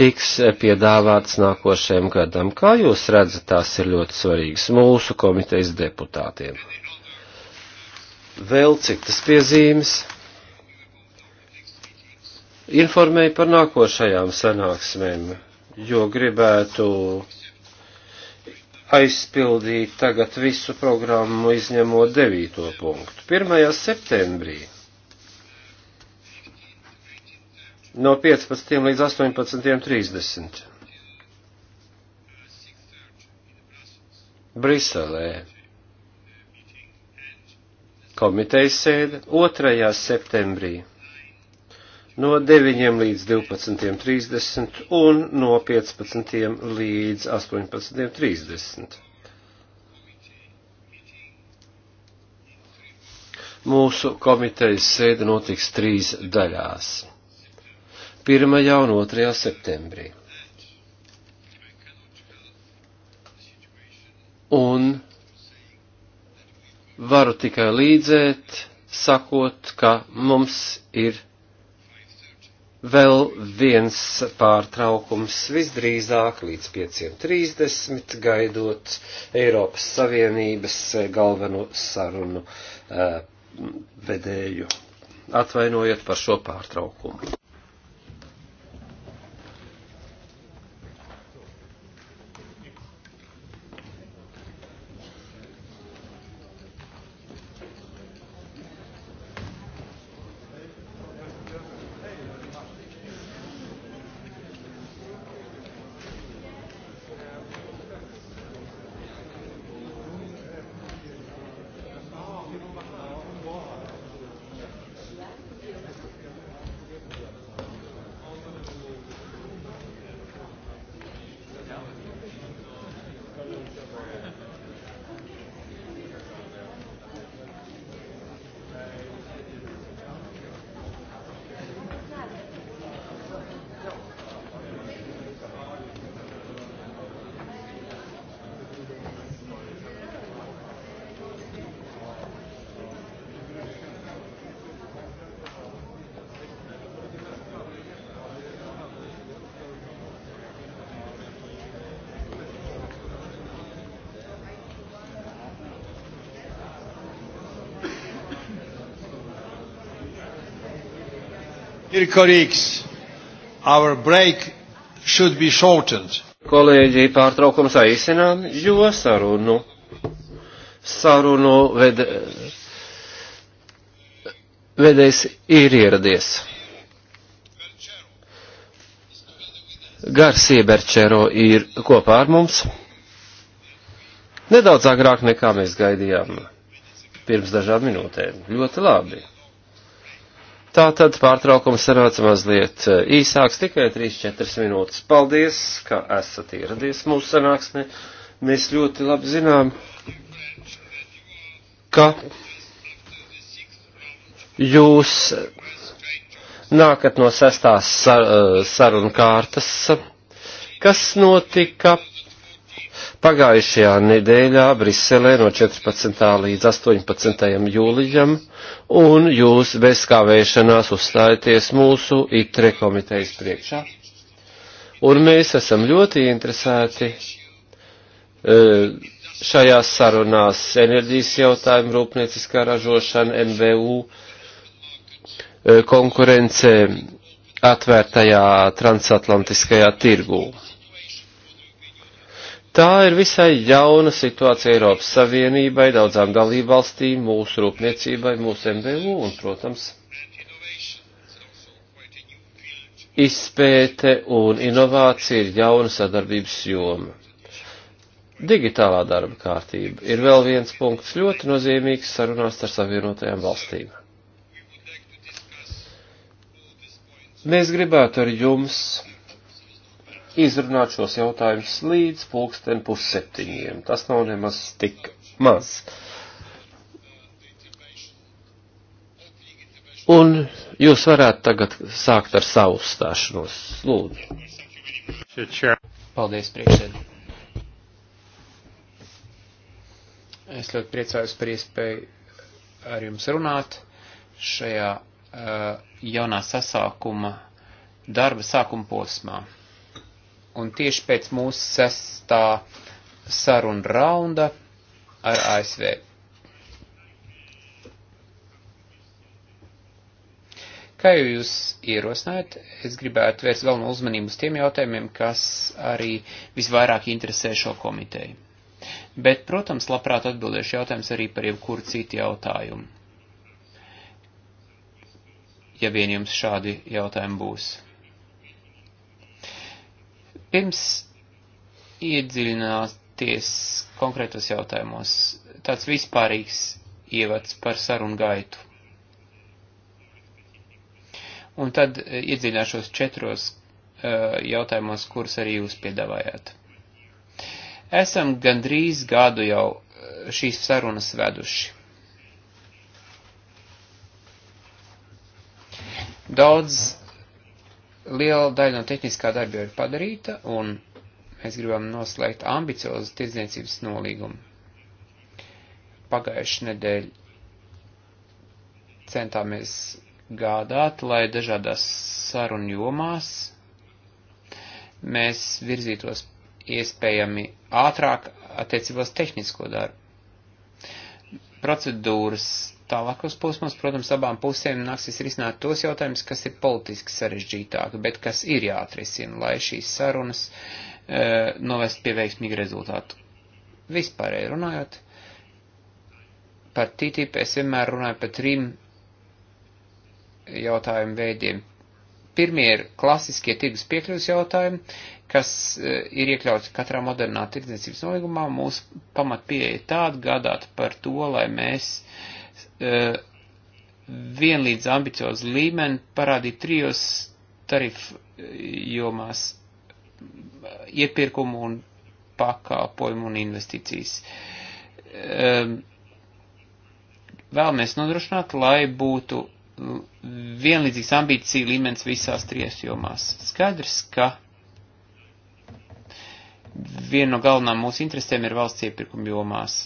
tiks piedāvāts nākošajam gadam. Kā jūs redzat, tās ir ļoti svarīgas mūsu komitejas deputātiem. Vēl citas piezīmes informēju par nākošajām sanāksmēm, jo gribētu aizpildīt tagad visu programmu izņemot 9. punktu. 1. septembrī no 15. līdz 18.30. Briselē komitejas sēde 2. septembrī no 9 līdz 12.30 un no 15 līdz 18.30. Mūsu komitejas sēde notiks trīs daļās. 1. un 2. septembrī. Un varu tikai līdzēt, sakot, ka mums ir Vēl viens pārtraukums visdrīzāk līdz 5.30 gaidot Eiropas Savienības eh, galveno sarunu uh, vedēju. Atvainojiet par šo pārtraukumu. colleagues, our break should be shortened. Kolēģi, pārtraukums aicinām, jo sarunu, sarunu ved, vedējs ir ieradies. Garsie Berčero ir kopā ar mums. Nedaudz agrāk nekā mēs gaidījām pirms dažām minūtēm. Ļoti labi. Tātad pārtraukums sanāca mazliet eh, īsāks, tikai 3-4 minūtes. Paldies, ka esat ieradies mūsu sanāksmē. Mēs ļoti labi zinām, ka jūs nākat no sestās eh, sarunu kārtas, kas notika pagājušajā nedēļā Briselē no 14. līdz 18. jūlijam, un jūs bez kavēšanās uzstājaties mūsu ITRE komitejas priekšā. Un mēs esam ļoti interesēti e, šajās sarunās enerģijas jautājumu, rūpnieciskā ražošana, MVU, e, konkurence atvērtajā transatlantiskajā tirgū. Tā ir visai jauna situācija Eiropas Savienībai, daudzām dalībvalstīm, mūsu rūpniecībai, mūsu MBU un, protams, izpēte un inovācija ir jauna sadarbības joma. Digitālā darba kārtība ir vēl viens punkts ļoti nozīmīgs sarunās ar savienotajām valstīm. Mēs gribētu ar jums izrunāt šos jautājumus līdz pulksten pusseptiņiem. Tas nav nemaz tik maz. Un jūs varētu tagad sākt ar savu stāšanos. Lūdzu. Paldies, priekšsēdētāji. Es ļoti priecājos par iespēju ar jums runāt šajā uh, jaunā sasākuma darba sākuma posmā un tieši pēc mūsu sestā saruna raunda ar ASV. Kā jau jūs ierosinājāt, es gribētu vērst galveno uzmanību uz tiem jautājumiem, kas arī visvairāk interesē šo komiteju. Bet, protams, labprāt atbildēšu jautājums arī par jebkuru citu jautājumu. Ja vien jums šādi jautājumi būs. Pirms iedziļināties konkrētos jautājumos, tāds vispārīgs ievads par sarunu gaitu. Un tad eh, iedziļināšos četros uh, jautājumos, kurus arī jūs piedāvājāt. Esam gandrīz gadu jau eh, šīs sarunas veduši. Daudz Liela daļa no tehniskā darba jau ir padarīta, un mēs gribam noslēgt ambiciozu tirdzniecības nolīgumu. Pagājuši nedēļ centāmies gādāt, lai dažādās sarunu jomās mēs virzītos iespējami ātrāk attiecībās tehnisko darbu. Procedūras Tālākos posmos, protams, abām pusēm nāksies risināt tos jautājumus, kas ir politiski sarežģītāki, bet kas ir jāatrisina, lai šīs sarunas e, novest pie veiksmīga rezultātu. Vispārēji runājot, par TTIP es vienmēr runāju par trim jautājumu veidiem. Pirmie ir klasiskie tirgus piekļuvas jautājumi, kas e, ir iekļauts katrā modernā tirdzniecības nolīgumā. Mūsu pamat pieeja tāda gādāt par to, lai mēs uh, Uh, vienlīdz ambiciozu līmeni parādīt trijos tarifu uh, jomās - iepirkumu un pakalpojumu un investīcijas. Um, vēlamies nodrošināt, lai būtu vienlīdzīgs ambīcija līmenis visās trijās jomās. Skaidrs, ka viena no galvenām mūsu interesēm ir valsts iepirkuma jomās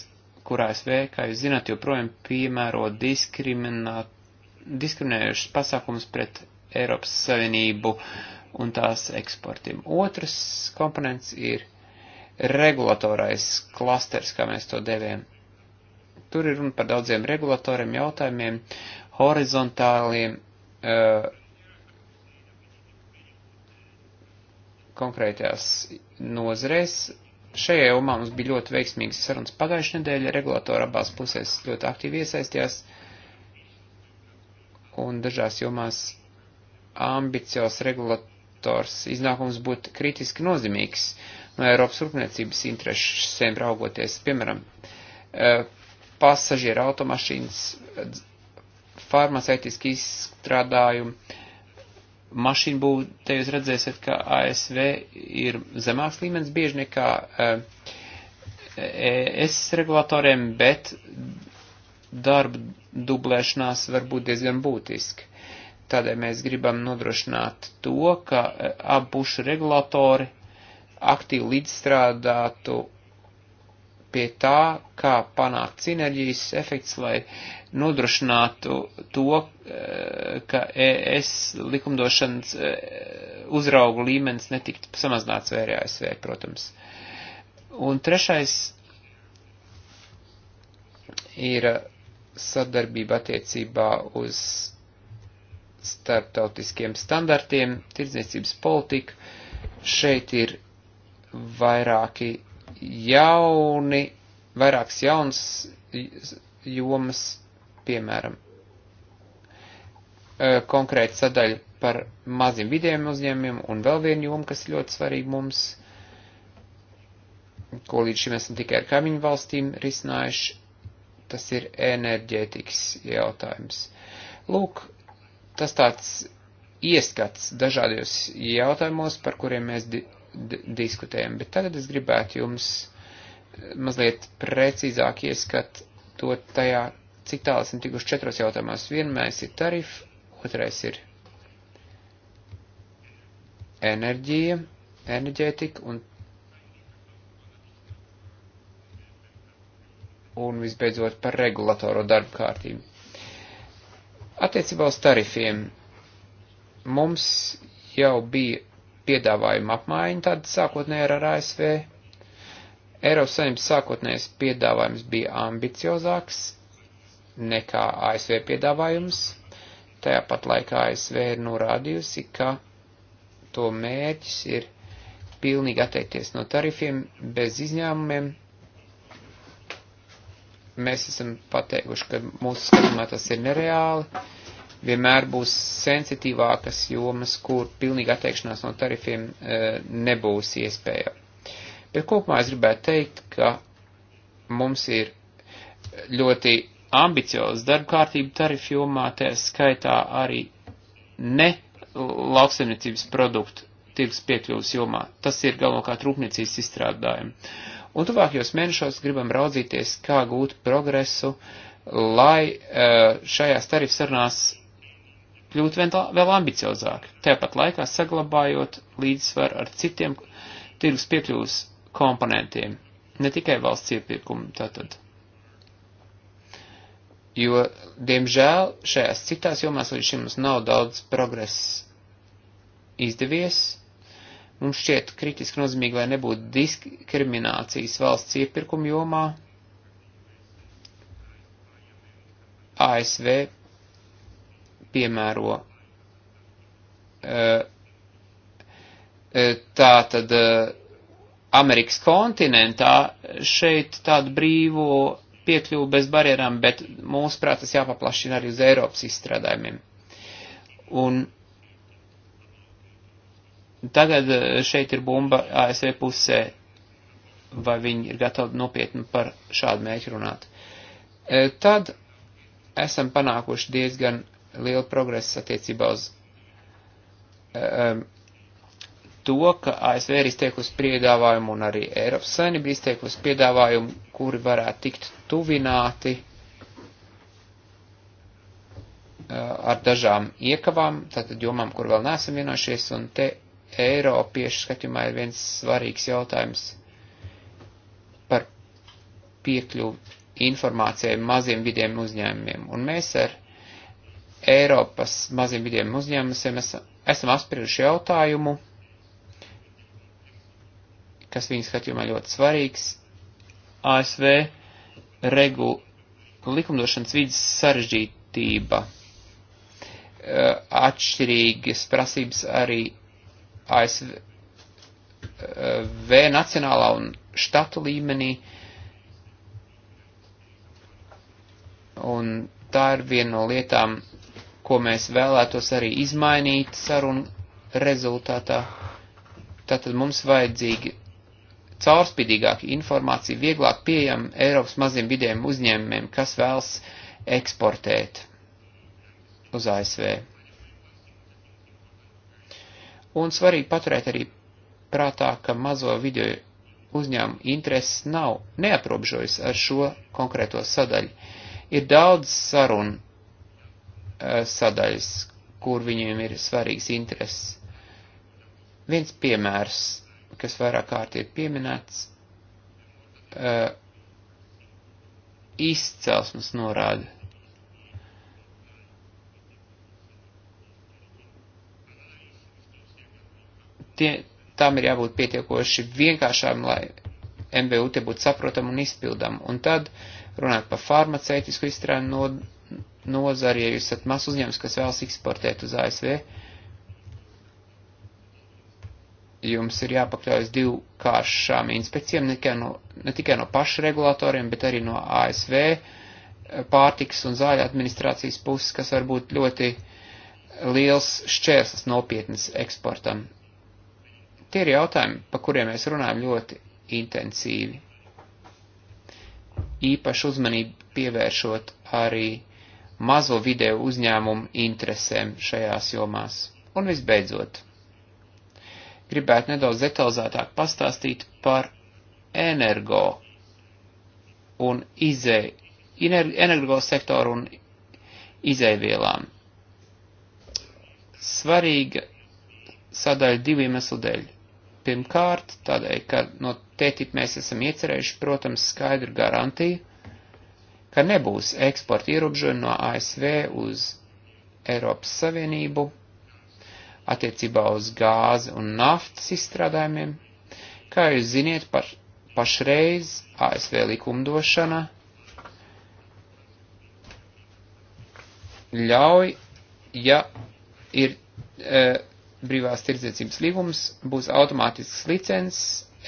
kurā es vēju, kā jūs zināt, joprojām piemēro diskriminējušas pasākums pret Eiropas Savienību un tās eksportiem. Otrs komponents ir regulatorais klasters, kā mēs to devējam. Tur ir runa par daudziem regulatoriem jautājumiem, horizontāliem, uh, konkrētajās nozarēs, Šajā jomā mums bija ļoti veiksmīgas sarunas pagājušajā nedēļā, regulatori abās pusēs ļoti aktīvi iesaistījās un dažās jomās ambiciozs regulators iznākums būtu kritiski nozīmīgs no Eiropas rūpniecības interesēm raugoties, piemēram, e, pasažieru automašīnas, farmaceitiski izstrādājumi, mašīnu būvē, te jūs redzēsiet, ka ASV ir zemāks līmenis bieži nekā ES eh, e regulatoriem, bet darba dublēšanās var būt diezgan būtiski. Tādēļ mēs gribam nodrošināt to, ka eh, abu pušu regulatori aktīvi līdzstrādātu pie tā, kā panākt sinerģijas efekts, lai nodrošinātu to, eh, ka ES likumdošanas eh, uzraugu līmenis netiktu samazināts vai arī ASV, protams. Un trešais ir sadarbība attiecībā uz starptautiskiem standartiem, tirdzniecības politika. Šeit ir vairāki jauni, vairākas jaunas jomas, piemēram, e, konkrēta sadaļa par maziem vidiem uzņēmumiem un vēl viena joma, kas ļoti svarīga mums, ko līdz šim esam tikai ar kaimiņu valstīm risinājuši, tas ir enerģētikas jautājums. Lūk, tas tāds ieskats dažādos jautājumos, par kuriem mēs di diskutējam, bet tagad es gribētu jums eh, mazliet precīzāk ieskat to tajā, cik tālu esam tikuši četros jautājumos. Vienmēs ir tarifa, otrais ir enerģija, enerģētika un, un visbeidzot par regulatoro darbu kārtību. Attiecībā uz tarifiem mums jau bija piedāvājuma apmaiņa tāda sākotnēji ar ASV. Eiropas Savienības sākotnējais piedāvājums bija ambiciozāks nekā ASV piedāvājums. Tajā pat laikā ASV ir norādījusi, ka to mērķis ir pilnīgi atteikties no tarifiem bez izņēmumiem. Mēs esam pateikuši, ka mūsu skatījumā tas ir nereāli vienmēr būs sensitīvākas jomas, kur pilnīga atteikšanās no tarifiem e, nebūs iespēja. Bet kopumā es gribētu teikt, ka mums ir ļoti ambiciozs darba kārtība tarifu jomā, tā skaitā arī ne lauksaimniecības produktu tirgus piekļuvas jomā. Tas ir galvenokārt rūpniecības izstrādājumi. Un tuvākajos mēnešos gribam raudzīties, kā gūt progresu, lai e, šajās tarifsarunās kļūt vēl ambiciozāk, tāpat laikā saglabājot līdzsvaru ar citiem tirgus piekļuvas komponentiem, ne tikai valsts iepirkumu tātad. Jo, diemžēl, šajās citās jomās līdz šim mums nav daudz progress izdevies. Mums šķiet kritiski nozīmīgi, lai nebūtu diskriminācijas valsts iepirkumu jomā. ASV piemēro. Eh, eh, tā tad eh, Amerikas kontinentā šeit tādu brīvo piekļuvu bez barjerām, bet mūsuprāt tas jāpaplašina arī uz Eiropas izstrādājumiem. Un tagad šeit ir bumba ASV pusē, vai viņi ir gatavi nopietni par šādu mēķi runāt. Tad esam panākuši diezgan lielu progresu attiecībā uz um, to, ka ASV ir izteikusi piedāvājumu un arī Eiropas Savienība izteikusi piedāvājumu, kuri varētu tikt tuvināti uh, ar dažām iekavām, tātad jomām, kur vēl neesam vienojušies, un te Eiropiešu skatījumā ir viens svarīgs jautājums par piekļuvu informācijai maziem vidiem uzņēmumiem. Un mēs ar Eiropas maziem vidiem uzņēmumiem esam apsprieduši jautājumu, kas viņas skatījumā ļoti svarīgs. ASV regula likumdošanas vidas sarežģītība, e, atšķirīgas prasības arī ASV V e, nacionālā un štatu līmenī. Un tā ir viena no lietām, ko mēs vēlētos arī izmainīt sarunu rezultātā. Tātad mums vajadzīgi caurspīdīgāka informācija, vieglāk pieejama Eiropas maziem vidiem uzņēmumiem, kas vēlas eksportēt uz ASV. Un svarīgi paturēt arī prātā, ka mazo video uzņēmumu intereses nav neaprobežojas ar šo konkrēto sadaļu. Ir daudz sarunu Eh, sadaļas, kur viņiem ir svarīgs intereses. Viens piemērs, kas vairāk kārt ir pieminēts, eh, izcelsmes norāda. Tie, tām ir jābūt pietiekoši vienkāršām, lai MBU te būtu saprotam un izpildam. Un tad runāt par farmaceitisku izstrādi nozari, ja jūs esat mazs uzņēmums, kas vēlas eksportēt uz ASV, jums ir jāpakļaujas divkāršām inspekcijām, ne tikai no, ne tikai no pašu regulatoriem, bet arī no ASV pārtiks un zāļu administrācijas puses, kas var būt ļoti liels šķērslis nopietnas eksportam. Tie ir jautājumi, pa kuriem mēs runājam ļoti intensīvi. Īpašu uzmanību pievēršot arī mazo video uzņēmumu interesēm šajās jomās. Un visbeidzot, gribētu nedaudz detalizētāk pastāstīt par energo un izē, energo sektoru un izēvielām. Svarīga sadaļa divu iemeslu dēļ. Pirmkārt, tādēļ, ka no tētip mēs esam iecerējuši, protams, skaidru garantiju, ka nebūs eksporta ierobežojumi no ASV uz Eiropas Savienību attiecībā uz gāzi un naftas izstrādājumiem. Kā jūs ziniet, par, pašreiz ASV likumdošana ļauj, ja ir e, brīvās tirdzniecības līgums, būs automātisks licences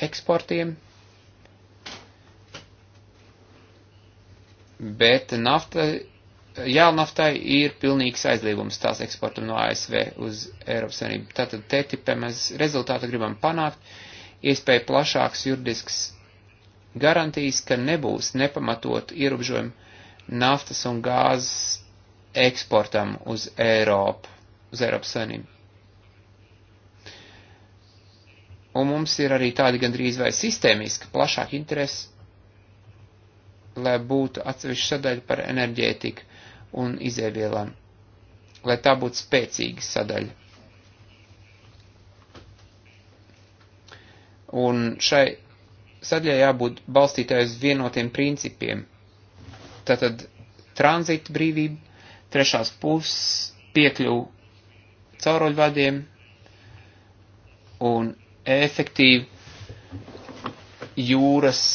eksportiem bet nafta, jālnaftai ir pilnīgs aizliegums tās eksportam no ASV uz Eiropas Savienību. Tātad te tipē mēs rezultātu gribam panākt, iespēja plašāks juridisks garantijas, ka nebūs nepamatot ierobežojumu naftas un gāzes eksportam uz Eiropu, uz Eiropas Savienību. Un mums ir arī tādi gandrīz vai sistēmiski plašāki interesi lai būtu atsevišķa sadaļa par enerģētiku un izēvielām, lai tā būtu spēcīga sadaļa. Un šai sadaļai jābūt balstītai uz vienotiem principiem. Tātad tranzīta brīvība, trešās puses piekļuvu cauroļvadiem un efektīvi jūras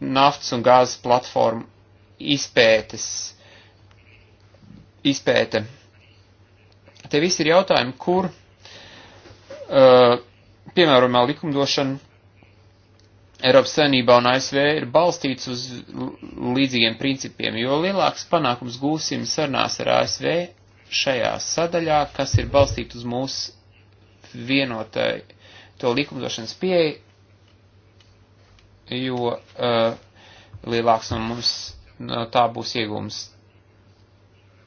naftas un gāzes platformu izpētes, izpēte. Te viss ir jautājumi, kur, uh, piemērojumā likumdošana Eiropas Savienībā un ASV ir balstīts uz līdzīgiem principiem, jo lielāks panākums gūsim sarunās ar ASV šajā sadaļā, kas ir balstīta uz mūsu vienotai to likumdošanas pieeja, jo uh, lielāks no mums no tā būs iegums.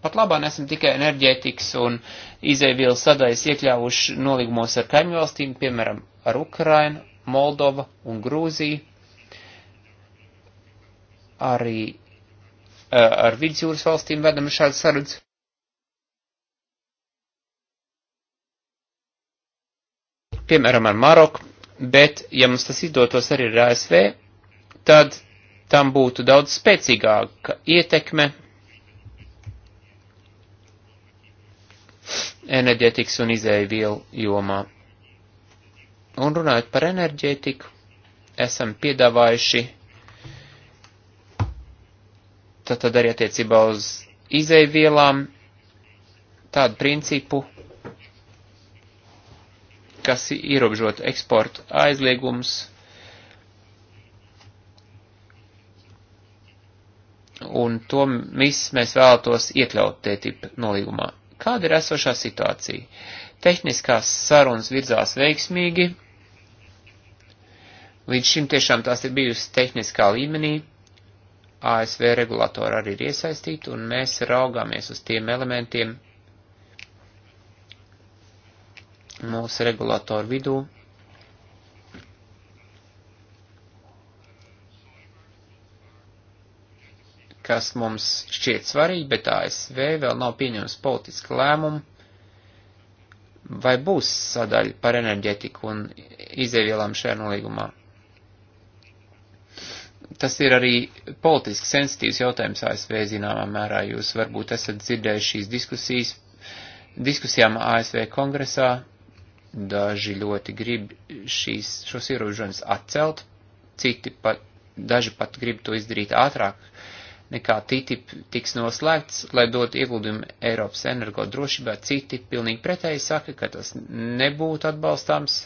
Pat labā nesam tikai enerģētikas un izēvielas sadaļas iekļāvuši nolīgumos ar kaimiņvalstīm, piemēram, ar Ukrainu, Moldova un Grūziju, arī uh, ar vidusjūras valstīm vedam šādu sarudzu. Piemēram, ar Maroku bet, ja mums tas izdotos arī ar ASV, tad tam būtu daudz spēcīgāka ietekme enerģētikas un izēju vielu jomā. Un runājot par enerģētiku, esam piedāvājuši tātad arī attiecībā uz izēju vielām tādu principu, kas ierobežotu eksportu aizliegums un to viss mēs vēlētos iekļaut TTIP nolīgumā. Kāda ir esošā situācija? Tehniskās sarunas virzās veiksmīgi. Līdz šim tiešām tās ir bijusi tehniskā līmenī. ASV regulātori arī ir iesaistīti, un mēs raugāmies uz tiem elementiem, mūsu regulātoru vidū. kas mums šķiet svarīgi, bet ASV vēl nav pieņems politiska lēmumu, vai būs sadaļa par enerģetiku un izēvielām šajā nolīgumā. Tas ir arī politiski sensitīvs jautājums ASV zināmā mērā. Jūs varbūt esat dzirdējuši šīs diskusijas, diskusijām ASV kongresā, Daži ļoti grib šīs, šos ierobežojumus atcelt, citi pat, daži pat grib to izdarīt ātrāk, nekā TTIP tiks noslēgts, lai dotu ieguldījumu Eiropas energo drošībā. Citi pilnīgi pretēji saka, ka tas nebūtu atbalstāms,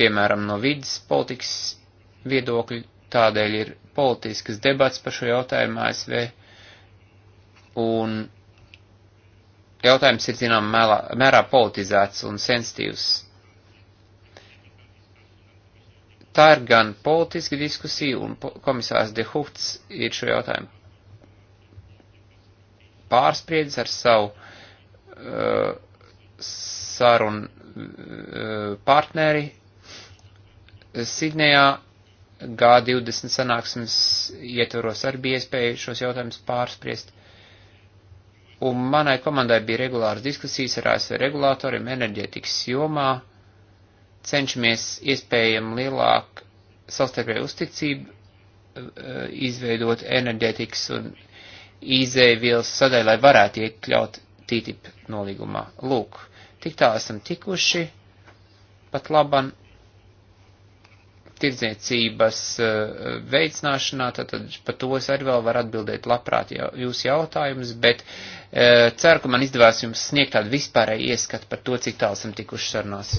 piemēram, no vidas politikas viedokļu. Tādēļ ir politiskas debats par šo jautājumu ASV, un jautājums ir, zinām, mēlā, mērā politizēts un sensitīvs. Tā ir gan politiska diskusija, un komisārs De Huhts ir šo jautājumu pārspriedzis ar savu uh, sarunu uh, partneri Sidnejā. G20 sanāksmes ietvaros arī bija iespēja šos jautājumus pārspriest un manai komandai bija regulāras diskusijas ar ASV regulātoriem enerģētikas jomā, cenšamies iespējami lielāku savstarpēju uzticību eh, izveidot enerģētikas un izēvielas sadaļu, lai varētu iekļaut TTIP nolīgumā. Lūk, tik tā esam tikuši, pat laban tirdzniecības eh, veicināšanā, tad, tad par to es arī vēl varu atbildēt labprāt jau, jūsu jautājumus, bet eh, ceru, ka man izdevās jums sniegt tādu vispārēju ieskatu par to, cik tālu esam tikuši sarunās.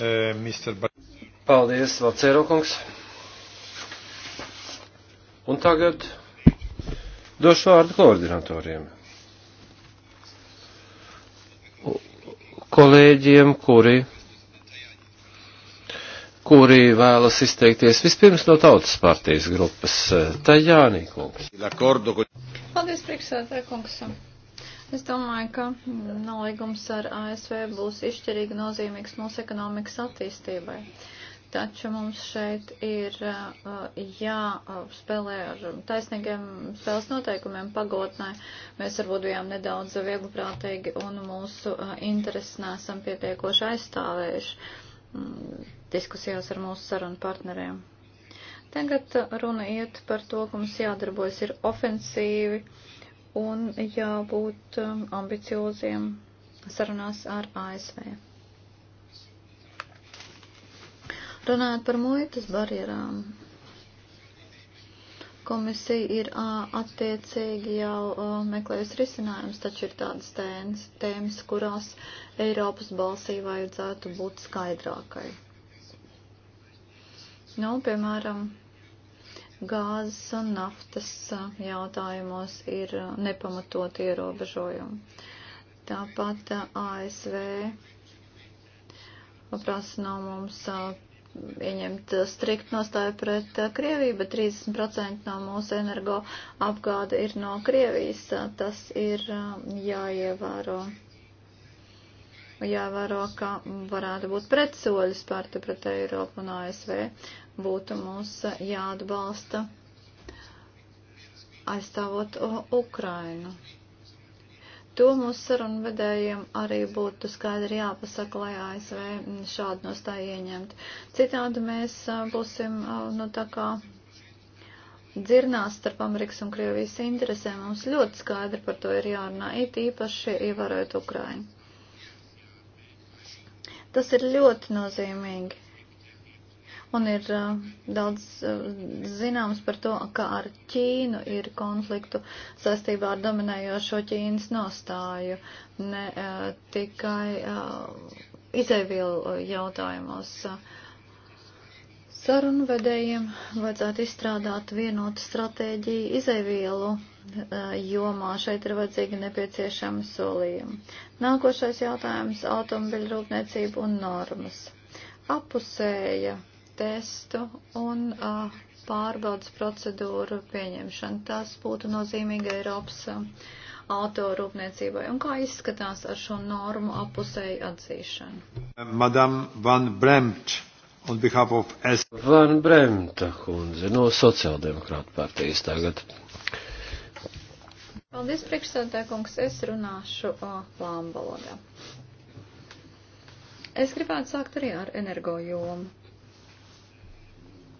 Eh, Paldies, Valcēro kungs. Un tagad došu vārdu koordinatoriem. Kolēģiem, kuri kuri vēlas izteikties vispirms no tautas partijas grupas. Tā Jānī kungs. Paldies, priekšsēdētāj kungs. Es domāju, ka nolīgums ar ASV būs izšķirīgi nozīmīgs mūsu ekonomikas attīstībai. Taču mums šeit ir uh, jāspēlē ar taisnīgiem spēles noteikumiem pagotnē. Mēs varbūt bijām nedaudz viegliprātīgi un mūsu uh, intereses nesam pietiekoši aizstāvējuši diskusijās ar mūsu sarunu partneriem. Tagad runa iet par to, ka mums jādarbojas ir ofensīvi un jābūt um, ambicioziem sarunās ar ASV. Runājot par muitas barjerām, Komisija ir attiecīgi jau meklējusi risinājumus, taču ir tādas tēmas, tēmas, kurās Eiropas balsī vajadzētu būt skaidrākai. Nu, piemēram, gāzes un naftas jautājumos ir nepamatot ierobežojumi. Tāpat ASV prasa no mums ieņemt eh, strikt nostāju pret eh, Krieviju, bet 30% no mūsu energo apgāde ir no Krievijas. Eh, tas ir jāievēro. Jāvēro, ka varētu būt pretsoļi spērti pret Eiropu un ASV. Būtu mums jāatbalsta aizstāvot Ukrainu. To mūsu sarunvedējiem arī būtu skaidri jāpasaka, lai ASV šādu nostāju ieņemtu. Citādi mēs būsim, nu tā kā dzirnās starp Amerikas un Krievijas interesēm. Mums ļoti skaidri par to ir jārunā, it īpaši ievarot Ukrainu. Tas ir ļoti nozīmīgi. Un ir uh, daudz uh, zināms par to, ka ar Ķīnu ir konfliktu saistībā ar dominējošo Ķīnas nostāju. Ne uh, tikai uh, izēvielu jautājumos. Sarunu vedējiem vajadzētu izstrādāt vienotu stratēģiju izēvielu jomā. Šeit ir vajadzīgi nepieciešami solījumi. Nākošais jautājums - automobiļu rūpniecība un normas. Apusēja testu un uh, pārbaudas procedūru pieņemšanu. Tas būtu nozīmīgi Eiropas uh, autorūpniecībai. Un kā izskatās ar šo normu apusēju atzīšanu? Madam Van Bremt, on behalf of S. Van Bremta kundze no Sociāldemokrāta partijas tagad. Paldies, priekšsēdētāj, kungs. Es runāšu uh, lāmbalodā. Es gribētu sākt arī ar energo jomu.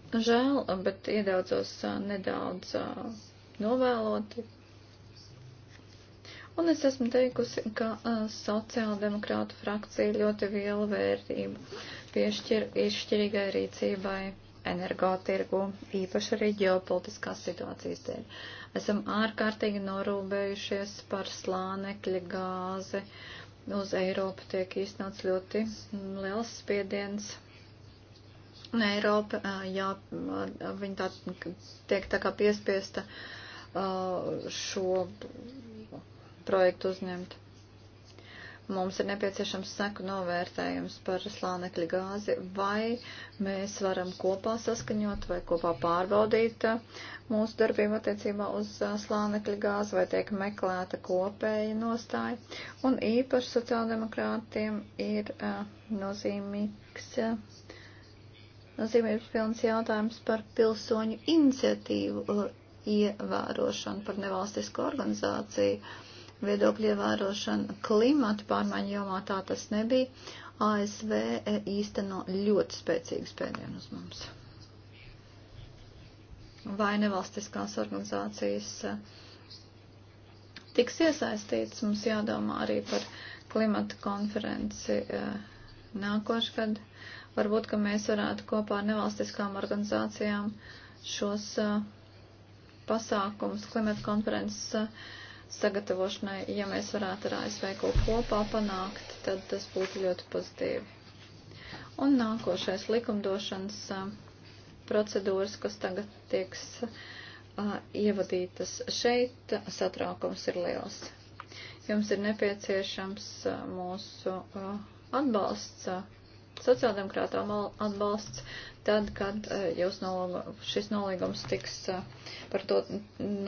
Žēl, bet iedaudzos nedaudz novēloti. Un es esmu teikusi, ka sociāldemokrātu frakcija ļoti lielu vērtību piešķir izšķirīgai rīcībai energotirgu, īpaši arī ģeopolitiskās situācijas dēļ. Esam ārkārtīgi norūpējušies par slānekļa gāzi. Uz Eiropu tiek īstenots ļoti liels spiediens Un Eiropa, jā, viņa tā tiek tā kā piespiesta šo projektu uzņemt. Mums ir nepieciešams seku novērtējums par slānekļa gāzi, vai mēs varam kopā saskaņot vai kopā pārbaudīt mūsu darbību attiecībā uz slānekļa gāzi, vai tiek meklēta kopēja nostāja. Un īpaši sociāldemokrātiem ir nozīmīgs nozīmības pilns jautājums par pilsoņu iniciatīvu uh, ievērošanu, par nevalstisko organizāciju, viedokļu ievērošanu klimatu pārmaiņu jomā tā tas nebija. ASV e, īsteno ļoti spēcīgu spēdienu uz mums. Vai nevalstiskās organizācijas uh, tiks iesaistīts, mums jādomā arī par klimatu konferenci uh, nākošgad. gadu Varbūt, ka mēs varētu kopā ar nevalstiskām organizācijām šos pasākums klimata konferences sagatavošanai, ja mēs varētu ar ASV kaut kopā panākt, tad tas būtu ļoti pozitīvi. Un nākošais likumdošanas procedūras, kas tagad tieks ievadītas šeit, satraukums ir liels. Jums ir nepieciešams mūsu atbalsts sociāldemokrātā atbalsts tad, kad eh, jūs nolīgu, šis nolīgums tiks, eh, par to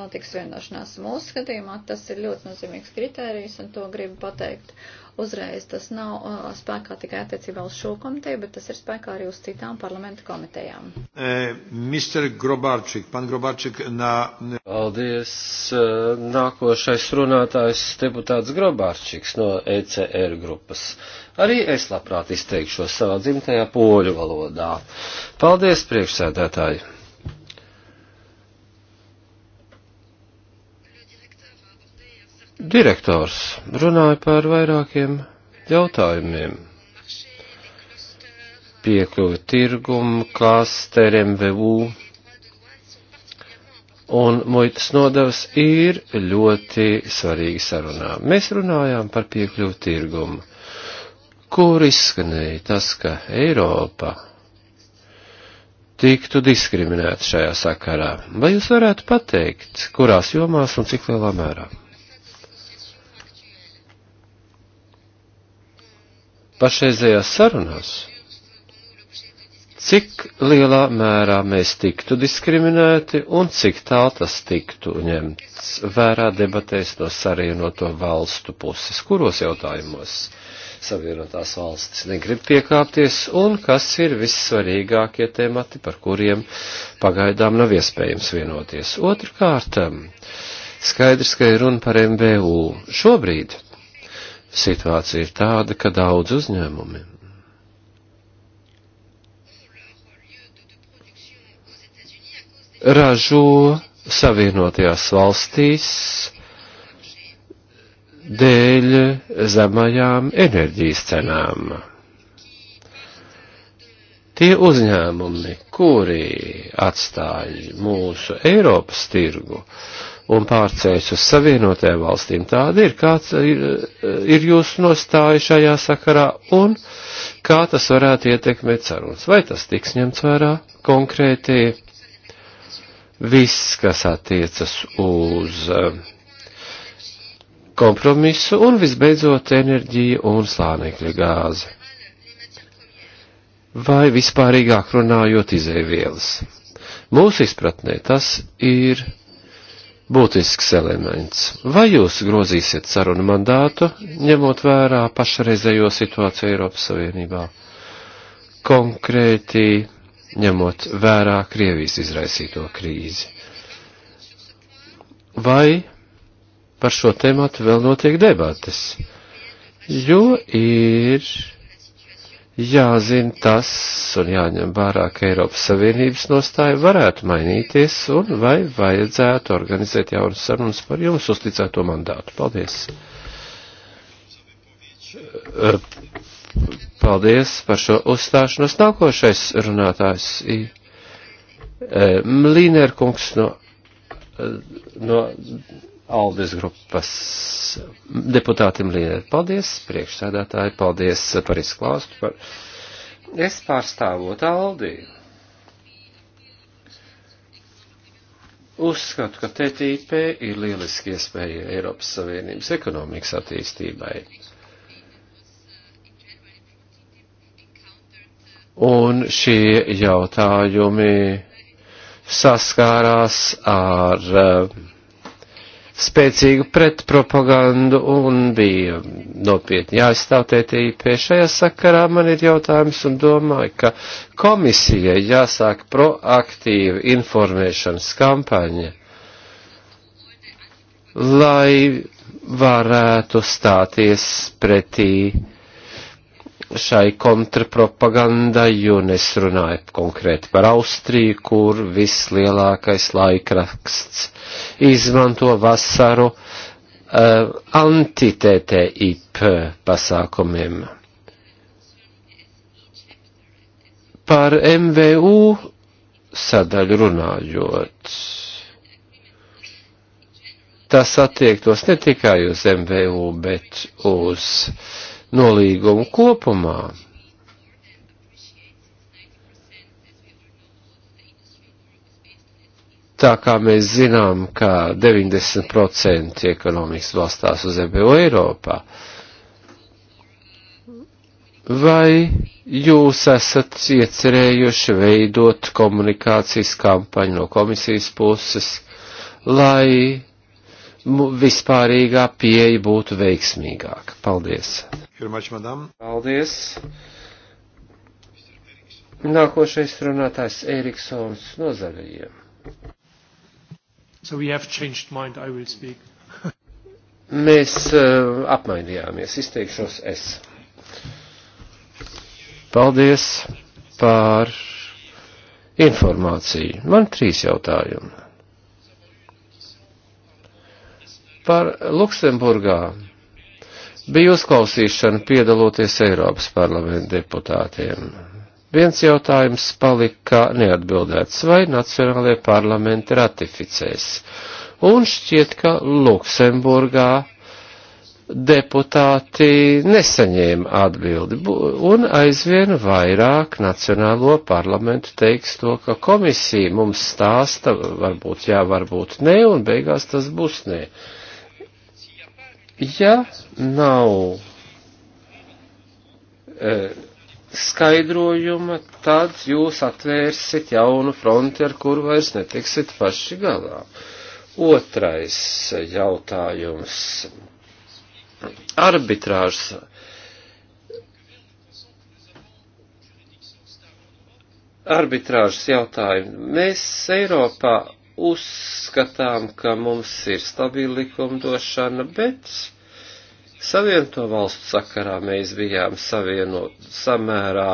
notiks vienošanās. Mūsu skatījumā tas ir ļoti nozīmīgs kritērijs, un to gribu pateikt uzreiz tas nav uh, spēkā tikai attiecībā uz šo komiteju, bet tas ir spēkā arī uz citām parlamenta komitejām. E, eh, Mr. Grobārčik, pan Grobārčik, nā. Paldies. Eh, nākošais runātājs deputāts Grobārčiks no ECR grupas. Arī es labprāt izteikšos savā dzimtajā poļu valodā. Paldies, priekšsēdētāji! Direktors runāja par vairākiem jautājumiem. Piekļuvi tirgumu, klasteriem, VU un muitas nodevas ir ļoti svarīgi sarunā. Mēs runājām par piekļuvu tirgumu, kur izskanēja tas, ka Eiropa tiktu diskriminēta šajā sakarā. Vai jūs varētu pateikt, kurās jomās un cik lielā mērā? pašreizējās sarunās, cik lielā mērā mēs tiktu diskriminēti un cik tālu tas tiktu ņemts vērā debatēs no savienoto valstu puses, kuros jautājumos savienotās valstis negrib piekāpties un kas ir vissvarīgākie temati, par kuriem pagaidām nav iespējams vienoties. Otrkārt, skaidrs, ka ir runa par MBU. Šobrīd situācija ir tāda, ka daudz uzņēmumi ražo savienotajās valstīs dēļ zemajām enerģijas cenām. Tie uzņēmumi, kuri atstāja mūsu Eiropas tirgu, uh, un pārcēs uz savienotajām valstīm. Tāda ir, kāds ir, ir jūsu nostāja šajā sakarā un kā tas varētu ietekmēt sarunas. Vai tas tiks ņemts vērā konkrēti viss, kas attiecas uz um, kompromisu un visbeidzot enerģija un slānekļa gāze. Vai vispārīgāk runājot izēvielas. Mūsu izpratnē tas ir būtisks elements. Vai jūs grozīsiet sarunu mandātu, ņemot vērā pašreizējo situāciju Eiropas Savienībā? Konkrēti ņemot vērā Krievijas izraisīto krīzi. Vai par šo tēmatu vēl notiek debates? Jo ir jāzina tas un jāņem vērā, ka Eiropas Savienības nostāja varētu mainīties un vai vajadzētu organizēt jaunas sarunas par jums uzticēto mandātu. Paldies! Er, paldies par šo uzstāšanos. Nākošais runātājs ir e, Mlīnerkungs no, no Aldes grupas deputātim Lienai. Paldies, priekšsēdētāji, paldies par izklāstu. Par... Es pārstāvot Aldi. Uzskatu, ka TTIP ir lieliski iespēja Eiropas Savienības ekonomikas attīstībai. Un šie jautājumi saskārās ar uh, spēcīgu pretpropagandu un bija nopietni jāizstāv TTIP. Šajā sakarā man ir jautājums un domāju, ka komisijai jāsāk proaktīva informēšanas kampaņa, lai varētu stāties pretī šai kontrpropagandai, jo es runāju konkrēti par Austriju, kur vislielākais laikraksts izmanto vasaru uh, eh, antitētēip pasākumiem. Par MVU sadaļu runājot tas attiektos ne tikai uz MVU, bet uz nolīgumu kopumā. Tā kā mēs zinām, ka 90% ekonomikas balstās uz EBO Eiropā, vai jūs esat iecerējuši veidot komunikācijas kampaņu no komisijas puses, lai vispārīgā pieeja būtu veiksmīgāka? Paldies! Much, Paldies! Nākošais runātājs Eriksons no zaļajiem. So we have changed mind, I will speak. Mēs uh, apmainījāmies, izteikšos es. Paldies par informāciju. Man trīs jautājumi. Par Luksemburgā Bija uzklausīšana piedaloties Eiropas parlamenta deputātiem. Viens jautājums palika neatbildēts, vai nacionālajie parlamenti ratificēs. Un šķiet, ka Luksemburgā deputāti nesaņēma atbildi, un aizvien vairāk Nacionālo parlamentu teiks to, ka komisija mums stāsta, varbūt jā, varbūt nē, un beigās tas būs nē. Ne. Ja nav e, skaidrojuma, tad jūs atvērsit jaunu fronti, ar kuru vairs netiksit paši galā. Otrais jautājums. Arbitrāžs. Arbitrāžas jautājumi. Mēs Eiropā uzskatām, ka mums ir stabila likumdošana, bet savienoto valstu sakarā mēs bijām savieno, samērā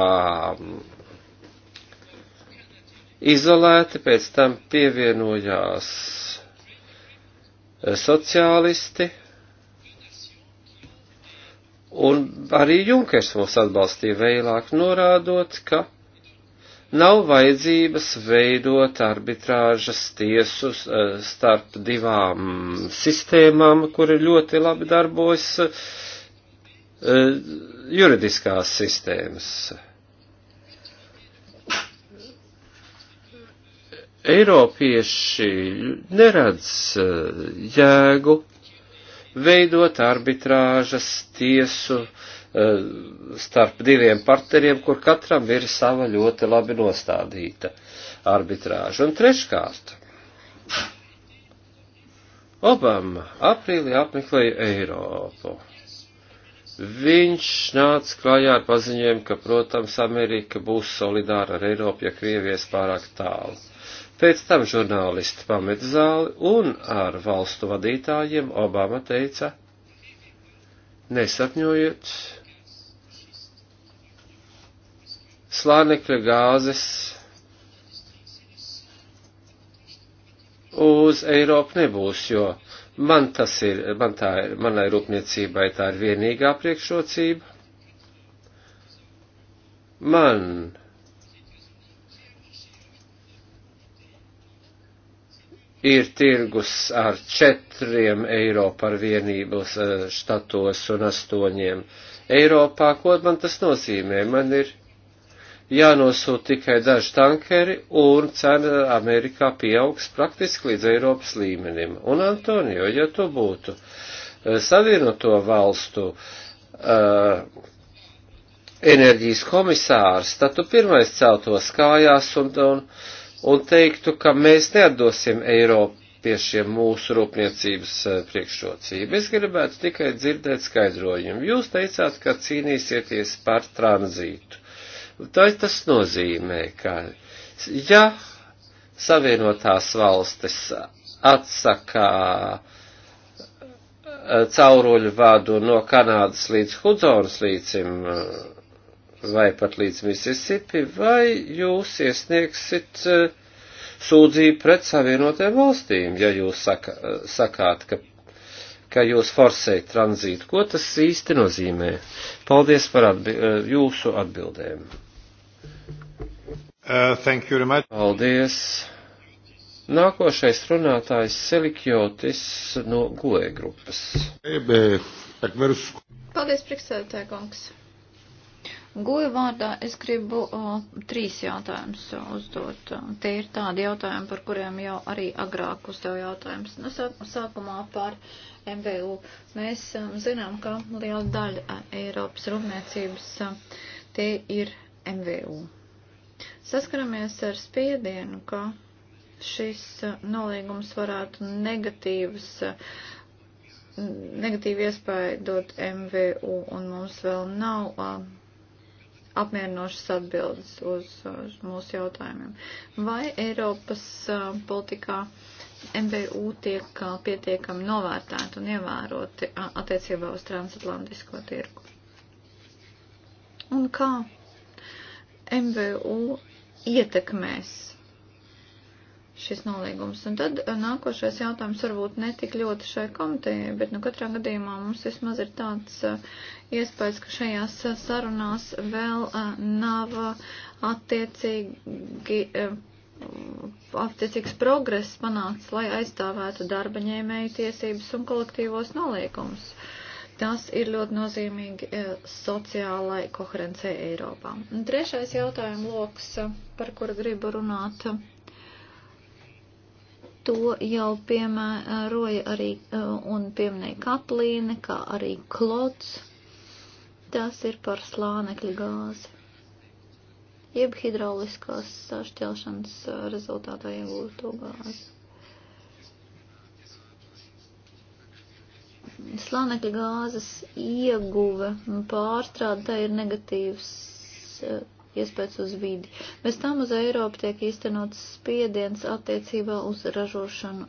izolēti, pēc tam pievienojās eh, sociālisti, un arī Junkers mūs atbalstīja vēlāk norādot, ka Nav vajadzības veidot arbitrāžas tiesu eh, starp divām sistēmām, kuri ļoti labi darbojas eh, juridiskās sistēmas. Eiropieši neredz eh, jēgu veidot arbitrāžas tiesu uh, Eh, starp diviem partneriem, kur katram ir sava ļoti labi nostādīta arbitrāža. Un treškārt, Obama aprīlī apmeklēja Eiropu. Viņš nāca klajā ar paziņojumu, ka, protams, Amerika būs solidāra ar Eiropu, ja Krievies pārāk tālu. Pēc tam žurnālisti pamet zāli un ar valstu vadītājiem Obama teica, nesapņojiet, slānekļa gāzes uz Eiropu nebūs, jo man tas ir, man tā ir, manai rūpniecībai tā ir vienīgā priekšrocība. Man ir tirgus ar četriem eiro par vienību eh, štatos un astoņiem Eiropā. Ko man tas nozīmē? Man ir jānosūta tikai daži tankeri, un cena Amerikā pieaugs praktiski līdz Eiropas līmenim. Un, Antonio, ja tu būtu eh, savienoto valstu uh, enerģijas komisārs, tad tu pirmais celtos kājās un, un, un teiktu, ka mēs neatdosim Eiropiešiem mūsu rūpniecības eh, priekšrocību. Es gribētu tikai dzirdēt skaidrojumu. Jūs teicāt, ka cīnīsieties par tranzītu tad tas nozīmē, ka ja Savienotās valstis atsakā eh, cauruļu vadu no Kanādas līdz Hudzonas līcim eh, vai pat līdz Mississippi, vai jūs iesniegsit eh, sūdzību pret Savienotajām valstīm, ja jūs saka, sakāt, ka, ka jūs forsējat tranzītu. Ko tas īsti nozīmē? Paldies par atbi jūsu atbildēm. Uh, thank you very much. Paldies. Nākošais runātājs Selikjotis no Gulē e grupas. Paldies, priekšsēdētāj, kungs. Guja e vārdā es gribu o, trīs jautājumus uzdot. Tie ir tādi jautājumi, par kuriem jau arī agrāk uzdevu jautājumus. Nu, sākumā par MBU. Mēs a, zinām, ka liela daļa Eiropas rūpniecības tie ir MVU. Saskaramies ar spiedienu, ka šis uh, nolīgums varētu negatīvas, uh, negatīvi iespēju dot MVU, un mums vēl nav uh, apmierinošas atbildes uz, uz mūsu jautājumiem. Vai Eiropas politikā MVU tiek pietiekami novērtēti un ievēroti attiecībā uz transatlantisko tirgu? Un kā MVU ietekmēs šis nolīgums. Un tad uh, nākošais jautājums varbūt netik ļoti šai komitejai, bet nu katrā gadījumā mums vismaz ir tāds uh, iespējas, ka šajās uh, sarunās vēl nav attiecīgi attiecīgs progress panācis, lai aizstāvētu darba ņēmēju tiesības un kolektīvos nolīgumus. Tas ir ļoti nozīmīgi eh, sociālai koherencei Eiropā. Un trešais jautājuma lokus, eh, par kuru gribu runāt, to jau piemēroja arī eh, un pieminēja Kaplīne, kā arī Klods. Tas ir par slānekļa gāzi, jeb hidrauliskās sašķelšanas rezultātā iegūto gāzi. slānekļa gāzes ieguve un pārstrāde tā ir negatīvs eh, iespējas uz vidi. Bez tam uz Eiropu tiek īstenots spiediens attiecībā uz ražošanu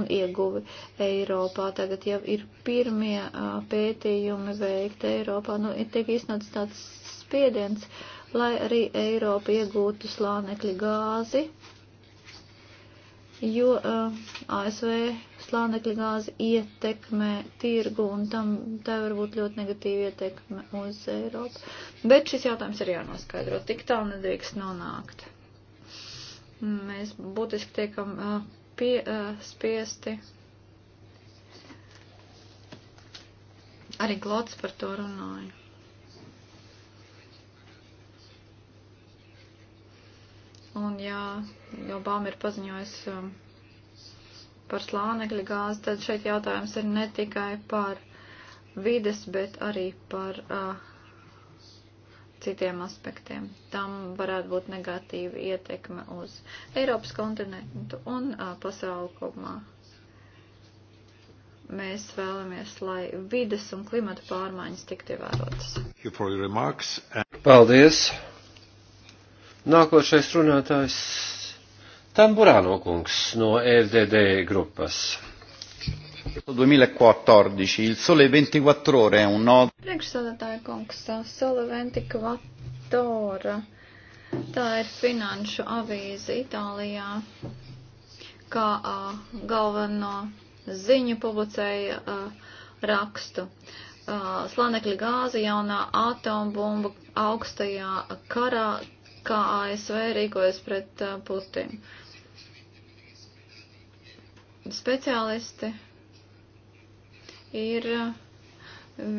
un ieguvi Eiropā. Tagad jau ir pirmie eh, pētījumi veikti Eiropā. Nu, ir tiek īstenots tāds spiediens, lai arī Eiropa iegūtu slānekļa gāzi, jo uh, eh, ASV slānekļa gāzi ietekmē tirgu un tam tā var būt ļoti negatīva ietekme uz Eiropu. Bet šis jautājums ir jānoskaidro, tik tālu nedrīkst nonākt. Mēs būtiski tiekam pie, spiesti. Arī Klots par to runāja. Un jā, jau Bām ir paziņojis par slānekļa gāzi, tad šeit jautājums ir ne tikai par vides, bet arī par uh, citiem aspektiem. Tam varētu būt negatīva ietekme uz Eiropas kontinentu un uh, pasauli kopumā. Mēs vēlamies, lai vides un klimata pārmaiņas tiktu ievērotas. Paldies! Nākošais runātājs Tamburāno kungs no LDD e grupas. 2014, il sole 24 ore è un nodo. Priekšsādātāja kungs, sole 24 ore. Tā ir finanšu avīze Itālijā, kā a, galveno ziņu publicēja a, rakstu. A, slanekļa gāze, jaunā atombumba augstajā karā, kā ASV rīkojas pret a, Putinu speciālisti ir uh,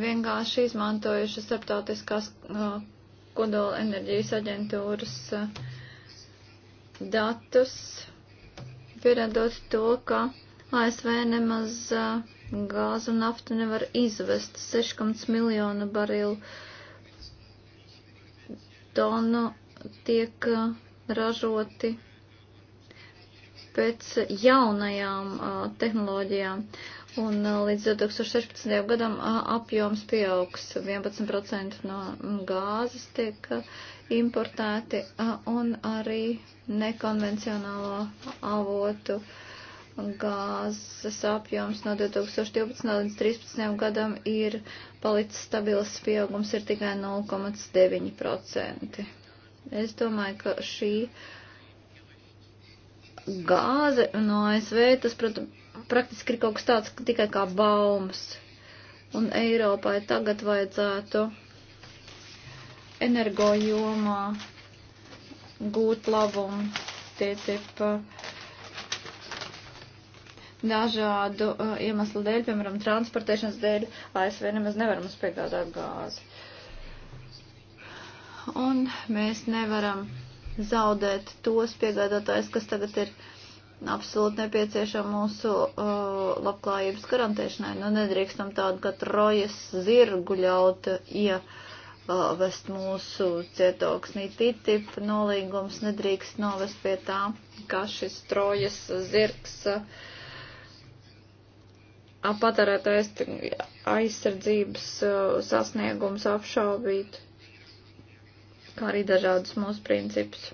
vienkārši izmantojuši starptautiskās uh, kodola enerģijas aģentūras uh, datus, pierādot to, ka ASV nemaz gāzu un naftu nevar izvest 600 miljonu barilu tonu tiek ražoti pēc jaunajām uh, tehnoloģijām. Un uh, līdz 2016. gadam uh, apjoms pieaugs 11% no gāzes tiek uh, importēti uh, un arī nekonvencionālo avotu gāzes apjoms no 2012. līdz 2013. gadam ir palicis stabils pieaugums ir tikai 0,9%. Es domāju, ka šī uh, gāze no ASV, tas, protams, praktiski ir kaut kas tāds tikai kā baumas. Un Eiropai tagad vajadzētu energojumā gūt labumu tie tip dažādu uh, iemeslu dēļ, piemēram, transportēšanas dēļ, ASV nemaz nevaram mums piegādāt gāzi. Un mēs nevaram zaudēt tos piegādātājus, kas tagad ir absolūti nepieciešami mūsu uh, labklājības garantēšanai. Nu, nedrīkstam tādu kā trojas zirgu ļaut ievest uh, mūsu cietoksnī TTIP nolīgums, nedrīkst novest pie tā, kā šis trojas zirgs uh, patērētājs aizsardzības uh, sasniegums apšaubītu kā arī dažādus mūsu principus.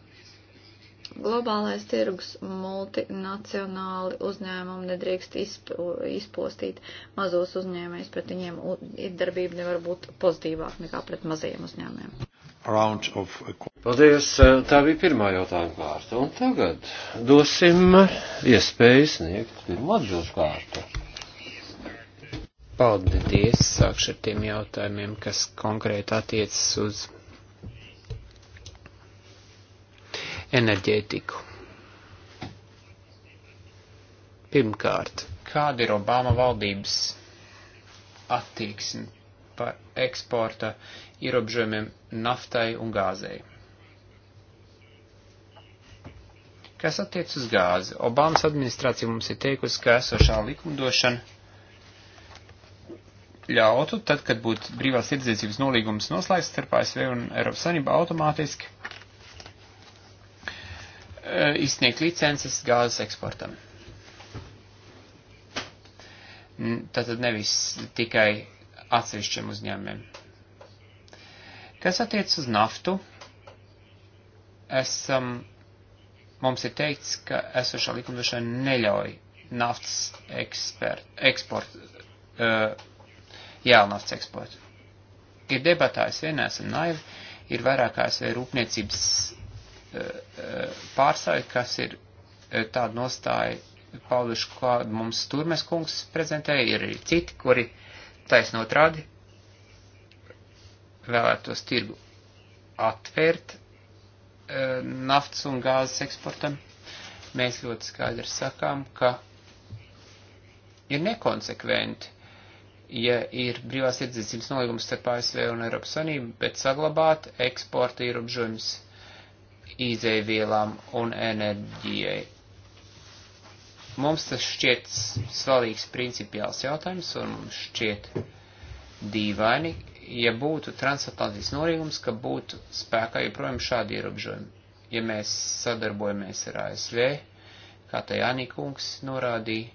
Globālais tirgus multinacionāli uzņēmumi nedrīkst izp izpostīt mazos uzņēmējus, pret viņiem darbība nevar būt pozitīvāk nekā pret mazajiem uzņēmējiem. Of... Paldies, eh, tā bija pirmā jautājuma kārta, un tagad dosim iespēju sniegt pirmo atbildes kārtu. Paldies, sākšu ar tiem jautājumiem, kas konkrēti attiecas uz enerģētiku. Pirmkārt, kāda ir Obama valdības attieksme par eksporta ierobežojumiem naftai un gāzei? Kas attiec uz gāzi? Obamas administrācija mums ir teikusi, ka esošā likumdošana ļautu, tad, kad būtu brīvās tirdzniecības nolīgums noslēgts starp ASV un Eiropas Savienību, automātiski Eh, izsniegt licences gāzes eksportam. Tātad nevis tikai atsevišķiem uzņēmumiem. Kas attiec uz naftu, esam, mums ir teikts, ka esošā likumdošana neļauj naftas ekspert, eksport, uh, eh, jā, naftas eksportu. Ir debatā, es vien esmu naivi, ir vairākās vai rūpniecības Eh, eh, pārstāvi, kas ir eh, tādu nostāju pauduši, kādu mums Turmes kungs prezentēja, ir arī citi, kuri taisno otrādi vēlētos tirgu atvērt naftas un gāzes eksportam. Mēs ļoti skaidri sakām, ka ir nekonsekventi, ja ir brīvās tirdzniecības nolīgums starp ASV un Eiropas Savienību, bet saglabāt eksporta ierobežojums izēvielām un enerģijai. Mums tas šķiet svarīgs principiāls jautājums un mums šķiet dīvaini, ja būtu transatlantijas norīgums, ka būtu spēkā joprojām šādi ierobežojumi. Ja mēs sadarbojamies ar ASV, kā tai Anikungs norādīja,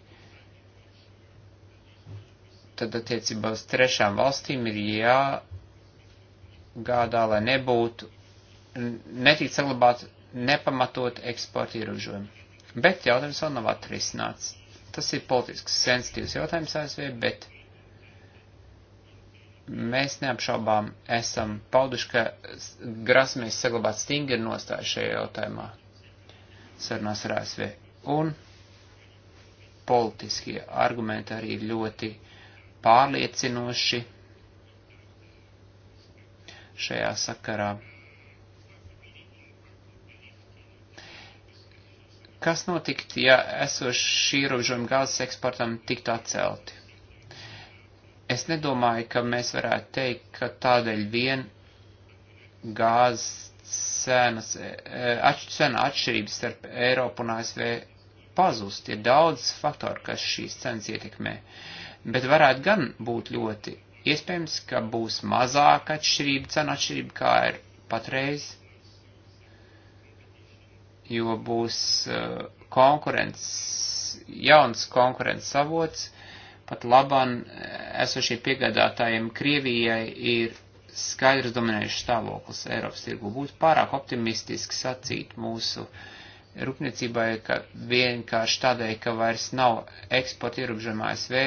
tad attiecībā uz trešām valstīm ir jāgādā, lai nebūtu netiek saglabāt nepamatot eksporta ierobežojumi. Bet jautājums vēl nav atrisināts. Tas ir politisks sensitīvs jautājums ASV, bet mēs neapšaubām esam pauduši, ka grasamies saglabāt stingri nostāju šajā jautājumā sarunās ar ASV. Un politiskie argumenti arī ir ļoti pārliecinoši šajā sakarā. Kas notikt, ja esošie ierobežojumi gāzes eksportam tiktu atcelti? Es nedomāju, ka mēs varētu teikt, ka tādēļ vien gāzes cenas, e, e, atš, cena atšķirības starp Eiropu un ASV pazust. Ir daudz faktoru, kas šīs cenas ietekmē. Bet varētu gan būt ļoti iespējams, ka būs mazāka atšķirība, cena atšķirība, kā ir patreiz jo būs eh, konkurence, jauns konkurences avots. Pat labam eh, esošie piegādātājiem Krievijai ir skaidrs dominējušs stāvoklis Eiropas tirgu. Būtu pārāk optimistiski sacīt mūsu rūpniecībai, ka vienkārši tādēļ, ka vairs nav eksporta ierobežojuma ASV,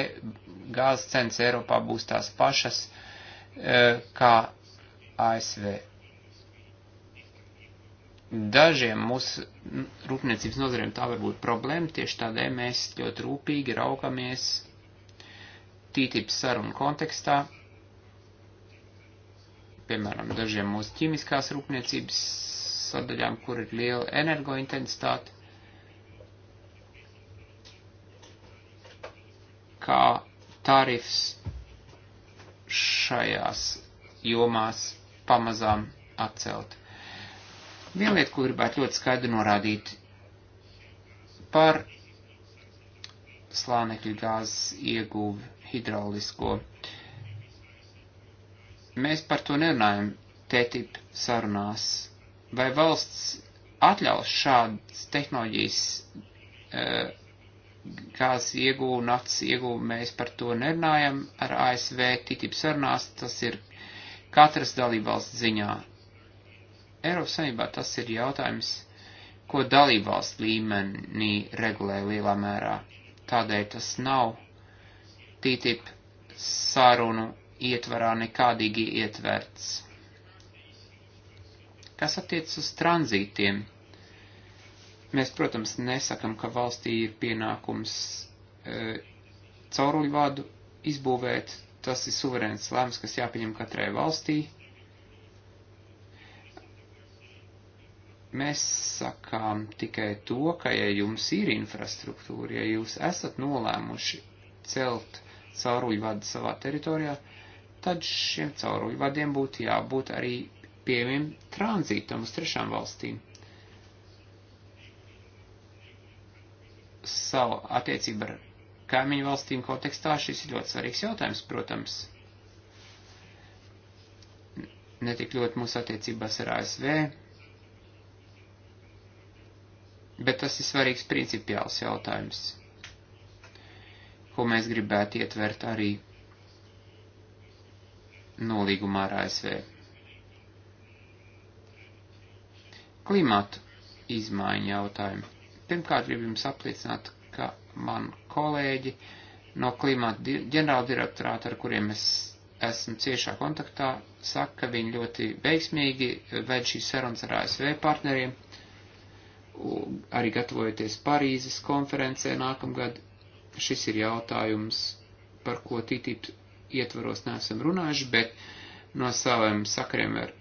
gāzes cenas Eiropā būs tās pašas eh, kā ASV Dažiem mūsu rūpniecības nozarēm tā var būt problēma, tieši tādēļ mēs ļoti rūpīgi raugamies tītības sarunu kontekstā, piemēram, dažiem mūsu ķīmiskās rūpniecības sadaļām, kur ir liela energointensitāte, kā tarifs šajās jomās pamazām atcelt. Viena lieta, ko gribētu ļoti skaidri norādīt par slānekļa gāzes ieguvi hidraulisko. Mēs par to nerunājam TTIP sarunās. Vai valsts atļaus šādas tehnoloģijas e, gāzes iegūvu, naftas iegūvu, mēs par to nerunājam ar ASV TTIP sarunās, tas ir katras dalībvalsts ziņā Eiropas Savienībā tas ir jautājums, ko dalībvalsts līmenī regulē lielā mērā. Tādēļ tas nav TTIP sarunu ietvarā nekādīgi ietverts. Kas attiec uz tranzītiem? Mēs, protams, nesakam, ka valstī ir pienākums e, cauruļvādu izbūvēt, tas ir suverēns lēmums, kas jāpieņem katrai valstī. Mēs sakām tikai to, ka ja jums ir infrastruktūra, ja jūs esat nolēmuši celt cauruļvadu savā teritorijā, tad šiem cauruļvadiem būtu jābūt arī pieejamiem tranzītam uz trešām valstīm. Savu attiecību ar kaimiņu valstīm kontekstā šis ir ļoti svarīgs jautājums, protams. Netik ļoti mūsu attiecībās ar ASV, bet tas ir svarīgs principiāls jautājums, ko mēs gribētu ietvert arī nolīgumā ar ASV. Klimatu izmaiņu jautājumu. Pirmkārt, gribu jums apliecināt, ka man kolēģi no klimata ģenerāldirektorāta, ar kuriem es esmu ciešā kontaktā, saka, ka viņi ļoti veiksmīgi ved šīs sarunas ar ASV partneriem arī gatavojoties Parīzes konferencē nākamgad, šis ir jautājums, par ko TTIP ietvaros neesam runājuši, bet no saviem sakariem ar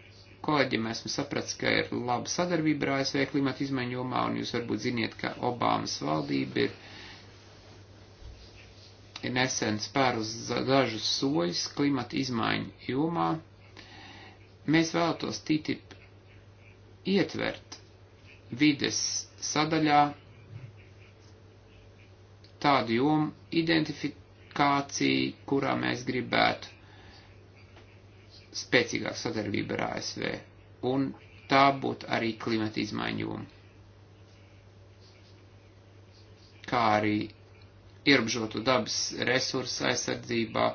kolēģiem esmu sapratis, ka ir laba sadarbība ar ASV klimata izmaiņu jomā, un jūs varbūt ziniet, ka Obamas valdība ir, ir nesen spērus dažus soļus klimata izmaiņu jomā. Mēs vēlētos TTIP ietvert vides sadaļā tādu jomu identifikāciju, kurā mēs gribētu spēcīgāk sadarbību ar ASV. Un tā būtu arī klimata izmaiņu joma. Kā arī ierobežotu dabas resursu aizsardzībā,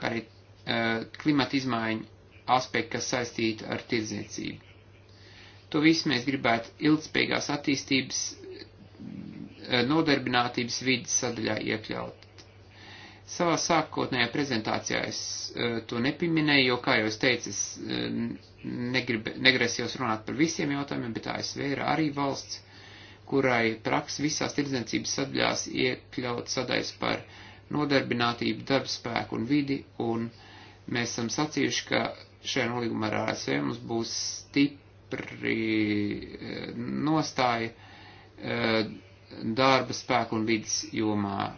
kā arī uh, klimata izmaiņu aspekti, kas saistīti ar tirdzniecību. To visu mēs gribētu ilgspējīgās attīstības eh, nodarbinātības vidas sadaļā iekļaut. Savā sākotnējā prezentācijā es eh, to nepieminēju, jo, kā jau es teicu, es eh, negrib, negrasījos runāt par visiem jautājumiem, bet ASV ir arī valsts, kurai praks visās tirdzniecības sadaļās iekļaut sadaļas par nodarbinātību, darbspēku un vidi, un mēs esam sacījuši, ka šajā nolīgumā ar ASV mums būs stip, stipri e, nostāja e, darba spēku un vidas jomā.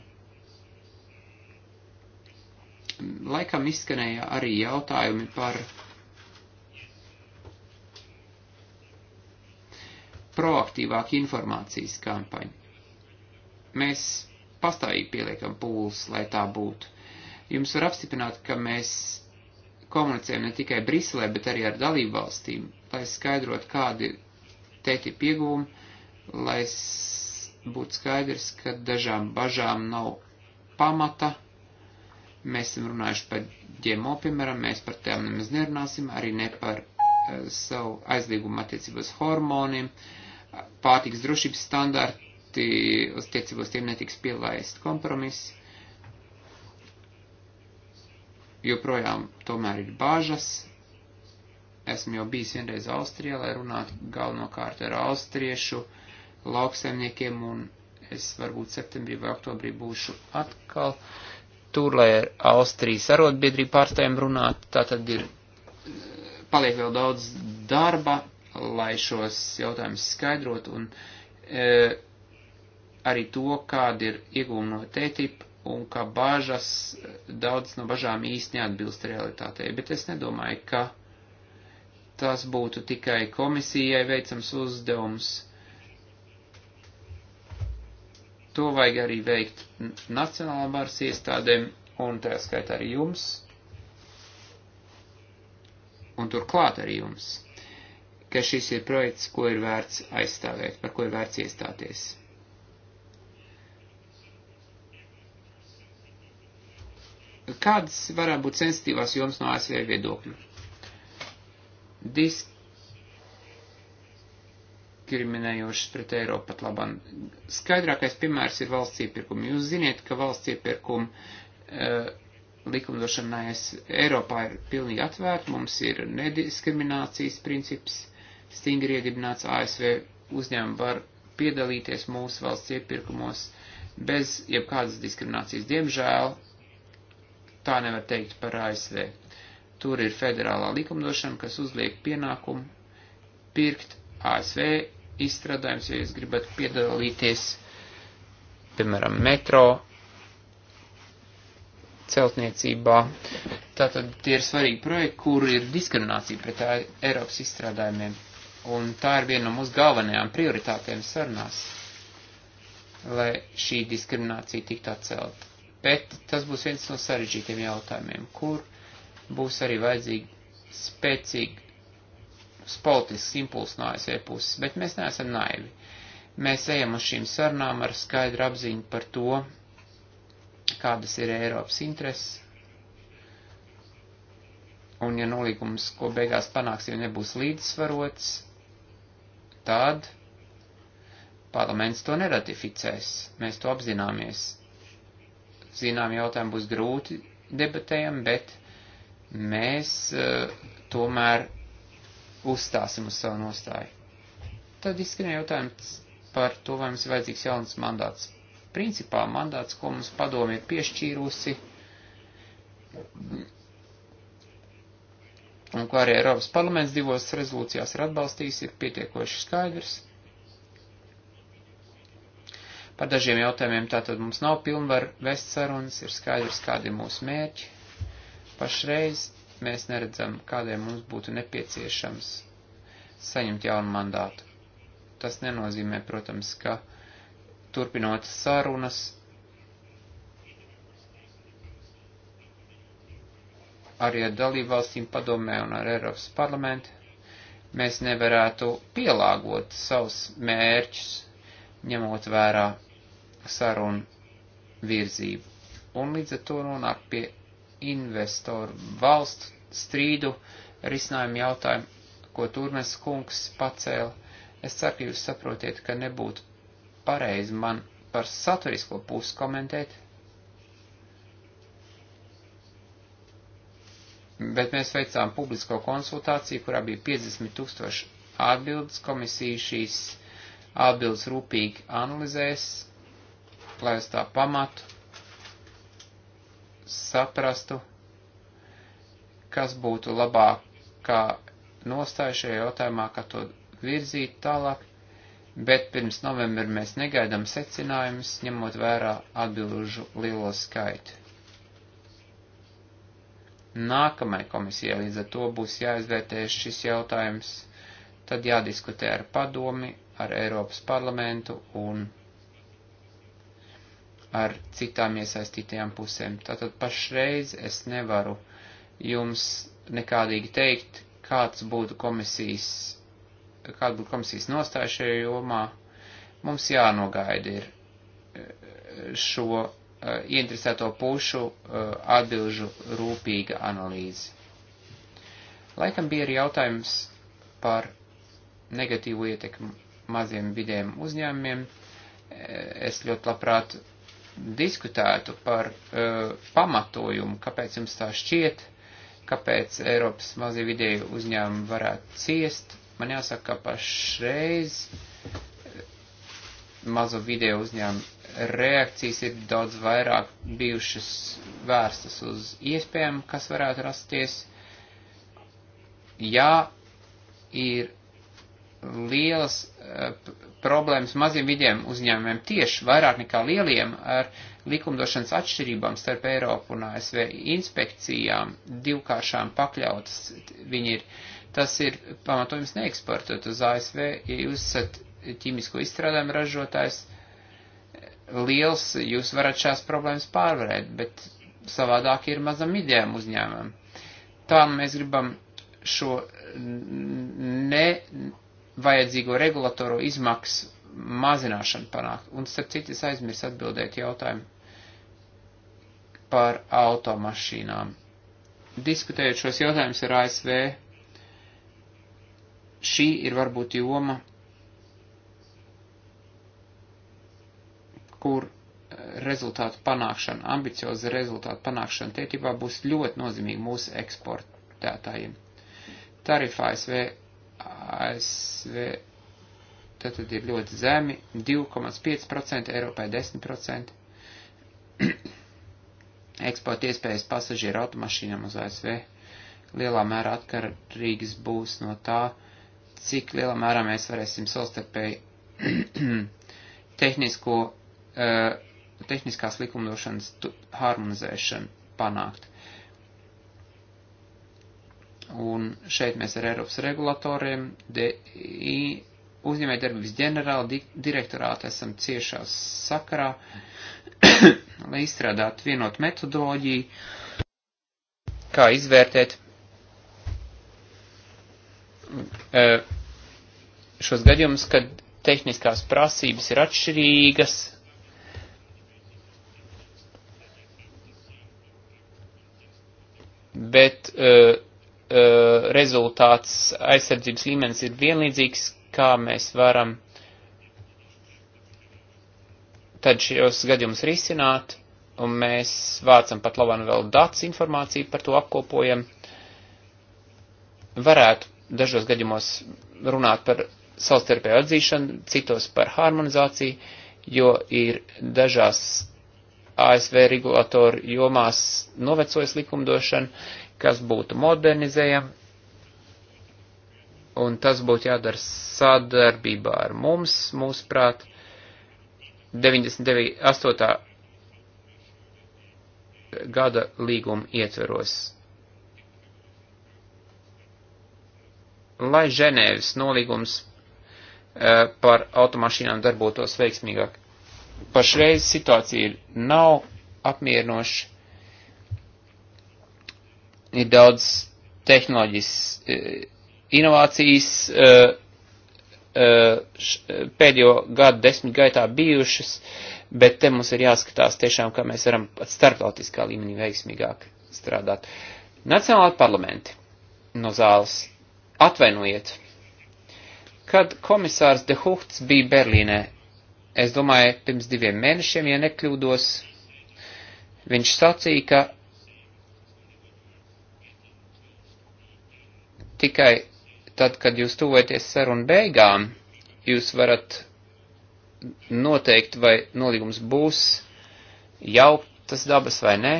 Laikam izskanēja arī jautājumi par proaktīvāku informācijas kampaņu. Mēs pastāvīgi pieliekam pūles, lai tā būtu. Jums var apstiprināt, ka mēs komunicējam ne tikai Briselē, bet arī ar dalību valstīm lai skaidrot, kādi ir tēti pieguvumi, lai būtu skaidrs, ka dažām bažām nav pamata. Mēs esam runājuši par ģemo, piemēram, mēs par tām nemaz nerunāsim, arī ne par uh, savu aizliegumu attiecībos hormoniem, pārtiks drošības standarti, uz tiecībos tiem netiks pielaist kompromiss. Joprojām tomēr ir bāžas, Esmu jau bijis vienreiz Austrijā, lai runātu galvenokārt ar austriešu lauksaimniekiem, un es varbūt septembrī vai oktobrī būšu atkal tur, lai ar Austrijas arotbiedrību pārstāvjiem runātu. Tā tad ir, eh, paliek vēl daudz darba, lai šos jautājumus skaidrot, un e, arī to, kāda ir iegūma no TTIP, un ka bažas, eh, daudz no bažām īsti neatbilst realitātei, bet es nedomāju, ka tas būtu tikai komisijai veicams uzdevums. To vajag arī veikt nacionālām varas iestādēm un tā skaitā arī jums. Un turklāt arī jums, ka šis ir projekts, ko ir vērts aizstāvēt, par ko ir vērts iestāties. Kādas varētu būt sensitīvās jums no ASV viedokļu? diskriminējošas pret Eiropu pat labam. Skaidrākais piemērs ir valsts iepirkumi. Jūs ziniet, ka valsts iepirkumi uh, eh, likumdošanai Eiropā ir pilnīgi atvērta, mums ir nediskriminācijas princips stingri iedibināts ASV uzņēmumi var piedalīties mūsu valsts iepirkumos bez jebkādas diskriminācijas. Diemžēl tā nevar teikt par ASV. Tur ir federālā likumdošana, kas uzliek pienākumu pirkt ASV izstrādājums, ja jūs gribat piedalīties, piemēram, metro celtniecībā. Tātad tie ir svarīgi projekti, kur ir diskriminācija pret Eiropas izstrādājumiem. Un tā ir viena no mūsu galvenajām prioritātēm sarunās, lai šī diskriminācija tiktu atcelt. Bet tas būs viens no sarežģītiem jautājumiem, kur būs arī vajadzīgi spēcīgs politisks impuls no ASV puses, bet mēs neesam naivi. Mēs ejam uz šīm sarunām ar skaidru apziņu par to, kādas ir Eiropas intereses, un ja nolīgums, ko beigās panāksim, nebūs līdzsvarots, tad parlaments to neratificēs. Mēs to apzināmies. Zinām, jautājumi būs grūti debatējami, bet mēs uh, tomēr uzstāsim uz savu nostāju. Tad izskanēja jautājums par to, vai mums ir vajadzīgs jauns mandāts. Principā mandāts, ko mums padomi ir piešķīrusi, un ko arī Eiropas parlaments divos rezolūcijās ir atbalstījis, ir pietiekoši skaidrs. Par dažiem jautājumiem tātad mums nav pilnvar vest sarunas, ir skaidrs, kādi ir mūsu mērķi, Pašreiz mēs neredzam, kādēļ mums būtu nepieciešams saņemt jaunu mandātu. Tas nenozīmē, protams, ka turpinot sarunas, arī ar dalībvalstīm padomē un ar Eiropas parlamentu, mēs nevarētu pielāgot savus mērķus, ņemot vērā sarunu virzību. Un līdz ar to nonāk pie investoru valstu strīdu risinājumu jautājumu, ko Turmes kungs pacēla. Es ceru, ka jūs saprotiet, ka nebūtu pareizi man par saturisko pusi komentēt, bet mēs veicām publisko konsultāciju, kurā bija 50 tūkstoši atbildes. Komisija šīs atbildes rūpīgi analizēs, lai uz tā pamatu saprastu, kas būtu labākā nostāja šajā jautājumā, kā to virzīt tālāk, bet pirms novembra mēs negaidām secinājumus, ņemot vērā atbilžu lielo skaitu. Nākamai komisijai līdz ar to būs jāizvērtē šis jautājums, tad jādiskutē ar padomi, ar Eiropas parlamentu un ar citām iesaistītajām pusēm. Tātad pašreiz es nevaru jums nekādīgi teikt, kāds būtu komisijas, kāda būtu komisijas nostāja šajā jomā. Mums jānogaida ir eh, šo uh, interesēto pušu uh, atbilžu rūpīga analīze. Laikam bija arī jautājums par negatīvu ietekmi maziem vidējiem uzņēmumiem. Es ļoti labprāt diskutētu par uh, pamatojumu, kāpēc jums tā šķiet, kāpēc Eiropas mazie vidēji uzņēmumi varētu ciest. Man jāsaka, ka pašreiz mazo vidēju uzņēmumu reakcijas ir daudz vairāk bijušas vērstas uz iespējām, kas varētu rasties. Jā, ir lielas eh, problēmas maziem vidiem uzņēmumiem tieši vairāk nekā lieliem ar likumdošanas atšķirībām starp Eiropu un ASV inspekcijām divkāršām pakļautas viņi ir. Tas ir pamatojums neeksportot uz ASV, ja jūs esat ķīmisko izstrādājumu ražotājs liels, jūs varat šās problēmas pārvarēt, bet savādāk ir mazam idejām uzņēmumam. Tā mēs gribam šo ne, vajadzīgo regulatoru izmaksu mazināšanu panākt. Un starp citu es aizmirsu atbildēt jautājumu par automašīnām. Diskutējot šos jautājumus ar ASV, šī ir varbūt joma, kur eh, rezultātu panākšana, ambicioza rezultātu panākšana tētībā būs ļoti nozīmīga mūsu eksportētājiem. Tarifa ASV ASV tātad ir ļoti zemi, 2,5%, Eiropai 10%. Eksporta iespējas pasažieru automašīnām uz ASV lielā mērā atkarīgas būs no tā, cik lielā mērā mēs varēsim savstarpēji tehnisko, eh, tehniskās likumdošanas harmonizēšanu panākt. Un šeit mēs ar Eiropas regulatoriem, uzņēmējdarbības ģenerāla di direktorāta esam ciešā sakarā, lai izstrādātu vienotu metodoloģiju, kā izvērtēt e, šos gadījumus, kad tehniskās prasības ir atšķirīgas. Bet uh, Eh, rezultāts aizsardzības līmenis ir vienlīdzīgs, kā mēs varam tad šos gadījumus risināt, un mēs vācam pat labāk vēl dats informāciju par to apkopojam. Varētu dažos gadījumos runāt par savstarpēju atzīšanu, citos par harmonizāciju, jo ir dažās ASV regulatoru jomās novecojas likumdošana, kas būtu modernizējami, un tas būtu jādara sadarbībā ar mums, mūsuprāt, 98. gada līguma ietveros. Lai Ženēvis nolīgums e, par automašīnām darbotos veiksmīgāk. Pašreiz situācija nav apmierinoša ir daudz tehnoloģis eh, inovācijas eh, eh, pēdējo gadu desmit gaitā bijušas, bet te mums ir jāskatās tiešām, kā mēs varam pat starptautiskā līmenī veiksmīgāk strādāt. Nacionālā parlamenti no zāles atvainojiet. Kad komisārs De Huhts bija Berlīnē, es domāju, pirms diviem mēnešiem, ja nekļūdos, viņš sacīja, ka tikai tad, kad jūs tuvojaties sarunu beigām, jūs varat noteikt, vai nolīgums būs jauktas dabas vai nē.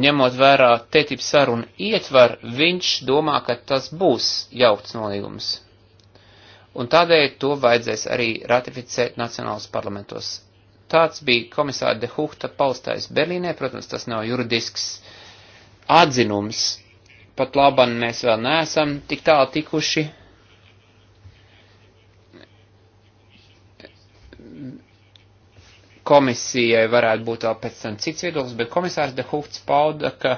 Ņemot vērā tētības sarunu ietvar, viņš domā, ka tas būs jaukts nolīgums. Un tādēļ to vajadzēs arī ratificēt nacionālos parlamentos. Tāds bija komisāra de Huhta paustājs Berlīnē, protams, tas nav juridisks atzinums, pat laban mēs vēl neesam tik tālu tikuši. Komisijai varētu būt vēl pēc tam cits viedoklis, bet komisārs de Huhts pauda, ka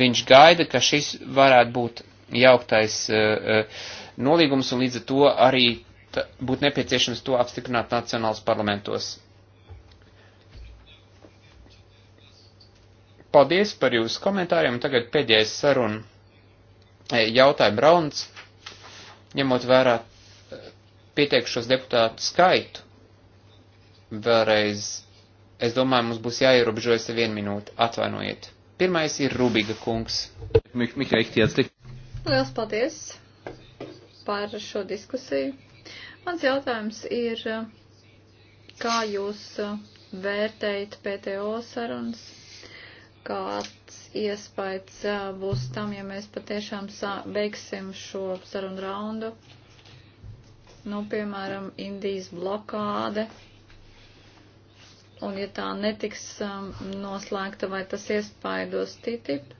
viņš gaida, ka šis varētu būt jauktais uh, uh, nolīgums un līdz ar to arī būtu nepieciešams to apstiprināt nacionāls parlamentos. Paldies par jūsu komentāriem. Tagad pēdējais saruna e, jautājuma rauns. Ņemot vērā e, pieteikšos deputātu skaitu, vēlreiz, es domāju, mums būs jāierobežojas ar vienu minūti. Atvainojiet. Pirmais ir Rubiga kungs. Liels paldies par šo diskusiju. Mans jautājums ir, kā jūs e, vērtējat PTO sarunas? kāds iespējas būs tam, ja mēs patiešām beigsim šo sarunu raundu. Nu, piemēram, Indijas blokāde. Un ja tā netiks um, noslēgta, vai tas iespaidos TTIP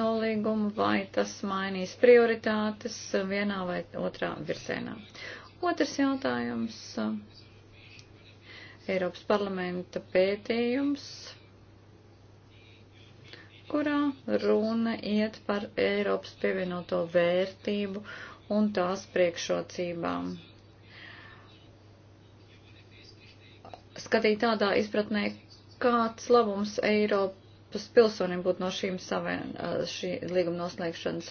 nolīgumu, vai tas mainīs prioritātes vienā vai otrā virzienā. Otrs jautājums. Eiropas parlamenta pētījums kurā runa iet par Eiropas pievienoto vērtību un tās priekšrocībām. Skatīt tādā izpratnē, kāds labums Eiropas pilsonim būtu no šīm savien, šī līguma noslēgšanas.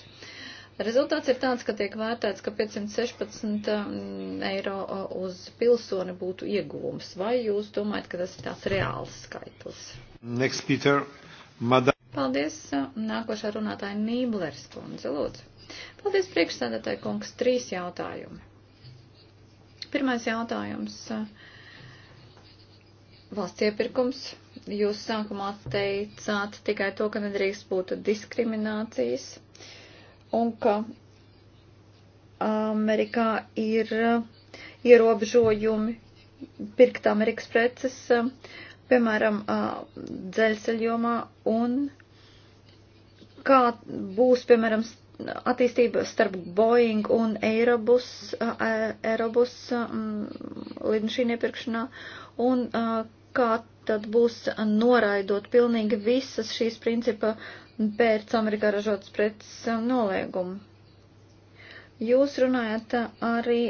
Rezultāts ir tāds, ka tiek vērtēts, ka 516 eiro uz pilsoni būtu ieguvums. Vai jūs domājat, ka tas ir tāds reāls skaitlis? Next, Peter. Mada Paldies. Nākošā runātāja Nīblers kundze, lūdzu. Paldies priekšsēdētāji kungs. Trīs jautājumi. Pirmais jautājums. Valsts iepirkums. Jūs sākumā teicāt tikai to, ka nedrīkst būt diskriminācijas un ka Amerikā ir ierobežojumi pirkt Amerikas preces, piemēram, dzelzceļjomā un kā būs, piemēram, attīstība starp Boeing un Airbus, Airbus lidmašīnu iepirkšanā un kā tad būs noraidot pilnīgi visas šīs principa pēc Amerikā ražotas preces noliegumu. Jūs runājat arī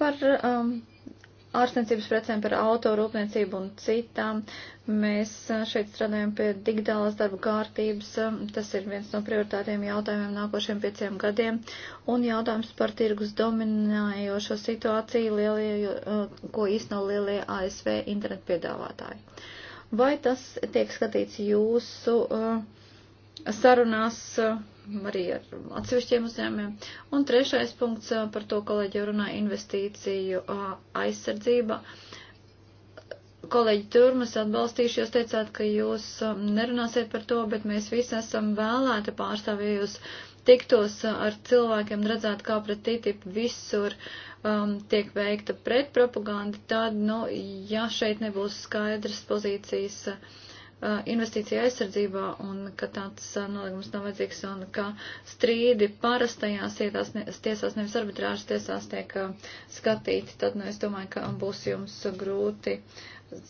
par ārstniecības precēm, par autorūpniecību un citām. Mēs šeit strādājam pie digitālās darba kārtības. Tas ir viens no prioritātiem jautājumiem nākošiem pieciem gadiem. Un jautājums par tirgus dominējošo situāciju, lielie, ko īsteno lielie ASV internetu piedāvātāji. Vai tas tiek skatīts jūsu sarunās? Uh, arī ar atsevišķiem uzņēmumiem. Un trešais punkts par to kolēģi jau runāja investīciju aizsardzība. Kolēģi Turmas atbalstīšu, jūs teicāt, ka jūs nerunāsiet par to, bet mēs visi esam vēlēti pārstāvējus tiktos ar cilvēkiem, redzētu, kā pret TTIP visur um, tiek veikta pretpropaganda, tad, nu, ja šeit nebūs skaidras pozīcijas. Uh, investīcija aizsardzībā un ka tāds nolīgums nav vajadzīgs un ka strīdi parastajās ietās, tiesās, nevis arbitrāžas tiesās tiek skatīti, tad nu, es domāju, ka būs jums grūti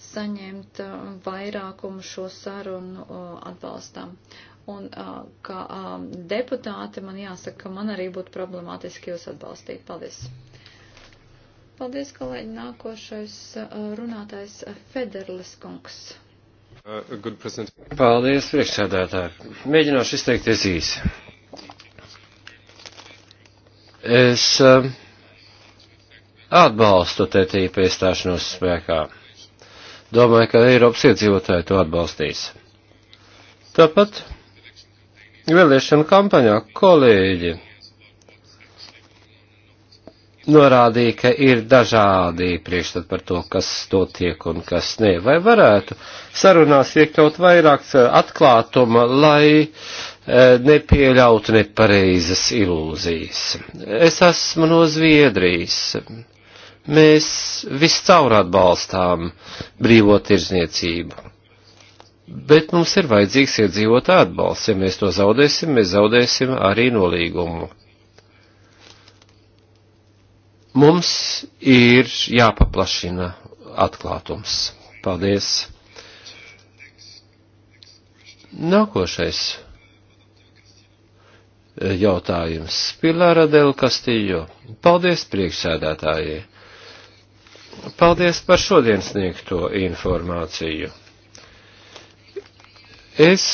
saņemt vairākumu šo sarunu atbalstam. Un kā deputāte man jāsaka, ka man arī būtu problemātiski jūs atbalstīt. Paldies! Paldies, kolēģi! Nākošais runātais Federlis kungs. Uh, Paldies, priekšsēdētāji. Mēģināšu izteikties īsi. Es um, atbalstu TTIP iestāšanos spēkā. Domāju, ka Eiropas iedzīvotāji to atbalstīs. Tāpat vēlēšana kampaņā kolēģi norādīja, ka ir dažādi priekšstati par to, kas notiek un kas nē. Vai varētu sarunās iekļaut vairāk eh, atklātuma, lai e, nepieļautu nepareizas ilūzijas? Es esmu no Zviedrijas. Mēs viscaur atbalstām brīvo tirzniecību. Bet mums ir vajadzīgs iedzīvotāju atbalsts. Ja mēs to zaudēsim, mēs zaudēsim arī nolīgumu Mums ir jāpaplašina atklātums. Paldies! Nākošais eh, jautājums. Pilāra Del Kastījo. Paldies priekšsēdētājai. Paldies par šodien sniegto informāciju. Es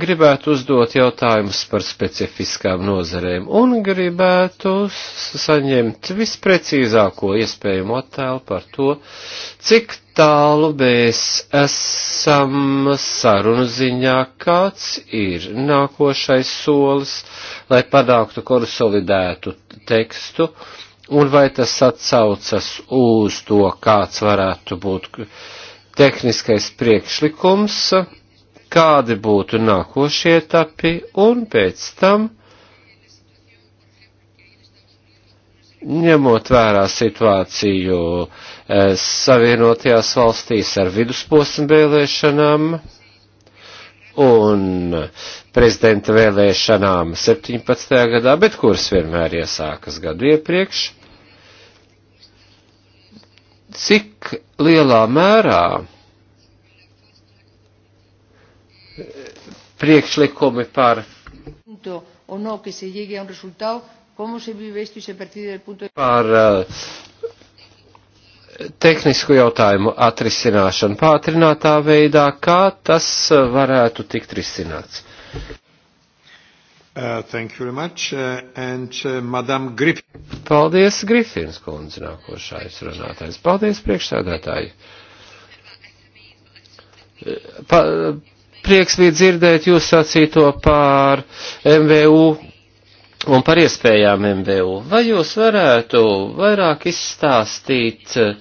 gribētu uzdot jautājumus par specifiskām nozarēm un gribētu saņemt visprecīzāko iespējamo attēlu par to, cik tālu mēs esam sarunu ziņā, kāds ir nākošais solis, lai padāktu konsolidētu tekstu. Un vai tas atsaucas uz to, kāds varētu būt tehniskais priekšlikums, kādi būtu nākošie etapi un pēc tam, ņemot vērā situāciju eh, Savienotajās valstīs ar vidusposmu vēlēšanām un prezidenta vēlēšanām 17. gadā, bet kuras vienmēr iesākas gadu iepriekš, cik lielā mērā priekšlikumi par. Par uh, tehnisku jautājumu atrisināšanu pātrinātā veidā, kā tas eh, varētu tikt risināts. Uh, thank you very much. Uh, and uh, Madame Griffin. Paldies, Grifins kundze, nākošais runātājs. Paldies, priekšsēdētāji. Pa, prieks bija dzirdēt jūs sacīto par MVU un par iespējām MVU. Vai jūs varētu vairāk izstāstīt eh,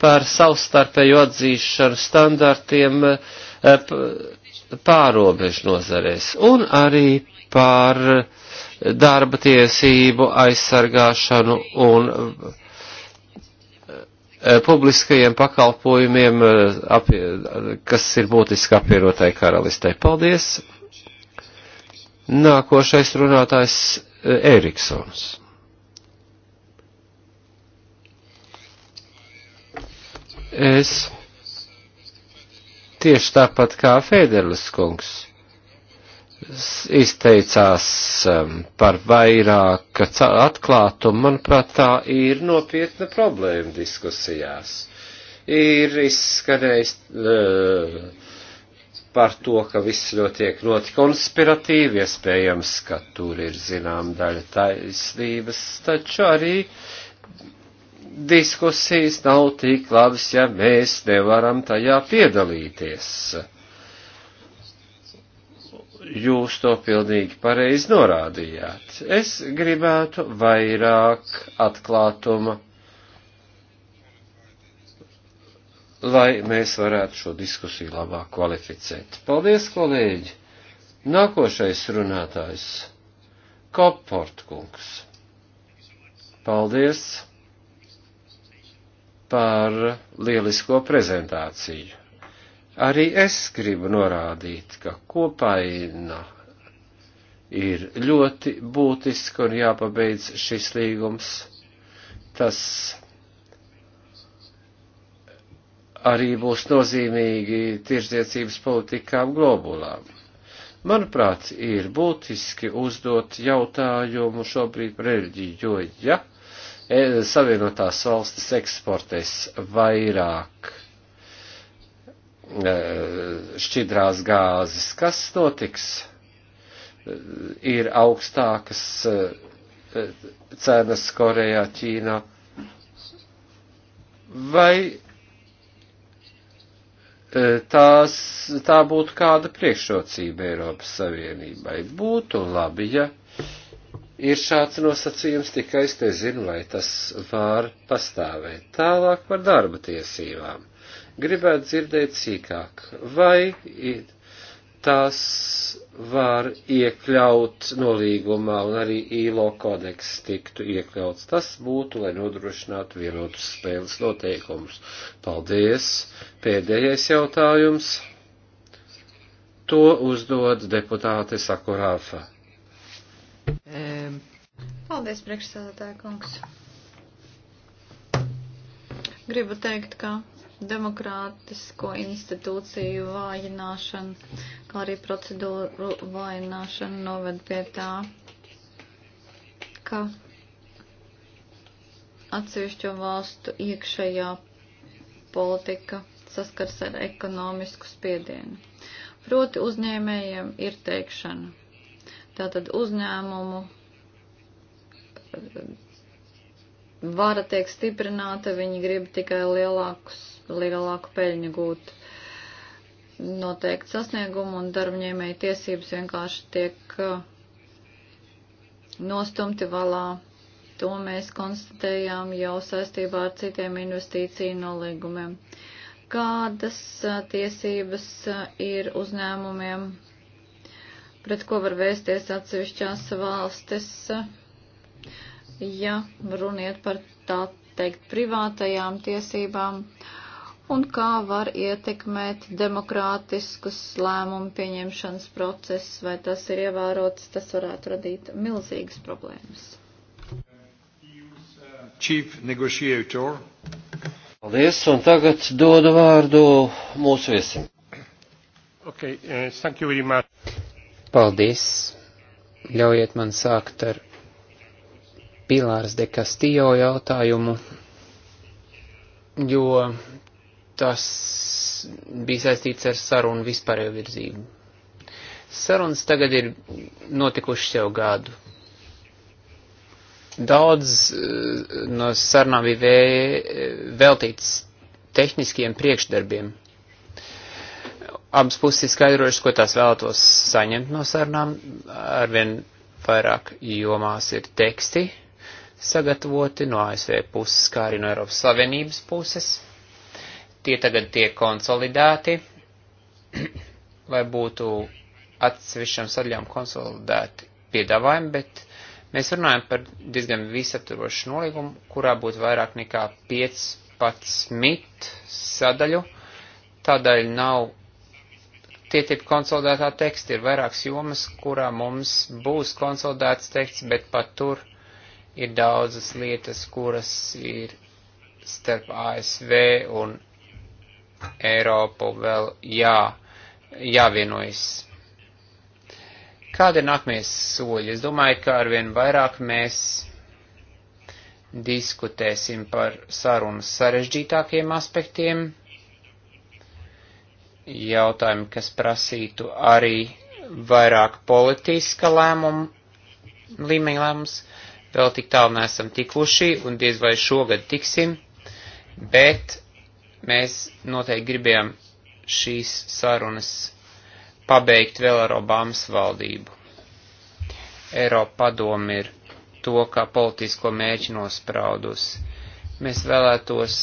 par savstarpēju atzīšanu standartiem eh, pārobežu nozarēs un arī par darba tiesību aizsargāšanu un Eh, publiskajiem pakalpojumiem, eh, apie, kas ir būtiski apvienotai karalistei. Paldies! Nākošais runātājs eh, Eriksons. Es tieši tāpat kā Fēderlis kungs izteicās um, par vairāk atklātumu, manuprāt, tā ir nopietna problēma diskusijās. Ir izskanējis uh, par to, ka viss ļoti tiek ļoti konspiratīvi, iespējams, ka tur ir zinām daļa taisnības, taču arī diskusijas nav tik labas, ja mēs nevaram tajā piedalīties jūs to pilnīgi pareizi norādījāt. Es gribētu vairāk atklātuma, lai mēs varētu šo diskusiju labāk kvalificēt. Paldies, kolēģi! Nākošais runātājs - Koportkungs. Paldies par lielisko prezentāciju Arī es gribu norādīt, ka kopaina ir ļoti būtiska un jāpabeidz šis līgums. Tas arī būs nozīmīgi tirdzniecības politikām globulām. Manuprāt, ir būtiski uzdot jautājumu šobrīd par reliģiju, jo ja e, Savienotās valstis eksportēs vairāk E, šķidrās gāzes. Kas notiks? E, ir augstākas e, cenas Korejā, Ķīnā. Vai tās, tā būtu kāda priekšrocība Eiropas Savienībai? Būtu labi, ja ir šāds nosacījums, tikai es nezinu, vai tas var pastāvēt tālāk par darba tiesībām gribētu dzirdēt sīkāk. Vai tās var iekļaut nolīgumā un arī īlo kodeks tiktu iekļauts? Tas būtu, lai nodrošinātu vienotus spēles noteikumus. Paldies! Pēdējais jautājums. To uzdod deputāte Sakurāfa. Paldies, priekšsēdētāja kungs. Gribu teikt, ka demokrātisko institūciju vājināšana, kā arī procedūru vājināšana noved pie tā, ka atsevišķo valstu iekšējā politika saskars ar ekonomisku spiedienu. Proti uzņēmējiem ir teikšana. Tātad uzņēmumu eh, vara tiek stiprināta, viņi grib tikai lielākus lielāku peļņu gūt noteikti sasniegumu un darbņēmēji tiesības vienkārši tiek uh, nostumti valā. To mēs konstatējām jau saistībā ar citiem investīciju nolīgumiem. Kādas uh, tiesības uh, ir uzņēmumiem, pret ko var vēsties atsevišķās valstis, ja runiet par tā teikt privātajām tiesībām? Uh, un kā var ietekmēt demokrātiskus lēmumu pieņemšanas procesus, vai tas ir ievērots, tas varētu radīt milzīgas problēmas. Paldies, un tagad dodu vārdu mūsu viesim. Okay, uh, thank you very much. Paldies. Ļaujiet man sākt ar Pilārs de Castillo jautājumu, jo tas bija saistīts ar sarunu vispārējo virzību. Sarunas tagad ir notikušas jau gadu. Daudz eh, no sarunām bija vē, eh, veltīts tehniskiem priekšdarbiem. Abas puses skaidrojušas, ko tās vēlētos saņemt no sarunām. Arvien vairāk jomās ir teksti sagatavoti no ASV puses, kā arī no Eiropas Savienības puses Tie tagad tiek konsolidēti, lai būtu atsevišķam sadaļām konsolidēti piedāvājumi, bet mēs runājam par diezgan visapturošu nolīgumu, kurā būtu vairāk nekā 15 sadaļu. Tādēļ nav tie tipi konsolidētā teksta, ir vairākas jomas, kurā mums būs konsolidēts teksts, bet pat tur ir daudzas lietas, kuras ir starp ASV un Eiropu vēl jā, jāvienojas. Kāda ir nākamie soļi? Es domāju, ka arvien vairāk mēs diskutēsim par sarunas sarežģītākiem aspektiem, jautājumi, kas prasītu arī vairāk politiska lēmumu, līmeņa lēmums, vēl tik tālu neesam tikuši un diez vai šogad tiksim, bet Mēs noteikti gribējām šīs sarunas pabeigt vēl ar Obamas valdību. Eiropa padomi ir to, kā politisko mērķi nospraudus. Mēs vēlētos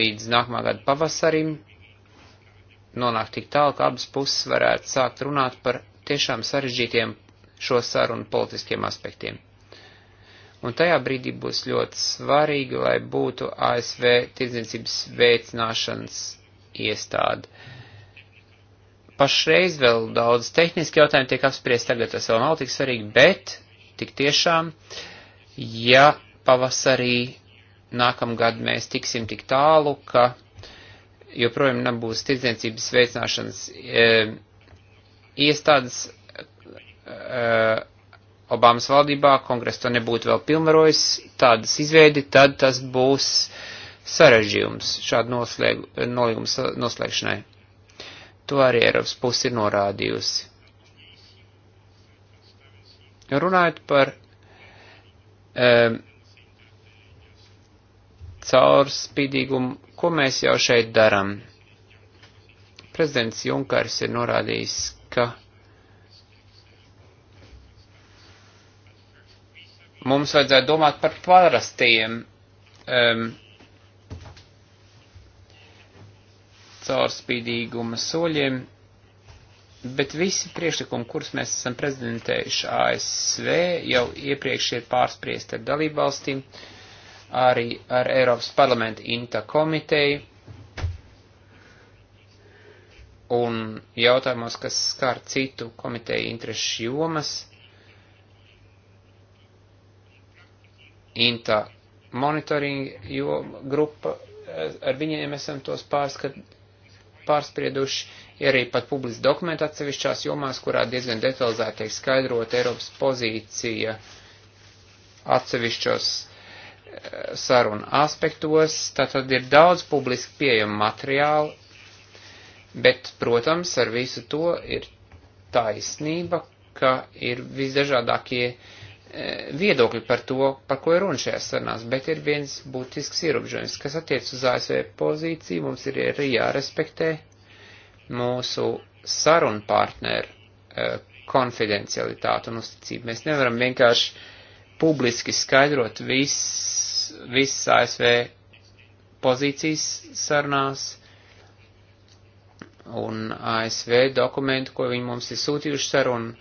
līdz nākamā gada pavasarim nonākt tik tālu, ka abas puses varētu sākt runāt par tiešām sarežģītiem šo sarunu politiskiem aspektiem. Un tajā brīdī būs ļoti svarīgi, lai būtu ASV tirdzniecības veicināšanas iestāde. Pašreiz vēl daudz tehniski jautājumi tiek apspriest, tagad tas vēl nav tik svarīgi, bet tik tiešām, ja pavasarī nākamgad mēs tiksim tik tālu, ka joprojām nebūs tirdzniecības veicināšanas e, iestādes, e, Obamas valdībā, kongress to nebūtu vēl pilnvarojis, tādas izveidi, tad tas būs sarežģījums šādu nolīgumu noslēgšanai. To arī Eiropas pusi ir norādījusi. Runājot par um, caurspīdīgumu, ko mēs jau šeit daram. Prezidents Junkars ir norādījis, ka mums vajadzētu domāt par parastiem um, caurspīdīguma soļiem, bet visi priekšlikumi, kurus mēs esam prezentējuši ASV, jau iepriekš ir pārspriesti ar dalībvalstīm, arī ar Eiropas parlamenta INTA komiteju. Un jautājumos, kas skār citu komiteju interešu jomas, INTA monitoring jo grupa, eh, ar viņiem esam tos pārskat, pārsprieduši, ir arī pat publiski dokumenti atsevišķās jomās, kurā diezgan detalizēti tiek skaidrot Eiropas pozīcija atsevišķos eh, sarunu aspektos, tātad ir daudz publiski pieejama materiāla, bet, protams, ar visu to ir taisnība, ka ir visdažādākie uh, viedokļi par to, par ko ir runa šajās sarunās, bet ir viens būtisks ierobežojums, kas attiec uz ASV pozīciju, mums ir arī jārespektē mūsu sarunu partneru e, konfidencialitāte un uzticība. Mēs nevaram vienkārši publiski skaidrot viss, viss ASV pozīcijas sarunās un ASV dokumentu, ko viņi mums ir sūtījuši sarunu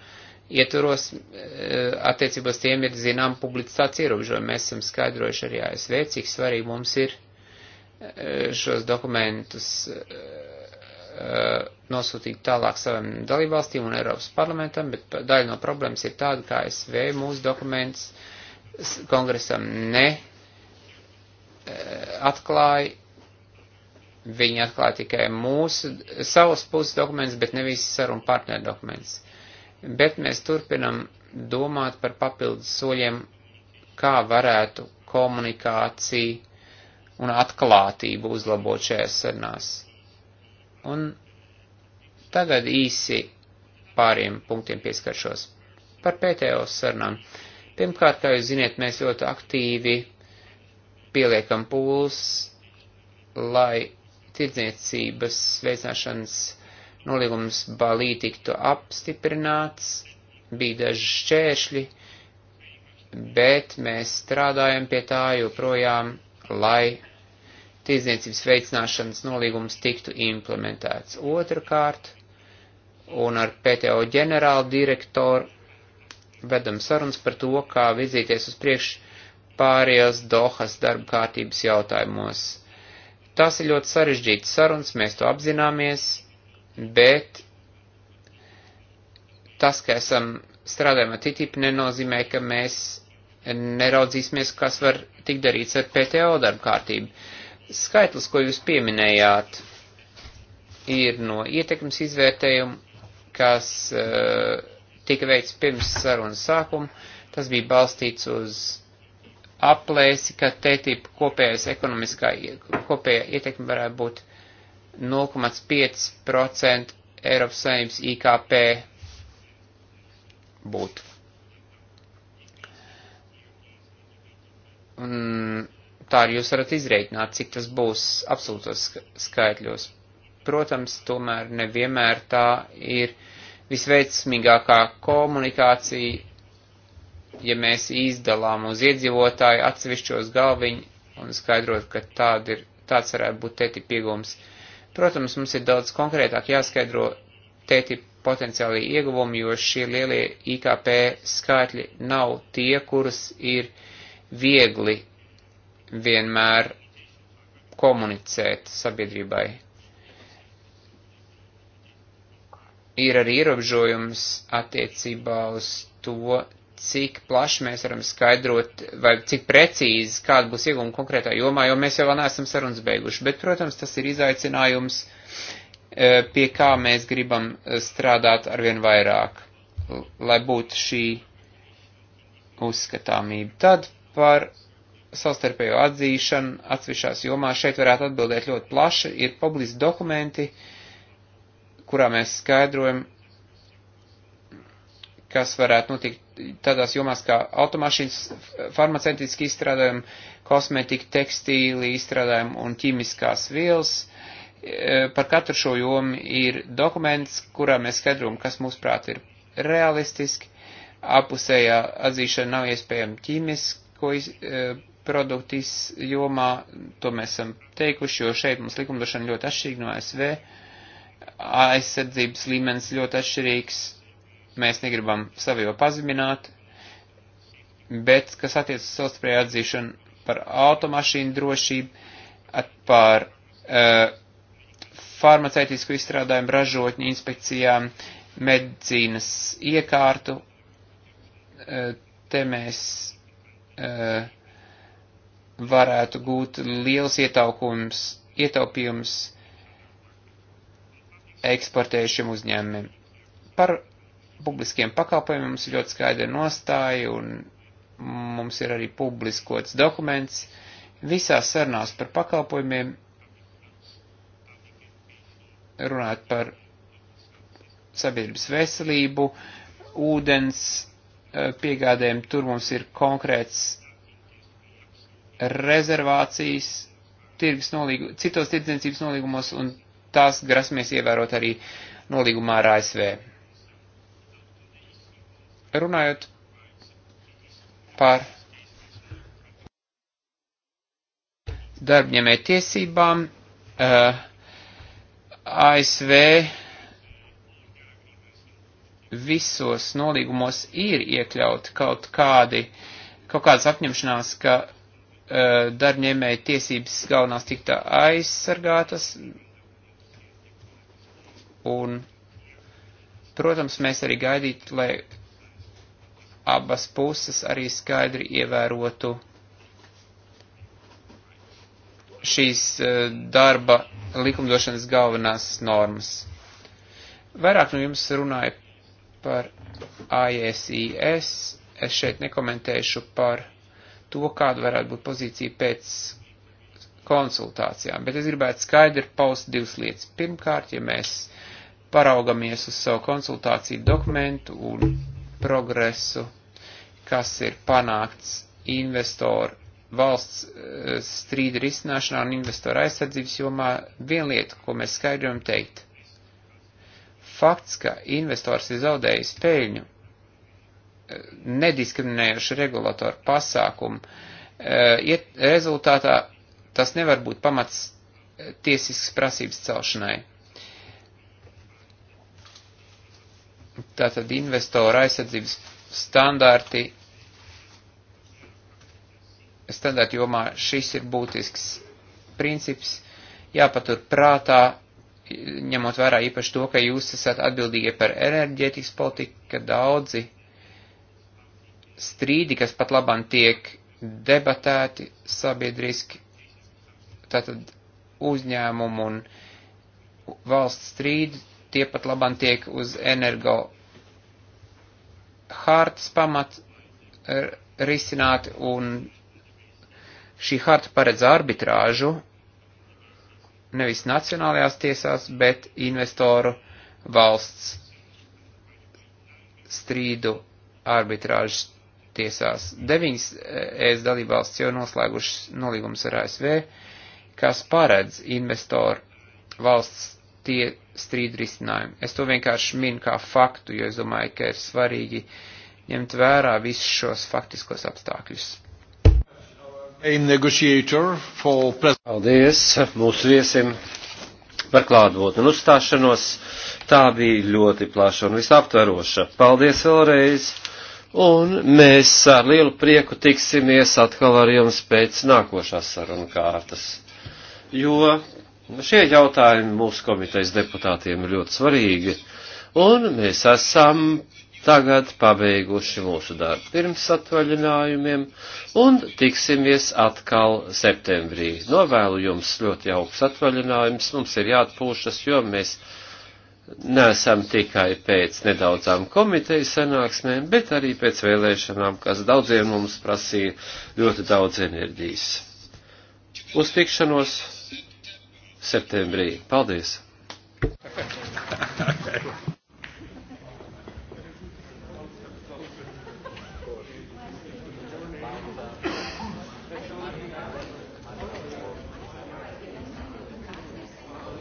ietvaros eh, attiecībās tiem ir zinām publicitāts ierobežojumi. Mēs esam skaidrojuši arī ASV, cik svarīgi mums ir eh, šos dokumentus eh, nosūtīt tālāk saviem dalībvalstīm un Eiropas parlamentam, bet daļa no problēmas ir tāda, ka ASV mūsu dokuments kongresam ne atklāja, viņi atklāja tikai mūsu savas puses dokumentus, bet nevis sarunu partneru dokumentus bet mēs turpinam domāt par papildus soļiem, kā varētu komunikāciju un atklātību uzlabot šajās sarunās. Un tagad īsi pāriem punktiem pieskaršos. Par PTO sarunām. Pirmkārt, kā jūs ziniet, mēs ļoti aktīvi pieliekam pūls, lai tirdzniecības veicināšanas nolīgums Balī tiktu apstiprināts, bija daži šķēršļi, bet mēs strādājam pie tā joprojām, lai tīzniecības veicināšanas nolīgums tiktu implementēts. Otrakārt, un ar PTO ģenerālu direktoru vedam sarunas par to, kā virzīties uz priekšu pārējās Dohas darba kārtības jautājumos. Tas ir ļoti sarežģīts sarunas, mēs to apzināmies, bet tas, ka esam strādājam ar TTIP, nenozīmē, ka mēs neraudzīsimies, kas var tikt darīts ar PTO darba kārtību. Skaitlis, ko jūs pieminējāt, ir no ietekmes izvērtējuma, kas uh, tika veikts pirms sarunas sākuma. Tas bija balstīts uz aplēsi, ka TTIP kopējais ekonomiskā kopējā ietekme varētu būt uh, 0,5% Eiropas Savienības IKP būtu. Un tā arī jūs varat izreikināt, cik tas būs absolūtos skaitļos. Protams, tomēr nevienmēr tā ir visveiksmīgākā komunikācija, ja mēs izdalām uz iedzīvotāju atsevišķos galviņu un skaidrot, ka tād ir, tāds varētu būt tēti piegums. Uh, Protams, mums ir daudz konkrētāk jāskaidro tēti potenciālī ieguvumi, jo šie lielie IKP skaitļi nav tie, kurus ir viegli vienmēr komunicēt sabiedrībai. Ir arī ierobežojums attiecībā uz to, cik plaši mēs varam skaidrot, vai cik precīzi, kāda būs ieguma konkrētā jomā, jo mēs jau vēl neesam sarunas beiguši. Bet, protams, tas ir izaicinājums, e, pie kā mēs gribam e, strādāt arvien vairāk, lai būtu šī uzskatāmība. Tad par savstarpējo atzīšanu atsevišķās jomās šeit varētu atbildēt ļoti plaši. Ir publiski dokumenti, kurā mēs skaidrojam, kas varētu notikt tādās jomās kā automašīnas, farmaceitiski izstrādājumi, kosmetika, tekstīli izstrādājumi un ķīmiskās vielas. E, par katru šo jomu ir dokuments, kurā mēs skaidrojam, kas mūsuprāt ir realistiski. Apusējā atzīšana nav iespējama ķīmisko e, produktu jomā, to mēs esam teikuši, jo šeit mums likumdošana ļoti atšķirīga no ASV. Aizsardzības līmenis ļoti atšķirīgs mēs negribam savējo pazemināt, bet kas attiecas uz savstarpēju atzīšanu par automašīnu drošību, par uh, farmaceitisku izstrādājumu ražotņu inspekcijām, medicīnas iekārtu, uh, te mēs uh, varētu gūt liels ietaupījums, ietaupījums eksportējušiem uzņēmumiem. Par publiskiem pakalpojumiem mums ir ļoti skaidra nostāja un mums ir arī publiskots dokuments visās sarunās par pakalpojumiem runāt par sabiedrības veselību, ūdens eh, piegādēm, tur mums ir konkrēts rezervācijas tirgus nolīgu, citos tirdzniecības nolīgumos un tās grasmies ievērot arī nolīgumā ar ASV. Runājot par darbņēmē tiesībām, uh, eh, ASV visos nolīgumos ir iekļaut kaut kādi, kaut kādas apņemšanās, ka uh, eh, darbņēmēja tiesības galvenās tiktā aizsargātas. Un, protams, mēs arī gaidītu, lai abas puses arī skaidri ievērotu šīs e, darba likumdošanas galvenās normas. Vairāk no jums runāja par ISIS. E es šeit nekomentēšu par to, kāda varētu būt pozīcija pēc konsultācijām, bet es gribētu skaidri paust divas lietas. Pirmkārt, ja mēs paraugamies uz savu konsultāciju dokumentu un progresu kas ir panākts investoru valsts eh, strīdu risināšanā un investoru aizsardzības jomā, viena lieta, ko mēs skaidrojam teikt. Fakts, ka investors ir zaudējis peļņu, eh, nediskriminējuši regulatoru pasākumu, eh, iet, rezultātā tas nevar būt pamats tiesiskas prasības celšanai. Tātad investoru aizsardzības standārti standarta jomā šis ir būtisks princips, jāpatur prātā, ņemot vērā īpaši to, ka jūs esat atbildīgi par enerģētikas politiku, ka daudzi strīdi, kas pat labam tiek debatēti sabiedriski, tātad uzņēmumu un valsts strīdi, tie pat labam tiek uz energo hārtas pamat eh, risināti un Šī harta paredz arbitrāžu nevis nacionālajās tiesās, bet investoru valsts strīdu arbitrāžas tiesās. Deviņas eh, ES dalībvalsts jau noslēgušas nolīgumus ar ASV, kas paredz investoru valsts tie strīdu risinājumu. Es to vienkārši minu kā faktu, jo es domāju, ka ir svarīgi ņemt vērā visus šos faktiskos apstākļus. For... Paldies mūsu viesim par klātbūtni un uzstāšanos. Tā bija ļoti plaša un visaptveroša. Paldies vēlreiz! Un mēs ar lielu prieku tiksimies atkal ar jums pēc nākošās sarunu kārtas. Jo šie jautājumi mūsu komitejas deputātiem ir ļoti svarīgi. Un mēs esam tagad pabeiguši mūsu darbu pirms atvaļinājumiem un tiksimies atkal septembrī. Novēlu jums ļoti jauks atvaļinājums, mums ir jāatpūšas, jo mēs neesam tikai pēc nedaudzām komiteju sanāksmēm, bet arī pēc vēlēšanām, kas daudziem mums prasīja ļoti daudz enerģijas. Uz tikšanos septembrī. Paldies!